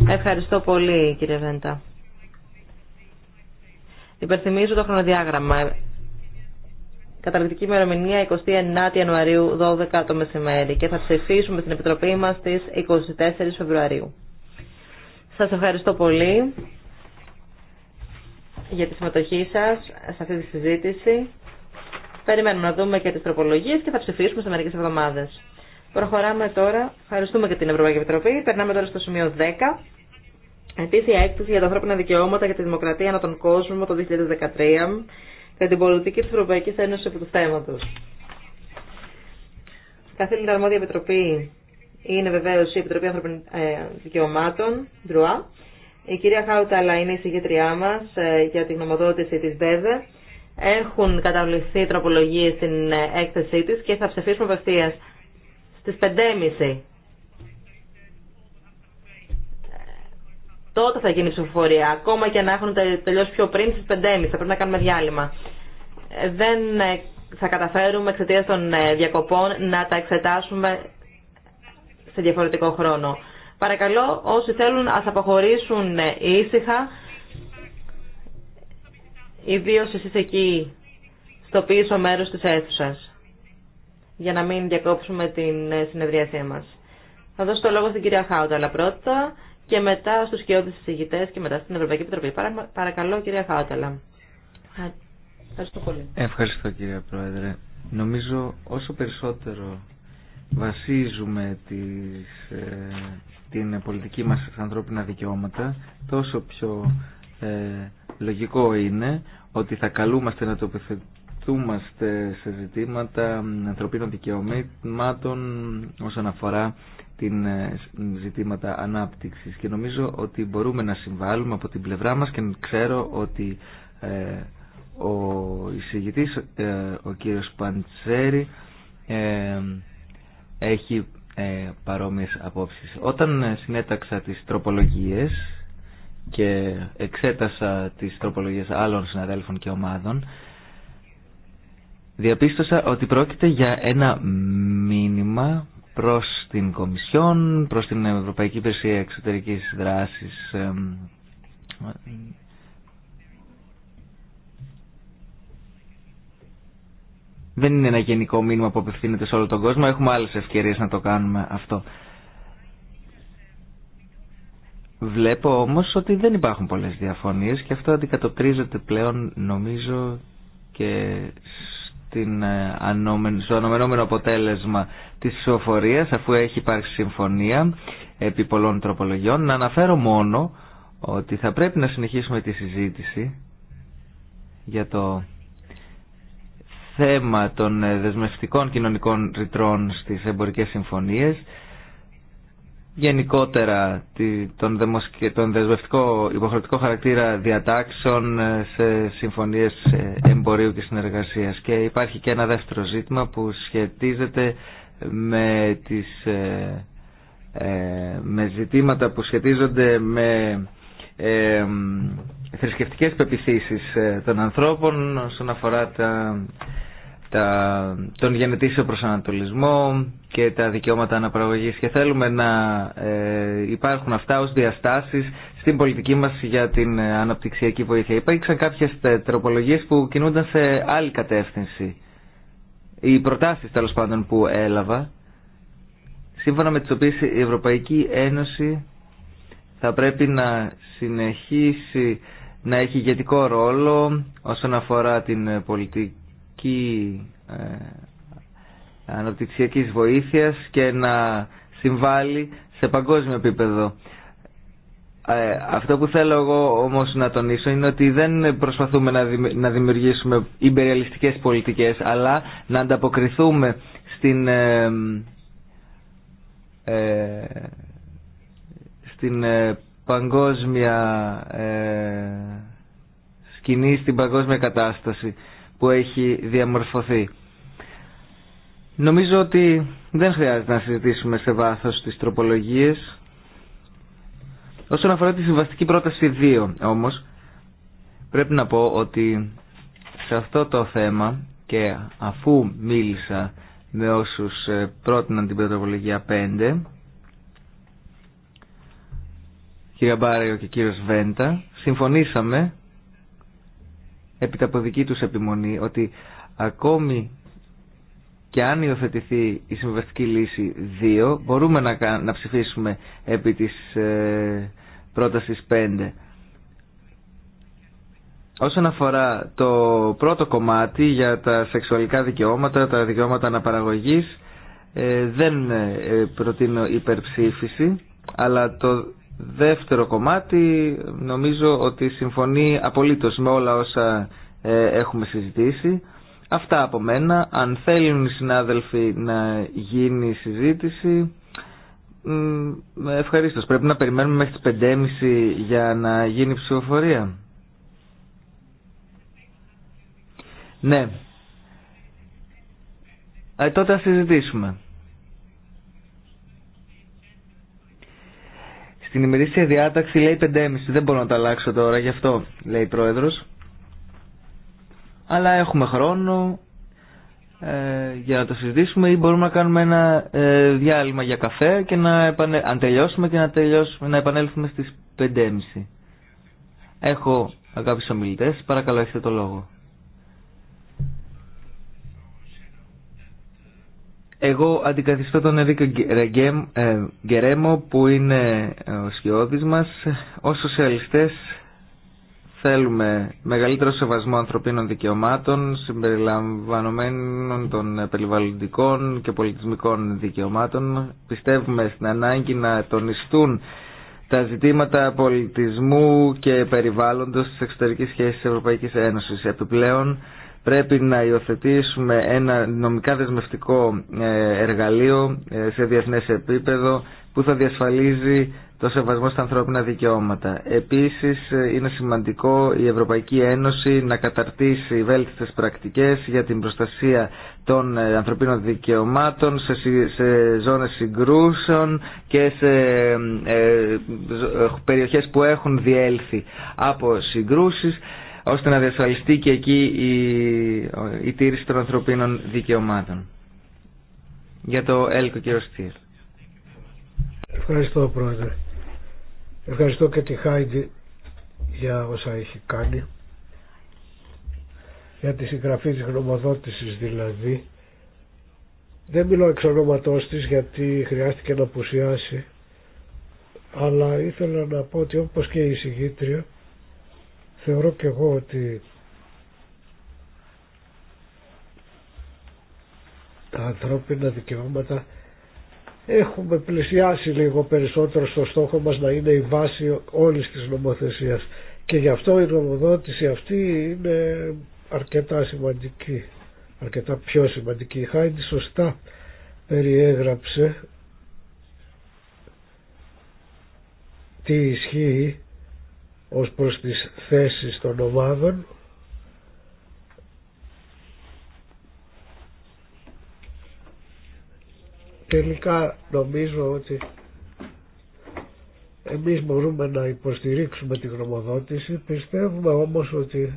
Ευχαριστώ πολύ κύριε Βέντα. Υπερθυμίζω το χρονοδιάγραμμα. Καταληκτική ημερομηνία 29 Ιανουαρίου 12 το μεσημέρι και θα ψηφίσουμε στην Επιτροπή μας στις 24 Φεβρουαρίου. Σας ευχαριστώ πολύ για τη συμμετοχή σας σε αυτή τη συζήτηση. Περιμένουμε να δούμε και τις τροπολογίες και θα ψηφίσουμε σε μερικές εβδομάδες. Προχωράμε τώρα. Ευχαριστούμε και την Ευρωπαϊκή Επιτροπή. Περνάμε τώρα στο σημείο 10. Ετήσια έκθεση για τα ανθρώπινα δικαιώματα και τη δημοκρατία ανά τον κόσμο το 2013 και την πολιτική τη Ευρωπαϊκή Ένωση επί του θέματο. Καθήλυνα αρμόδια επιτροπή είναι βεβαίω η Επιτροπή Ανθρωπίνων ε, Δικαιωμάτων, ΔΡΟΑ. Η κυρία Χάουταλα είναι η συγγετριά μα ε, για τη γνωμοδότηση τη ΔΕΔΕ. Έχουν καταβληθεί τροπολογίε στην ε, έκθεσή τη και θα ψηφίσουμε απευθεία στις 5.30. Τότε θα γίνει η ψηφοφορία. Ακόμα και να έχουν τελειώσει πιο πριν στις 5.30. Θα πρέπει να κάνουμε διάλειμμα. Ε, δεν ε, θα καταφέρουμε εξαιτία των ε, διακοπών να τα εξετάσουμε σε διαφορετικό χρόνο. Παρακαλώ όσοι θέλουν ας αποχωρήσουν ήσυχα, ιδίως εσείς εκεί στο πίσω μέρος της αίθουσας για να μην διακόψουμε την ε, συνεδρίασή μας. Θα δώσω το λόγο στην κυρία Χάουτα, πρώτα και μετά στους κοιότητες συζητητές και μετά στην Ευρωπαϊκή Επιτροπή. Παρακαλώ, κυρία Χάουταλα. Ευχαριστώ πολύ. Ευχαριστώ, κυρία Πρόεδρε. Νομίζω όσο περισσότερο βασίζουμε τις, ε, την πολιτική μας σε ανθρώπινα δικαιώματα, τόσο πιο ε, λογικό είναι ότι θα καλούμαστε να το συνεργαστούμαστε σε ζητήματα ανθρωπίνων δικαιωμάτων όσον αφορά την ε, ζητήματα ανάπτυξης και νομίζω ότι μπορούμε να συμβάλλουμε από την πλευρά μας και ξέρω ότι ε, ο εισηγητής ε, ο κύριος Παντσέρη έχει παρόμοιες απόψεις. Όταν συνέταξα τις τροπολογίες και εξέτασα τις τροπολογίες άλλων συναδέλφων και ομάδων διαπίστωσα ότι πρόκειται για ένα μήνυμα προς την Κομισιόν, προς την Ευρωπαϊκή Υπηρεσία Εξωτερικής Δράσης Δεν είναι ένα γενικό μήνυμα που απευθύνεται σε όλο τον κόσμο. Έχουμε άλλες ευκαιρίες να το κάνουμε αυτό. Βλέπω όμως ότι δεν υπάρχουν πολλές διαφωνίες και αυτό αντικατοπτρίζεται πλέον νομίζω και στην, ε, στο αναμενόμενο αποτέλεσμα της ψηφοφορίας αφού έχει υπάρξει συμφωνία επί πολλών τροπολογιών. Να αναφέρω μόνο ότι θα πρέπει να συνεχίσουμε τη συζήτηση για το θέμα των ε, δεσμευτικών κοινωνικών ρητρών στις εμπορικές συμφωνίες γενικότερα τον, τον δεσμευτικό υποχρεωτικό χαρακτήρα διατάξεων ε, σε συμφωνίες εμπορίου και συνεργασίας. Και υπάρχει και ένα δεύτερο ζήτημα που σχετίζεται με, τις... Ε, ε, με ζητήματα που σχετίζονται με ε, θρησκευτικές πεπιθήσεις των ανθρώπων όσον αφορά τα... Τα... τον γενετήσιο προσανατολισμό, και τα δικαιώματα αναπαραγωγής και θέλουμε να ε, υπάρχουν αυτά ως διαστάσεις στην πολιτική μας για την ε, αναπτυξιακή βοήθεια. Υπήρξαν κάποιες ε, τροπολογίες που κινούνταν σε άλλη κατεύθυνση. Οι προτάσεις τέλο πάντων που έλαβα, σύμφωνα με τις οποίες η Ευρωπαϊκή Ένωση θα πρέπει να συνεχίσει να έχει ηγετικό ρόλο όσον αφορά την πολιτική αναπτυξιακής βοήθειας και να συμβάλλει σε παγκόσμιο επίπεδο. Ε, αυτό που θέλω εγώ όμως να τονίσω είναι ότι δεν προσπαθούμε να δημιουργήσουμε υπεριαλιστικές πολιτικές αλλά να ανταποκριθούμε στην, ε, ε, στην παγκόσμια σκηνή, στην παγκόσμια κατάσταση που έχει διαμορφωθεί. Νομίζω ότι δεν χρειάζεται να συζητήσουμε σε βάθος τις τροπολογίες. Όσον αφορά τη συμβαστική πρόταση 2 όμως, πρέπει να πω ότι σε αυτό το θέμα και αφού μίλησα με όσους ε, πρότειναν την πρωτοβολογία 5, κύριε Μπάραιο και κύριος Βέντα, συμφωνήσαμε επί τα δική τους επιμονή ότι ακόμη και αν υιοθετηθεί η συμβαστική λύση 2 μπορούμε να, να ψηφίσουμε επί της ε, πρότασης 5. Όσον αφορά το πρώτο κομμάτι για τα σεξουαλικά δικαιώματα, τα δικαιώματα αναπαραγωγής, ε, δεν ε, προτείνω υπερψήφιση, αλλά το δεύτερο κομμάτι νομίζω ότι συμφωνεί απολύτως με όλα όσα ε, έχουμε συζητήσει. Αυτά από μένα. Αν θέλουν οι συνάδελφοι να γίνει η συζήτηση, ευχαρίστω. Πρέπει να περιμένουμε μέχρι τις 5.30 για να γίνει η ψηφοφορία. Ναι. Ε, τότε θα συζητήσουμε. Στην ημερήσια διάταξη λέει 5.30. Δεν μπορώ να τα αλλάξω τώρα, γι' αυτό λέει η Πρόεδρος αλλά έχουμε χρόνο ε, για να το συζητήσουμε ή μπορούμε να κάνουμε ένα ε, διάλειμμα για καφέ και να τελειώσουμε και να, τελειώσουμε, να επανέλθουμε στις 5.30. Έχω αγάπης ομιλητές, παρακαλώ έχετε το λόγο. Εγώ αντικαθιστώ τον Ερίκο ε, Γκερέμο που είναι ο σκιώδης μας. Ως σοσιαλιστές Θέλουμε μεγαλύτερο σεβασμό ανθρωπίνων δικαιωμάτων, συμπεριλαμβανομένων των περιβαλλοντικών και πολιτισμικών δικαιωμάτων. Πιστεύουμε στην ανάγκη να τονιστούν τα ζητήματα πολιτισμού και περιβάλλοντος στις εξωτερικές σχέσεις της Ευρωπαϊκής Ένωσης. Επιπλέον, πρέπει να υιοθετήσουμε ένα νομικά δεσμευτικό ε, εργαλείο ε, σε διεθνές επίπεδο που θα διασφαλίζει το σεβασμό στα ανθρώπινα δικαιώματα. Επίσης είναι σημαντικό η Ευρωπαϊκή Ένωση να καταρτήσει βέλτιστες πρακτικές για την προστασία των ε, ανθρωπίνων δικαιωμάτων σε ζώνες συγκρούσεων και σε ε, ε, περιοχές που έχουν διέλθει από συγκρούσεις ώστε να διασφαλιστεί και εκεί η, η τήρηση των ανθρωπίνων δικαιωμάτων. Για το ΕΛΚΟ κύριο Στήρ. Ευχαριστώ πρόεδρε. Ευχαριστώ και τη Χάιντι για όσα έχει κάνει. Για τη συγγραφή της γνωμοδότησης δηλαδή. Δεν μιλώ εξ ονόματός της γιατί χρειάστηκε να απουσιάσει. Αλλά ήθελα να πω ότι όπως και η συγγήτρια θεωρώ και εγώ ότι τα ανθρώπινα δικαιώματα έχουμε πλησιάσει λίγο περισσότερο στο στόχο μας να είναι η βάση όλης της νομοθεσίας και γι' αυτό η νομοδότηση αυτή είναι αρκετά σημαντική αρκετά πιο σημαντική η Χάιντι σωστά περιέγραψε τι ισχύει ως προς τις θέσεις των ομάδων τελικά νομίζω ότι εμείς μπορούμε να υποστηρίξουμε τη γνωμοδότηση πιστεύουμε όμως ότι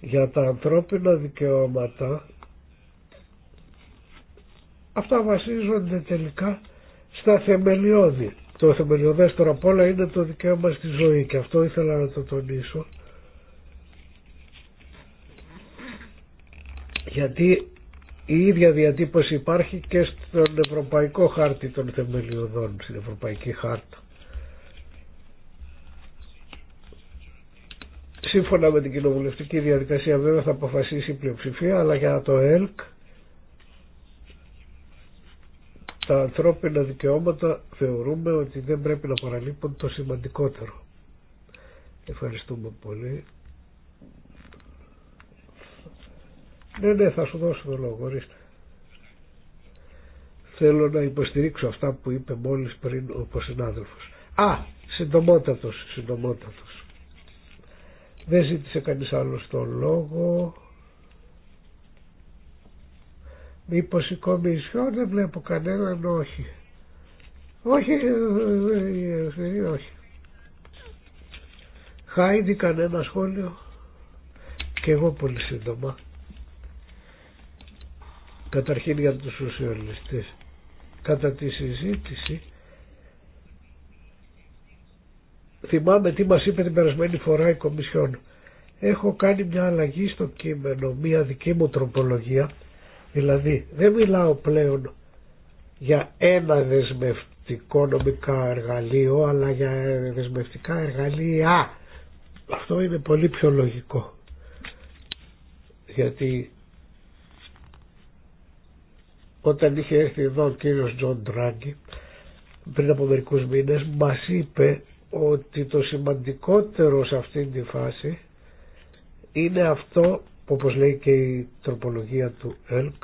για τα ανθρώπινα δικαιώματα αυτά βασίζονται τελικά στα θεμελιώδη το θεμελιωδές τώρα απ' όλα είναι το δικαίωμα στη ζωή και αυτό ήθελα να το τονίσω γιατί η ίδια διατύπωση υπάρχει και στον Ευρωπαϊκό Χάρτη των Θεμελιωδών, στην Ευρωπαϊκή Χάρτα. Σύμφωνα με την κοινοβουλευτική διαδικασία βέβαια θα αποφασίσει η πλειοψηφία, αλλά για το ΕΛΚ τα ανθρώπινα δικαιώματα θεωρούμε ότι δεν πρέπει να παραλείπουν το σημαντικότερο. Ευχαριστούμε πολύ. Ναι, ναι, θα σου δώσω το λόγο, ορίστε. Θέλω να υποστηρίξω αυτά που είπε μόλις πριν ο συνάδελφο. Α, συντομότατος, συντομότατος. Δεν ζήτησε κανείς άλλος το λόγο. Μήπως η Κομισιόν δεν βλέπω κανέναν όχι. Όχι, ε, ε, ε, όχι, όχι. Χάιντι κανένα σχόλιο. Και εγώ πολύ σύντομα. Καταρχήν για τους σοσιαλιστές. Κατά τη συζήτηση θυμάμαι τι μας είπε την περασμένη φορά η Κομισιόν. Έχω κάνει μια αλλαγή στο κείμενο, μια δική μου τροπολογία. Δηλαδή δεν μιλάω πλέον για ένα δεσμευτικό νομικά εργαλείο αλλά για δεσμευτικά εργαλεία. Αυτό είναι πολύ πιο λογικό. Γιατί όταν είχε έρθει εδώ ο κύριος Τζον Τράγκη πριν από μερικούς μήνες μας είπε ότι το σημαντικότερο σε αυτή τη φάση είναι αυτό όπως λέει και η τροπολογία του ΕΛΚ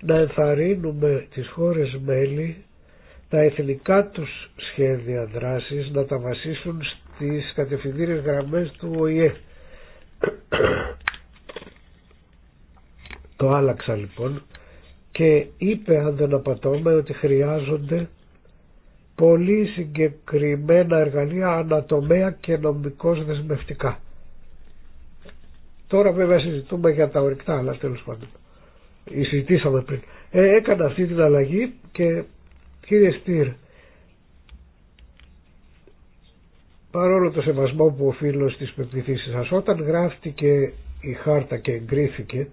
να ενθαρρύνουμε τις χώρες μέλη τα εθνικά τους σχέδια δράσης να τα βασίσουν στις κατευθυντήρες γραμμές του ΟΗΕ. Το άλλαξα λοιπόν και είπε αν δεν απατώμε ότι χρειάζονται πολύ συγκεκριμένα εργαλεία ανατομέα και νομικώς δεσμευτικά. Τώρα βέβαια συζητούμε για τα ορυκτά αλλά τέλος πάντων. πριν. Ε, έκανα αυτή την αλλαγή και κύριε Στήρ παρόλο το σεβασμό που οφείλω στις πεπιθήσεις σας όταν γράφτηκε η χάρτα και εγκρίθηκε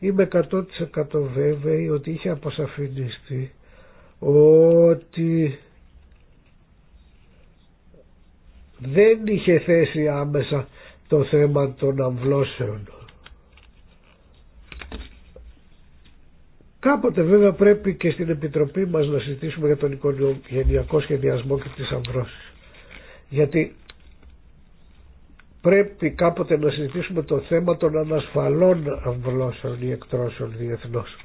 Είμαι 100% βέβαιη ότι είχε αποσαφινιστεί ότι δεν είχε θέσει άμεσα το θέμα των αμβλώσεων. Κάποτε βέβαια πρέπει και στην Επιτροπή μας να συζητήσουμε για τον οικογενειακό σχεδιασμό και τις αμβλώσεις. Γιατί πρέπει κάποτε να συζητήσουμε το θέμα των ανασφαλών αμβλώσεων ή εκτρώσεων διεθνώς.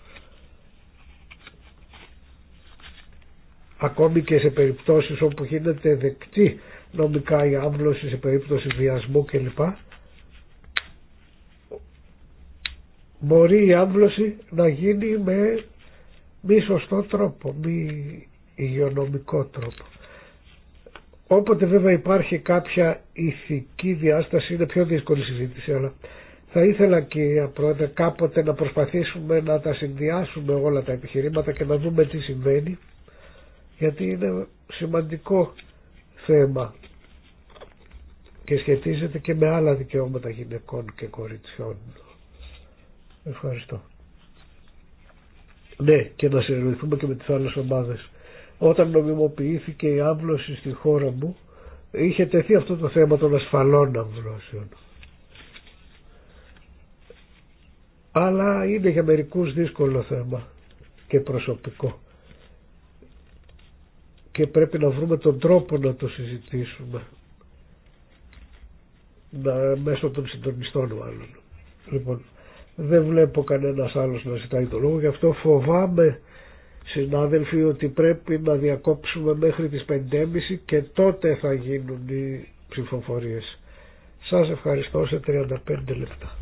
Ακόμη και σε περιπτώσεις όπου γίνεται δεκτή νομικά η άμβλωση σε περίπτωση βιασμού κλπ. Μπορεί η άμβλωση να γίνει με μη σωστό τρόπο, μη υγειονομικό τρόπο. Όποτε βέβαια υπάρχει κάποια ηθική διάσταση είναι πιο δύσκολη συζήτηση αλλά θα ήθελα και Πρόεδρε κάποτε να προσπαθήσουμε να τα συνδυάσουμε όλα τα επιχειρήματα και να δούμε τι συμβαίνει γιατί είναι σημαντικό θέμα και σχετίζεται και με άλλα δικαιώματα γυναικών και κοριτσιών. Ευχαριστώ. Ναι, και να συνεργηθούμε και με τις άλλες ομάδες όταν νομιμοποιήθηκε η άμβλωση στη χώρα μου είχε τεθεί αυτό το θέμα των ασφαλών αμβλώσεων. Αλλά είναι για μερικούς δύσκολο θέμα και προσωπικό και πρέπει να βρούμε τον τρόπο να το συζητήσουμε να, μέσω των συντονιστών μάλλον. Λοιπόν, δεν βλέπω κανένας άλλος να ζητάει το λόγο, γι' αυτό φοβάμαι συνάδελφοι ότι πρέπει να διακόψουμε μέχρι τις 5.30 και τότε θα γίνουν οι ψηφοφορίες. Σας ευχαριστώ σε 35 λεπτά.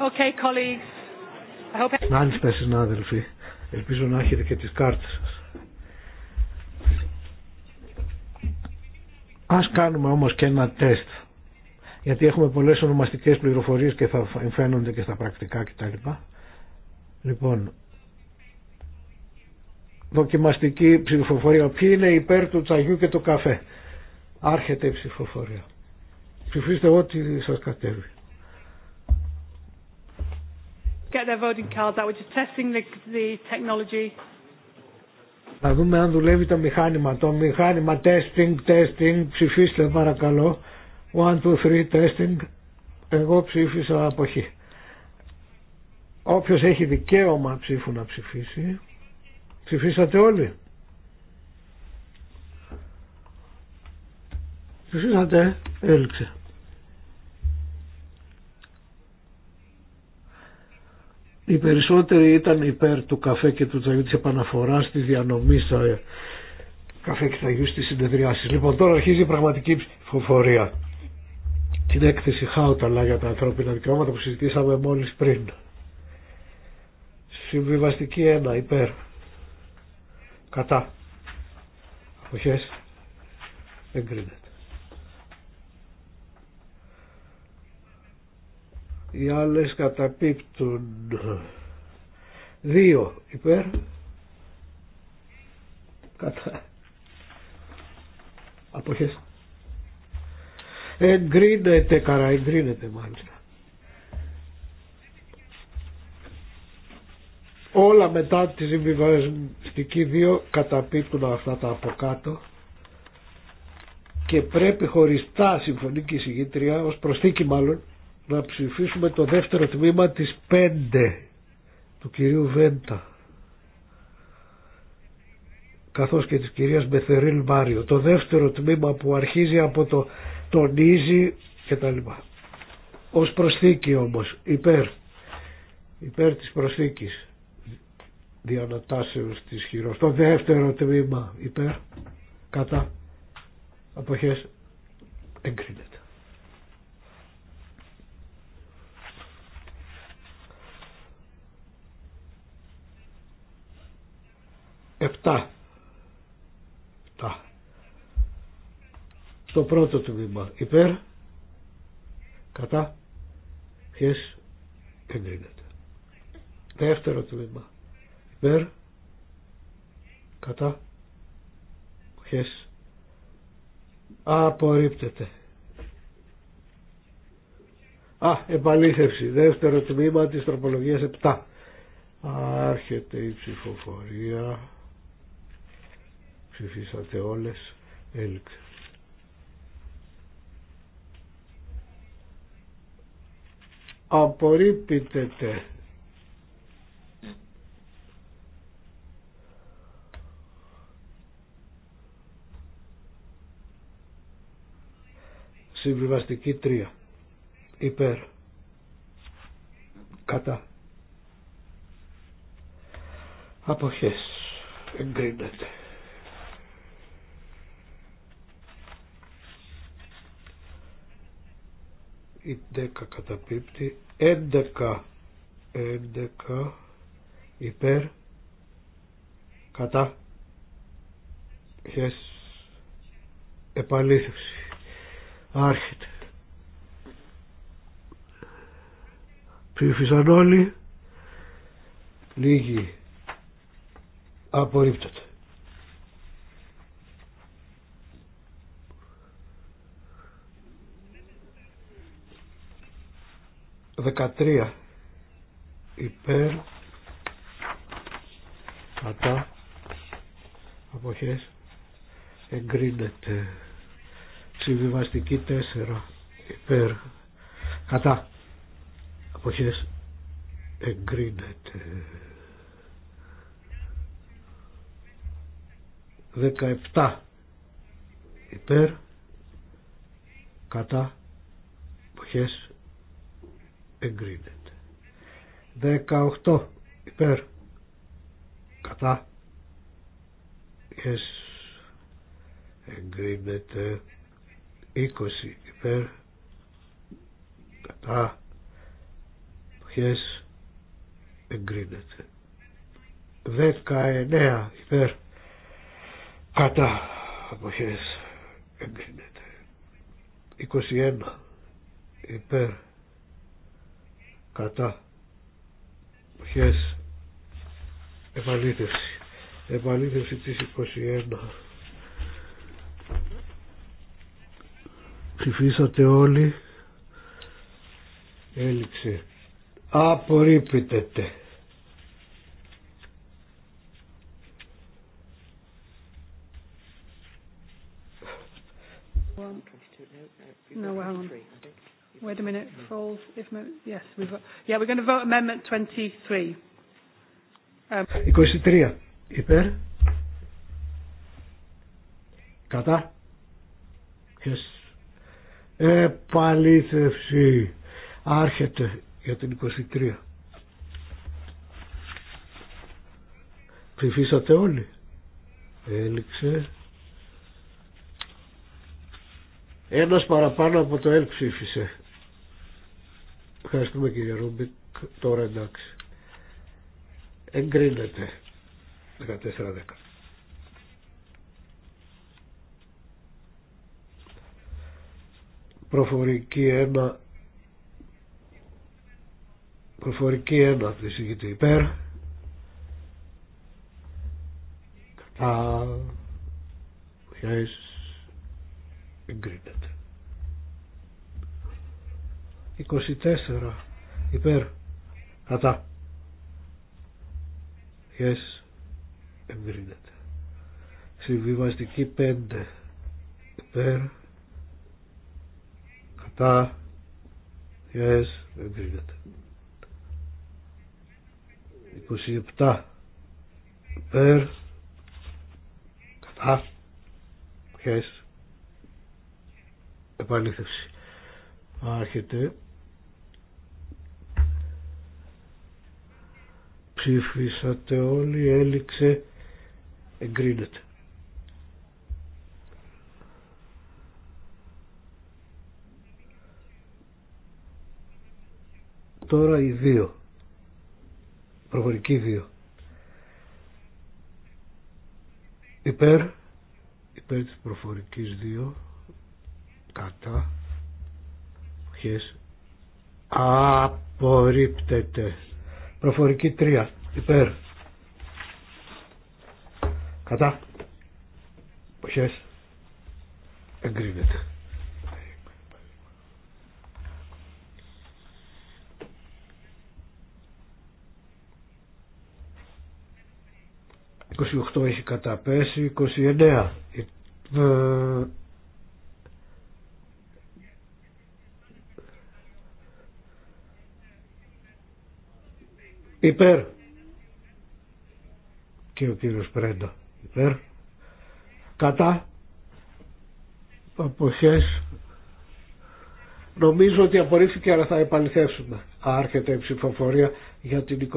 Okay, colleagues. I hope... Να είστε συνάδελφοι. Ελπίζω να έχετε και τις κάρτες σας. Ας κάνουμε όμως και ένα τεστ. Γιατί έχουμε πολλές ονομαστικές πληροφορίες και θα εμφαίνονται και στα πρακτικά κτλ. Λοιπόν, δοκιμαστική ψηφοφορία. Ποιοι είναι υπέρ του τσαγιού και του καφέ. Άρχεται η ψηφοφορία. Ψηφίστε ό,τι σας κατέβει get their voting cards out. We're just testing the, the technology. Να δούμε αν δουλεύει το μηχάνημα. Το μηχάνημα testing, testing, ψηφίστε παρακαλώ. 1, 2, 3, testing. Εγώ ψήφισα αποχή. Όποιος έχει δικαίωμα ψήφου να ψηφίσει. Ψηφίσατε όλοι. Ψηφίσατε, έλξε. Οι περισσότεροι ήταν υπέρ του καφέ και του τσαγιού δηλαδή, της επαναφοράς της διανομής ε, καφέ και τσαγιού στις συντεδριάσεις. Λοιπόν τώρα αρχίζει η πραγματική ψηφοφορία. Την έκθεση Χάουταλα για τα ανθρώπινα δικαιώματα που συζητήσαμε μόλις πριν. Συμβιβαστική ένα υπέρ. Κατά. Αποχές. Εγκρίνεται. οι άλλες καταπίπτουν. δύο υπέρ, κατά, αποχές. Εγκρίνεται καρά, εγκρίνεται μάλιστα. Όλα μετά τη συμβιβαστική δύο καταπίπτουν αυτά τα από κάτω και πρέπει χωριστά συμφωνική και ως προσθήκη μάλλον να ψηφίσουμε το δεύτερο τμήμα της 5 του κυρίου Βέντα καθώς και της κυρίας Μπεθερίλ Μάριο. Το δεύτερο τμήμα που αρχίζει από το τονίζει και τα λοιπά. Ως προσθήκη όμως, υπέρ, υπέρ της προσθήκης διανατάσεως της χειρός. Το δεύτερο τμήμα υπέρ, κατά, αποχές, εγκρίνεται. Επτά τα Το πρώτο τμήμα υπέρ, κατά, χές καιίετα εγκρίνεται. Δεύτερο τμήμα υπέρ, κατά, χες απορρίπτεται. Α, επαλήθευση, δεύτερο τμήμα της τροπολογίας 7. Άρχεται η ψηφοφορία. Ψηφίσατε όλες. έλξε Απορρίπτεται. Συμβιβαστική τρία. Υπέρ. Κατά. Αποχές. Εγκρίνεται. η 10 καταπίπτει 11 11 υπέρ κατά yes. επαλήθευση άρχεται ψήφισαν όλοι λίγοι απορρίπτεται 13 υπέρ κατά αποχές εγκρίνεται συμβιβαστική 4 υπέρ κατά αποχές εγκρίνεται 17 υπέρ κατά αποχές εγκρίνεται 18 υπέρ κατά yes, εγκρίνεται 20 υπέρ κατά yes, εγκρίνεται 19 υπέρ κατά αποχές εγκρίνεται 21 υπέρ κατά ποιες επαλήθευση επαλήθευση της 21 ψηφίσατε όλοι έληξε απορρίπτεται No, Wait a minute. Falls if yes, we vote. Yeah, we're going to vote amendment 23. Um... 23. Υπέρ. Κατά. Yes. Επαλήθευση. Άρχεται για την 23. Ψηφίσατε όλοι. Έληξε. Ένας παραπάνω από το ΕΛ ψήφισε. Ευχαριστούμε κύριε Ρούμπικ. Τώρα εντάξει. Εγκρίνεται. 14-10. Προφορική 1 Προφορική 1 της ηγητή υπέρ Κατά Χαίρις Εγκρίνεται 24 υπέρ κατά yes εγκρίνεται συμβιβαστική 5 υπέρ κατά yes εγκρίνεται 27 υπέρ κατά yes επαλήθευση άρχεται Ψήφισατε όλοι, έληξε, εγκρίνεται. Τώρα οι δύο. προφορική δύο. Υπέρ, υπέρ της προφορικής δύο, κατά, ποιες, απορρίπτεται. Προφορική 3 υπέρ. Κατά. Εποχές. Εγκρίνεται. «28 έχει καταπέσει, 29 ε, υπέρ και ο κύριος Πρέντα υπέρ κατά αποχές νομίζω ότι απορρίφθηκε αλλά θα επαληθεύσουμε άρχεται η ψηφοφορία για την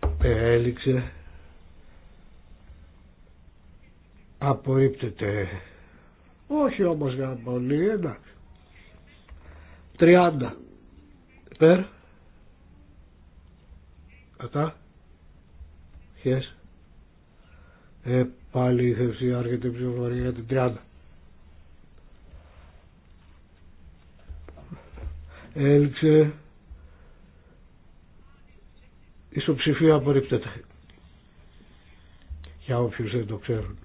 29 έληξε απορρίπτεται όχι όμως για πολύ εντάξει 30 per Κατά. Χες. Ε, πάλι η θευσία άρχεται η ψηφοφορία για την 30. Έλξε. Ισοψηφία απορρίπτεται. Για όποιους δεν το ξέρουν.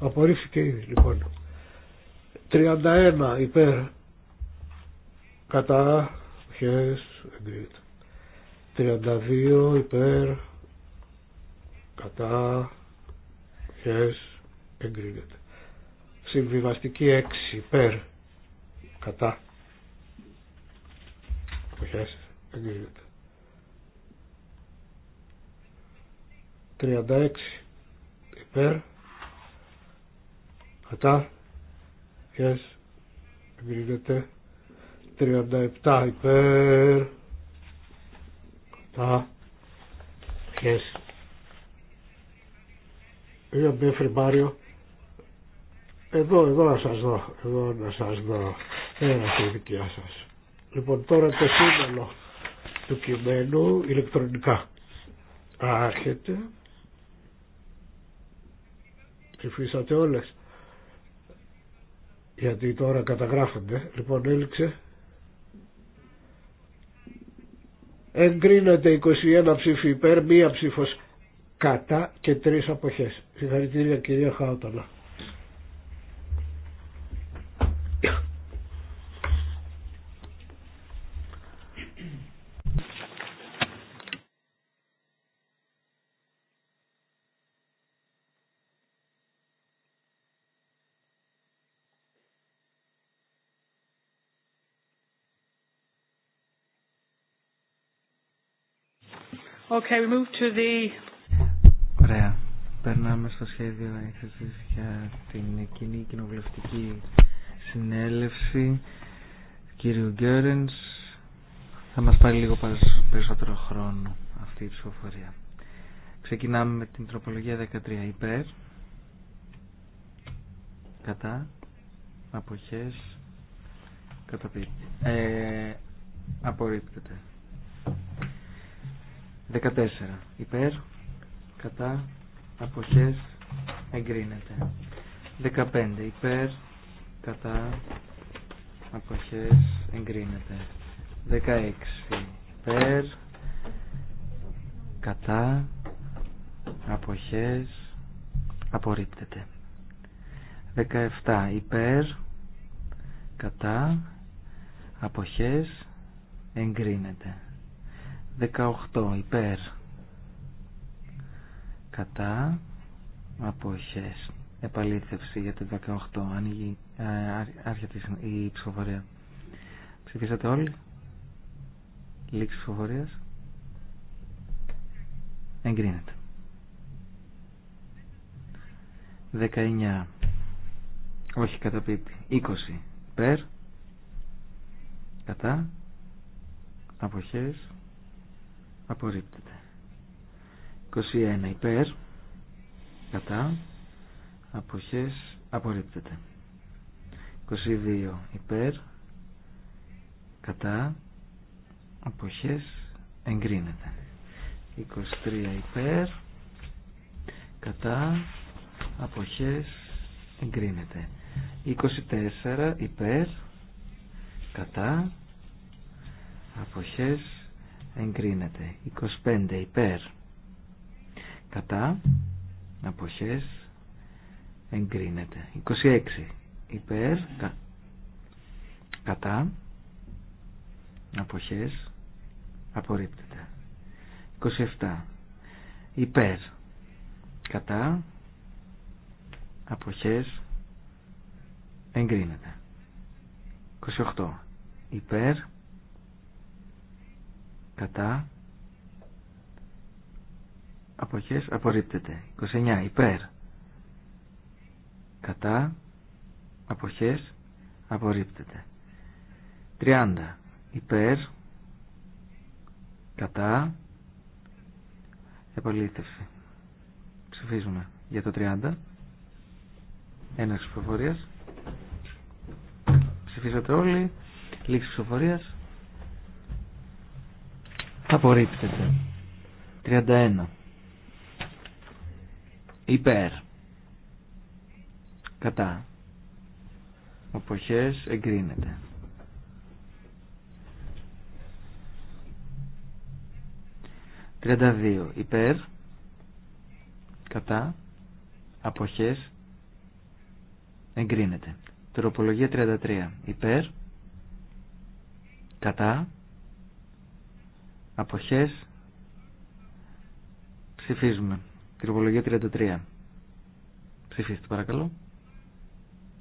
Απορρίφθηκε ήδη λοιπόν. 31 υπέρ κατά χες εγκρίνεται 32 υπέρ κατά χες εγκρίνεται συμβιβαστική 6 υπέρ κατά χες εγκρίνεται 36 υπέρ κατά αποχές εγκρίνεται 37 υπέρ τα χες Είμαι Μπέφρι φρυμπάριο εδώ, εδώ να σας δω εδώ να σας δω ένα ε, στη δικιά σας λοιπόν τώρα το σύνολο του κειμένου ηλεκτρονικά άρχεται ψηφίσατε όλες γιατί τώρα καταγράφονται. Λοιπόν, έληξε. Εγκρίνεται 21 ψήφοι υπέρ, μία ψήφος κατά και τρεις αποχές. Συγχαρητήρια κυρία Χάουταλα. Okay, Ωραία. Περνάμε στο σχέδιο έκθεση για την κοινή κοινοβουλευτική συνέλευση. Κύριο Γκέρενς, θα μας πάρει λίγο περισσότερο χρόνο αυτή η ψηφοφορία. Ξεκινάμε με την τροπολογία 13 υπέρ, κατά, αποχές, καταπίπτει. Ε, απορρίπτεται. 14. Υπέρ, κατά, αποχές, εγκρίνεται. 15. Υπέρ, κατά, αποχές, εγκρίνεται. 16. Υπέρ, κατά, αποχές, απορρίπτεται. 17. Υπέρ, κατά, αποχές, εγκρίνεται. 18 υπέρ κατά αποχές επαλήθευση για το 18 ανοίγει άρχεται η ψηφοφορία ψηφίσατε όλοι λήξη ψηφοφορίας εγκρίνεται 19 όχι κατά πίπτη 20 υπέρ κατά αποχές απορρίπτεται 21 υπέρ κατά αποχές απορρίπτεται 22 υπέρ κατά αποχές εγκρίνεται 23 υπέρ κατά αποχές εγκρίνεται 24 υπέρ κατά αποχές εγκρίνεται 25 υπέρ κατά αποχές εγκρίνεται 26 υπέρ κα, κατά αποχές απορρίπτεται 27 υπέρ κατά αποχές εγκρίνεται 28 υπέρ κατά αποχές απορρίπτεται 29 υπέρ κατά αποχές απορρίπτεται 30 υπέρ κατά επαλήθευση ψηφίζουμε για το 30 ένας ψηφοφορίας ψηφίσατε όλοι λήξη ψηφοφορίας Απορρίπτεται. 31. Υπέρ. Κατά. Αποχές εγκρίνεται. 32. Υπέρ. Κατά. Αποχές εγκρίνεται. Τροπολογία 33. Υπέρ. Κατά αποχές ψηφίζουμε τροπολογία 33 ψηφίστε παρακαλώ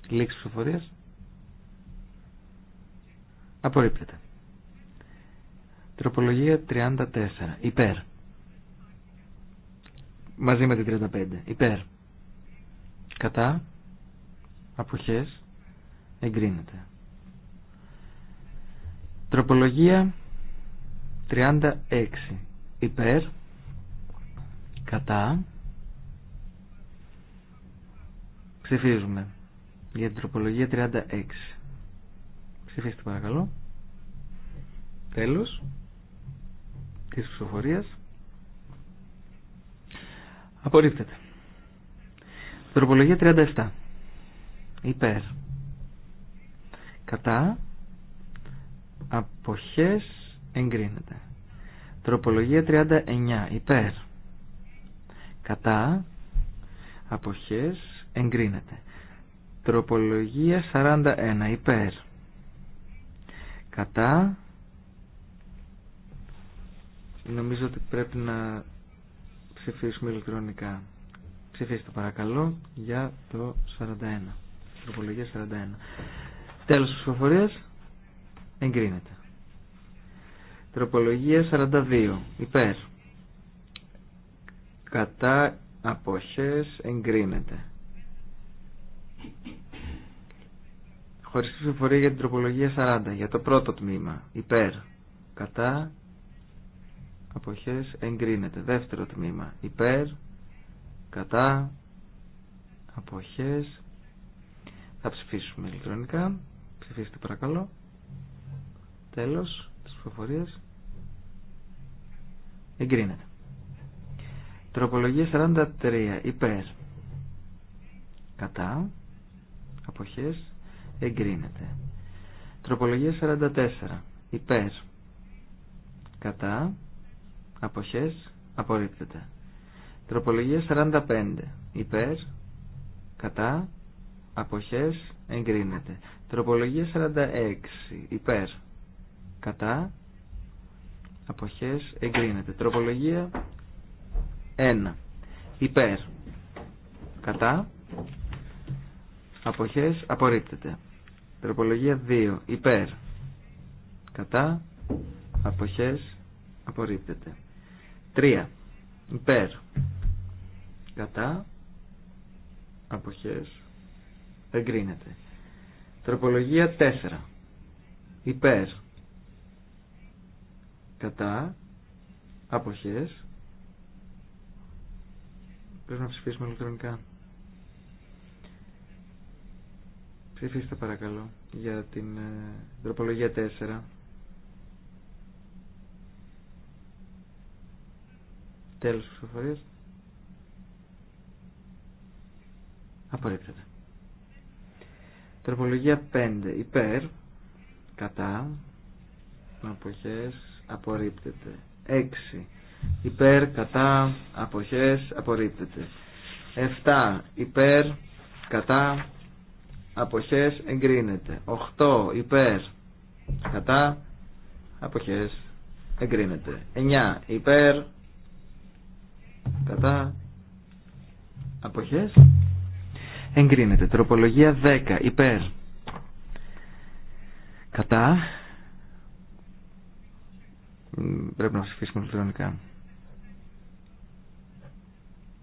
λήξη ψηφοφορίας απορρίπτεται τροπολογία 34 υπέρ μαζί με την 35 υπέρ κατά αποχές εγκρίνεται τροπολογία 36 υπέρ κατά ψηφίζουμε για την τροπολογία 36 ψηφίστε παρακαλώ τέλος της ψηφοφορίας απορρίπτεται τροπολογία 37 υπέρ κατά αποχές εγκρίνεται. Τροπολογία 39 υπέρ. Κατά αποχές εγκρίνεται. Τροπολογία 41 υπέρ. Κατά νομίζω ότι πρέπει να ψηφίσουμε ηλεκτρονικά. Ψηφίστε παρακαλώ για το 41. Τροπολογία 41. Τέλος της ψηφοφορίας εγκρίνεται. Τροπολογία 42. Υπέρ. Κατά αποχές εγκρίνεται. Χωρίς συμφορία για την τροπολογία 40. Για το πρώτο τμήμα. Υπέρ. Κατά αποχές εγκρίνεται. Δεύτερο τμήμα. Υπέρ. Κατά αποχές. Θα ψηφίσουμε ηλεκτρονικά. Ψηφίστε παρακαλώ. Τέλος ψηφοφορία εγκρίνεται. Τροπολογία 43 υπέρ κατά αποχέ. εγκρίνεται. Τροπολογία 44 υπέρ κατά αποχέ, απορρίπτεται. Τροπολογία 45 υπέρ κατά αποχέ, εγκρίνεται. Τροπολογία 46 υπέρ κατά αποχές εγκρίνεται. Τροπολογία 1. Υπέρ κατά αποχές απορρίπτεται. Τροπολογία 2. Υπέρ κατά αποχές απορρίπτεται. 3. Υπέρ κατά αποχές εγκρίνεται. Τροπολογία 4. Υπέρ κατά αποχές πρέπει να ψηφίσουμε ηλεκτρονικά ψηφίστε παρακαλώ για την ε, τροπολογία 4 τέλος της ψηφοφορίας απορρίπτεται τροπολογία 5 υπέρ κατά αποχές απορρίπτεται. 6. Υπέρ, κατά, αποχές, απορρίπτεται. 7. Υπέρ, κατά, αποχές, εγκρίνεται. 8. Υπέρ, κατά, αποχές, εγκρίνεται. 9. Υπέρ, κατά, αποχές, εγκρίνεται. Τροπολογία 10. Υπέρ, κατά, πρέπει να ψηφίσουμε ηλεκτρονικά.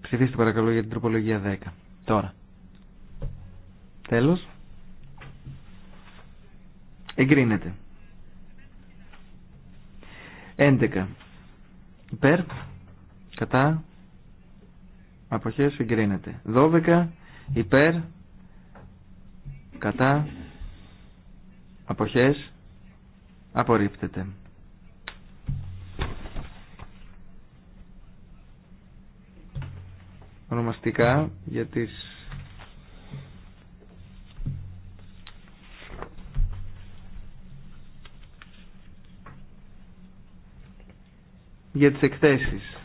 Ψηφίστε παρακαλώ για την τροπολογία 10. Τώρα. Τέλος. Εγκρίνεται. 11. Υπέρ. Κατά. Αποχές εγκρίνεται. 12. Υπέρ. Κατά. Αποχές απορρίπτεται. ονομαστικά για τις για τις εκθέσεις.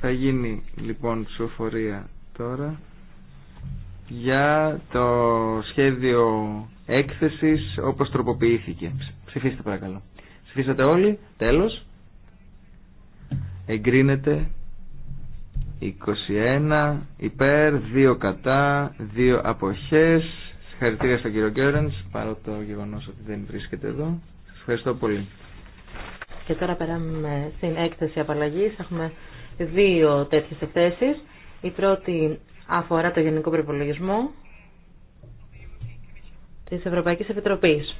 Θα γίνει λοιπόν ψηφοφορία τώρα για το σχέδιο έκθεσης όπως τροποποιήθηκε. Ψηφίστε παρακαλώ. Ψηφίσατε όλοι. Τέλος. Εγκρίνεται 21 υπέρ, 2 κατά, 2 αποχές. Συγχαρητήρια στον κύριο Γκέρενς, παρό το γεγονός ότι δεν βρίσκεται εδώ. Σας ευχαριστώ πολύ. Και τώρα περάμε στην έκθεση απαλλαγή. Έχουμε δύο τέτοιες εκθέσεις. Η πρώτη αφορά το γενικό προπολογισμό τη Ευρωπαϊκής Επιτροπής.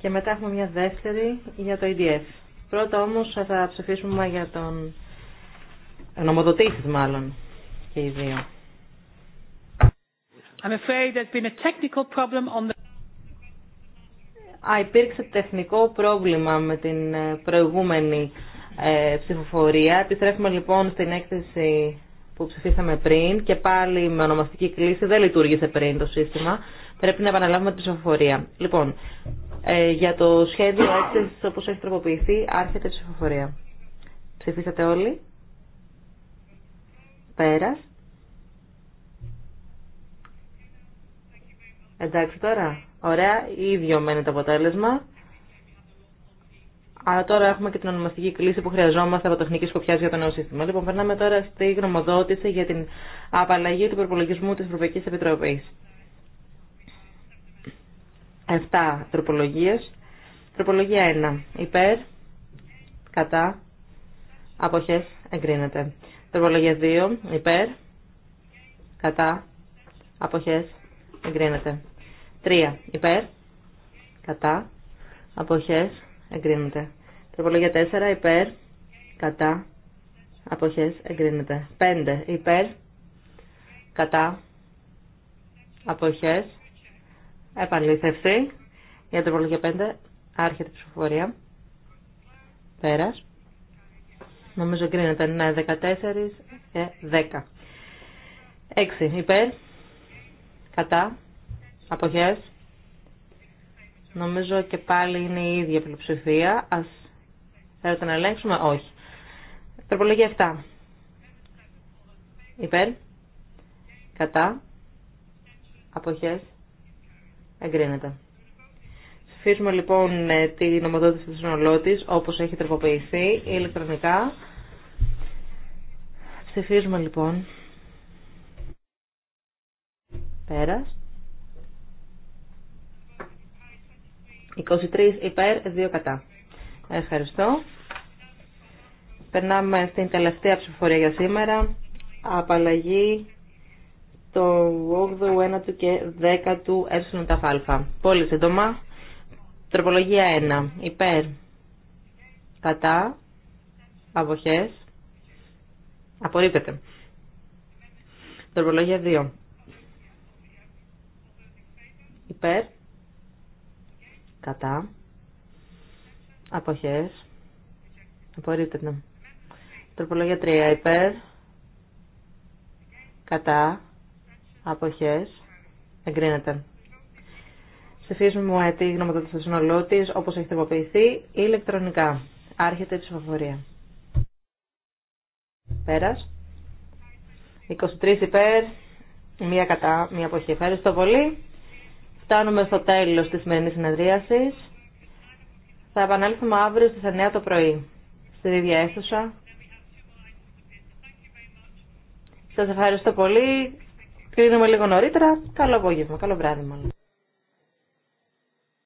Και μετά έχουμε μια δεύτερη για το EDF. Πρώτα όμως θα ψηφίσουμε για τον Νομοδοτήσεις μάλλον και οι δύο. I'm there's been a technical problem on the... Α, υπήρξε τεχνικό πρόβλημα με την ε, προηγούμενη ε, ψηφοφορία. Επιστρέφουμε λοιπόν στην έκθεση που ψηφίσαμε πριν και πάλι με ονομαστική κλίση δεν λειτουργήσε πριν το σύστημα. Πρέπει να επαναλάβουμε την ψηφοφορία. Λοιπόν, ε, για το σχέδιο έκθεση όπως έχει τροποποιηθεί, άρχεται η ψηφοφορία. Ψηφίσατε όλοι. Πέρας. Εντάξει τώρα. Ωραία. Ίδιο μένει το αποτέλεσμα. Αλλά τώρα έχουμε και την ονομαστική κλίση που χρειαζόμαστε από τεχνική σκοπιά για το νέο σύστημα. Λοιπόν, περνάμε τώρα στη γνωμοδότηση για την απαλλαγή του προπολογισμού τη Ευρωπαϊκή Επιτροπή. 7 τροπολογίε. Τροπολογία 1. Υπέρ. Κατά. Αποχέ. Εγκρίνεται. Τροπολογία 2. Υπέρ. Κατά. Αποχές. Εγκρίνεται. 3. Υπέρ. Κατά. Αποχές. Εγκρίνεται. Τροπολογία 4. Υπέρ. Κατά. Αποχές. Εγκρίνεται. 5. Υπέρ. Κατά. Αποχές. Επαλήθευση. Για τροπολογία 5. Άρχεται η ψηφοφορία. Πέρας. Νομίζω κρίνεται. Ναι, 14 και 10. 6 υπέρ. Κατά. Αποχές. Νομίζω και πάλι είναι η ίδια πλειοψηφία. Ας θέλετε να ελέγξουμε. Όχι. Τροπολογία 7. Υπέρ. Κατά. Αποχές. Εγκρίνεται ψηφίσουμε λοιπόν ε, τη νομοδότηση του συνολό όπως έχει τροποποιηθεί ηλεκτρονικά. Ψηφίζουμε λοιπόν. Πέρας. 23 υπέρ, 2 κατά. Ευχαριστώ. Περνάμε στην τελευταία ψηφοφορία για σήμερα. Απαλλαγή το 8 του και 10ου ε αλφα. Πολύ σύντομα. Τροπολογία 1. Υπέρ. Κατά. Αποχές. Απορρίπτεται. Τροπολογία 2. Υπέρ. Κατά. Αποχές. Απορρίπτεται. Τροπολογία 3. Υπέρ. Κατά. Αποχές. Εγκρίνεται. Ψηφίζουμε τη γνωμοδότηση του συνολού τη, όπω έχει τυποποιηθεί, ηλεκτρονικά. Άρχεται η ψηφοφορία. Πέρα. 23 υπέρ, μία κατά, μία αποχή. Ευχαριστώ πολύ. Φτάνουμε στο τέλος της σημερινής συνεδρίασης. Θα επανέλθουμε αύριο στις 9 το πρωί, στη ίδια αίθουσα. Σας ευχαριστώ πολύ. Κλείνουμε λίγο νωρίτερα. Καλό απόγευμα, καλό βράδυ μάλλον.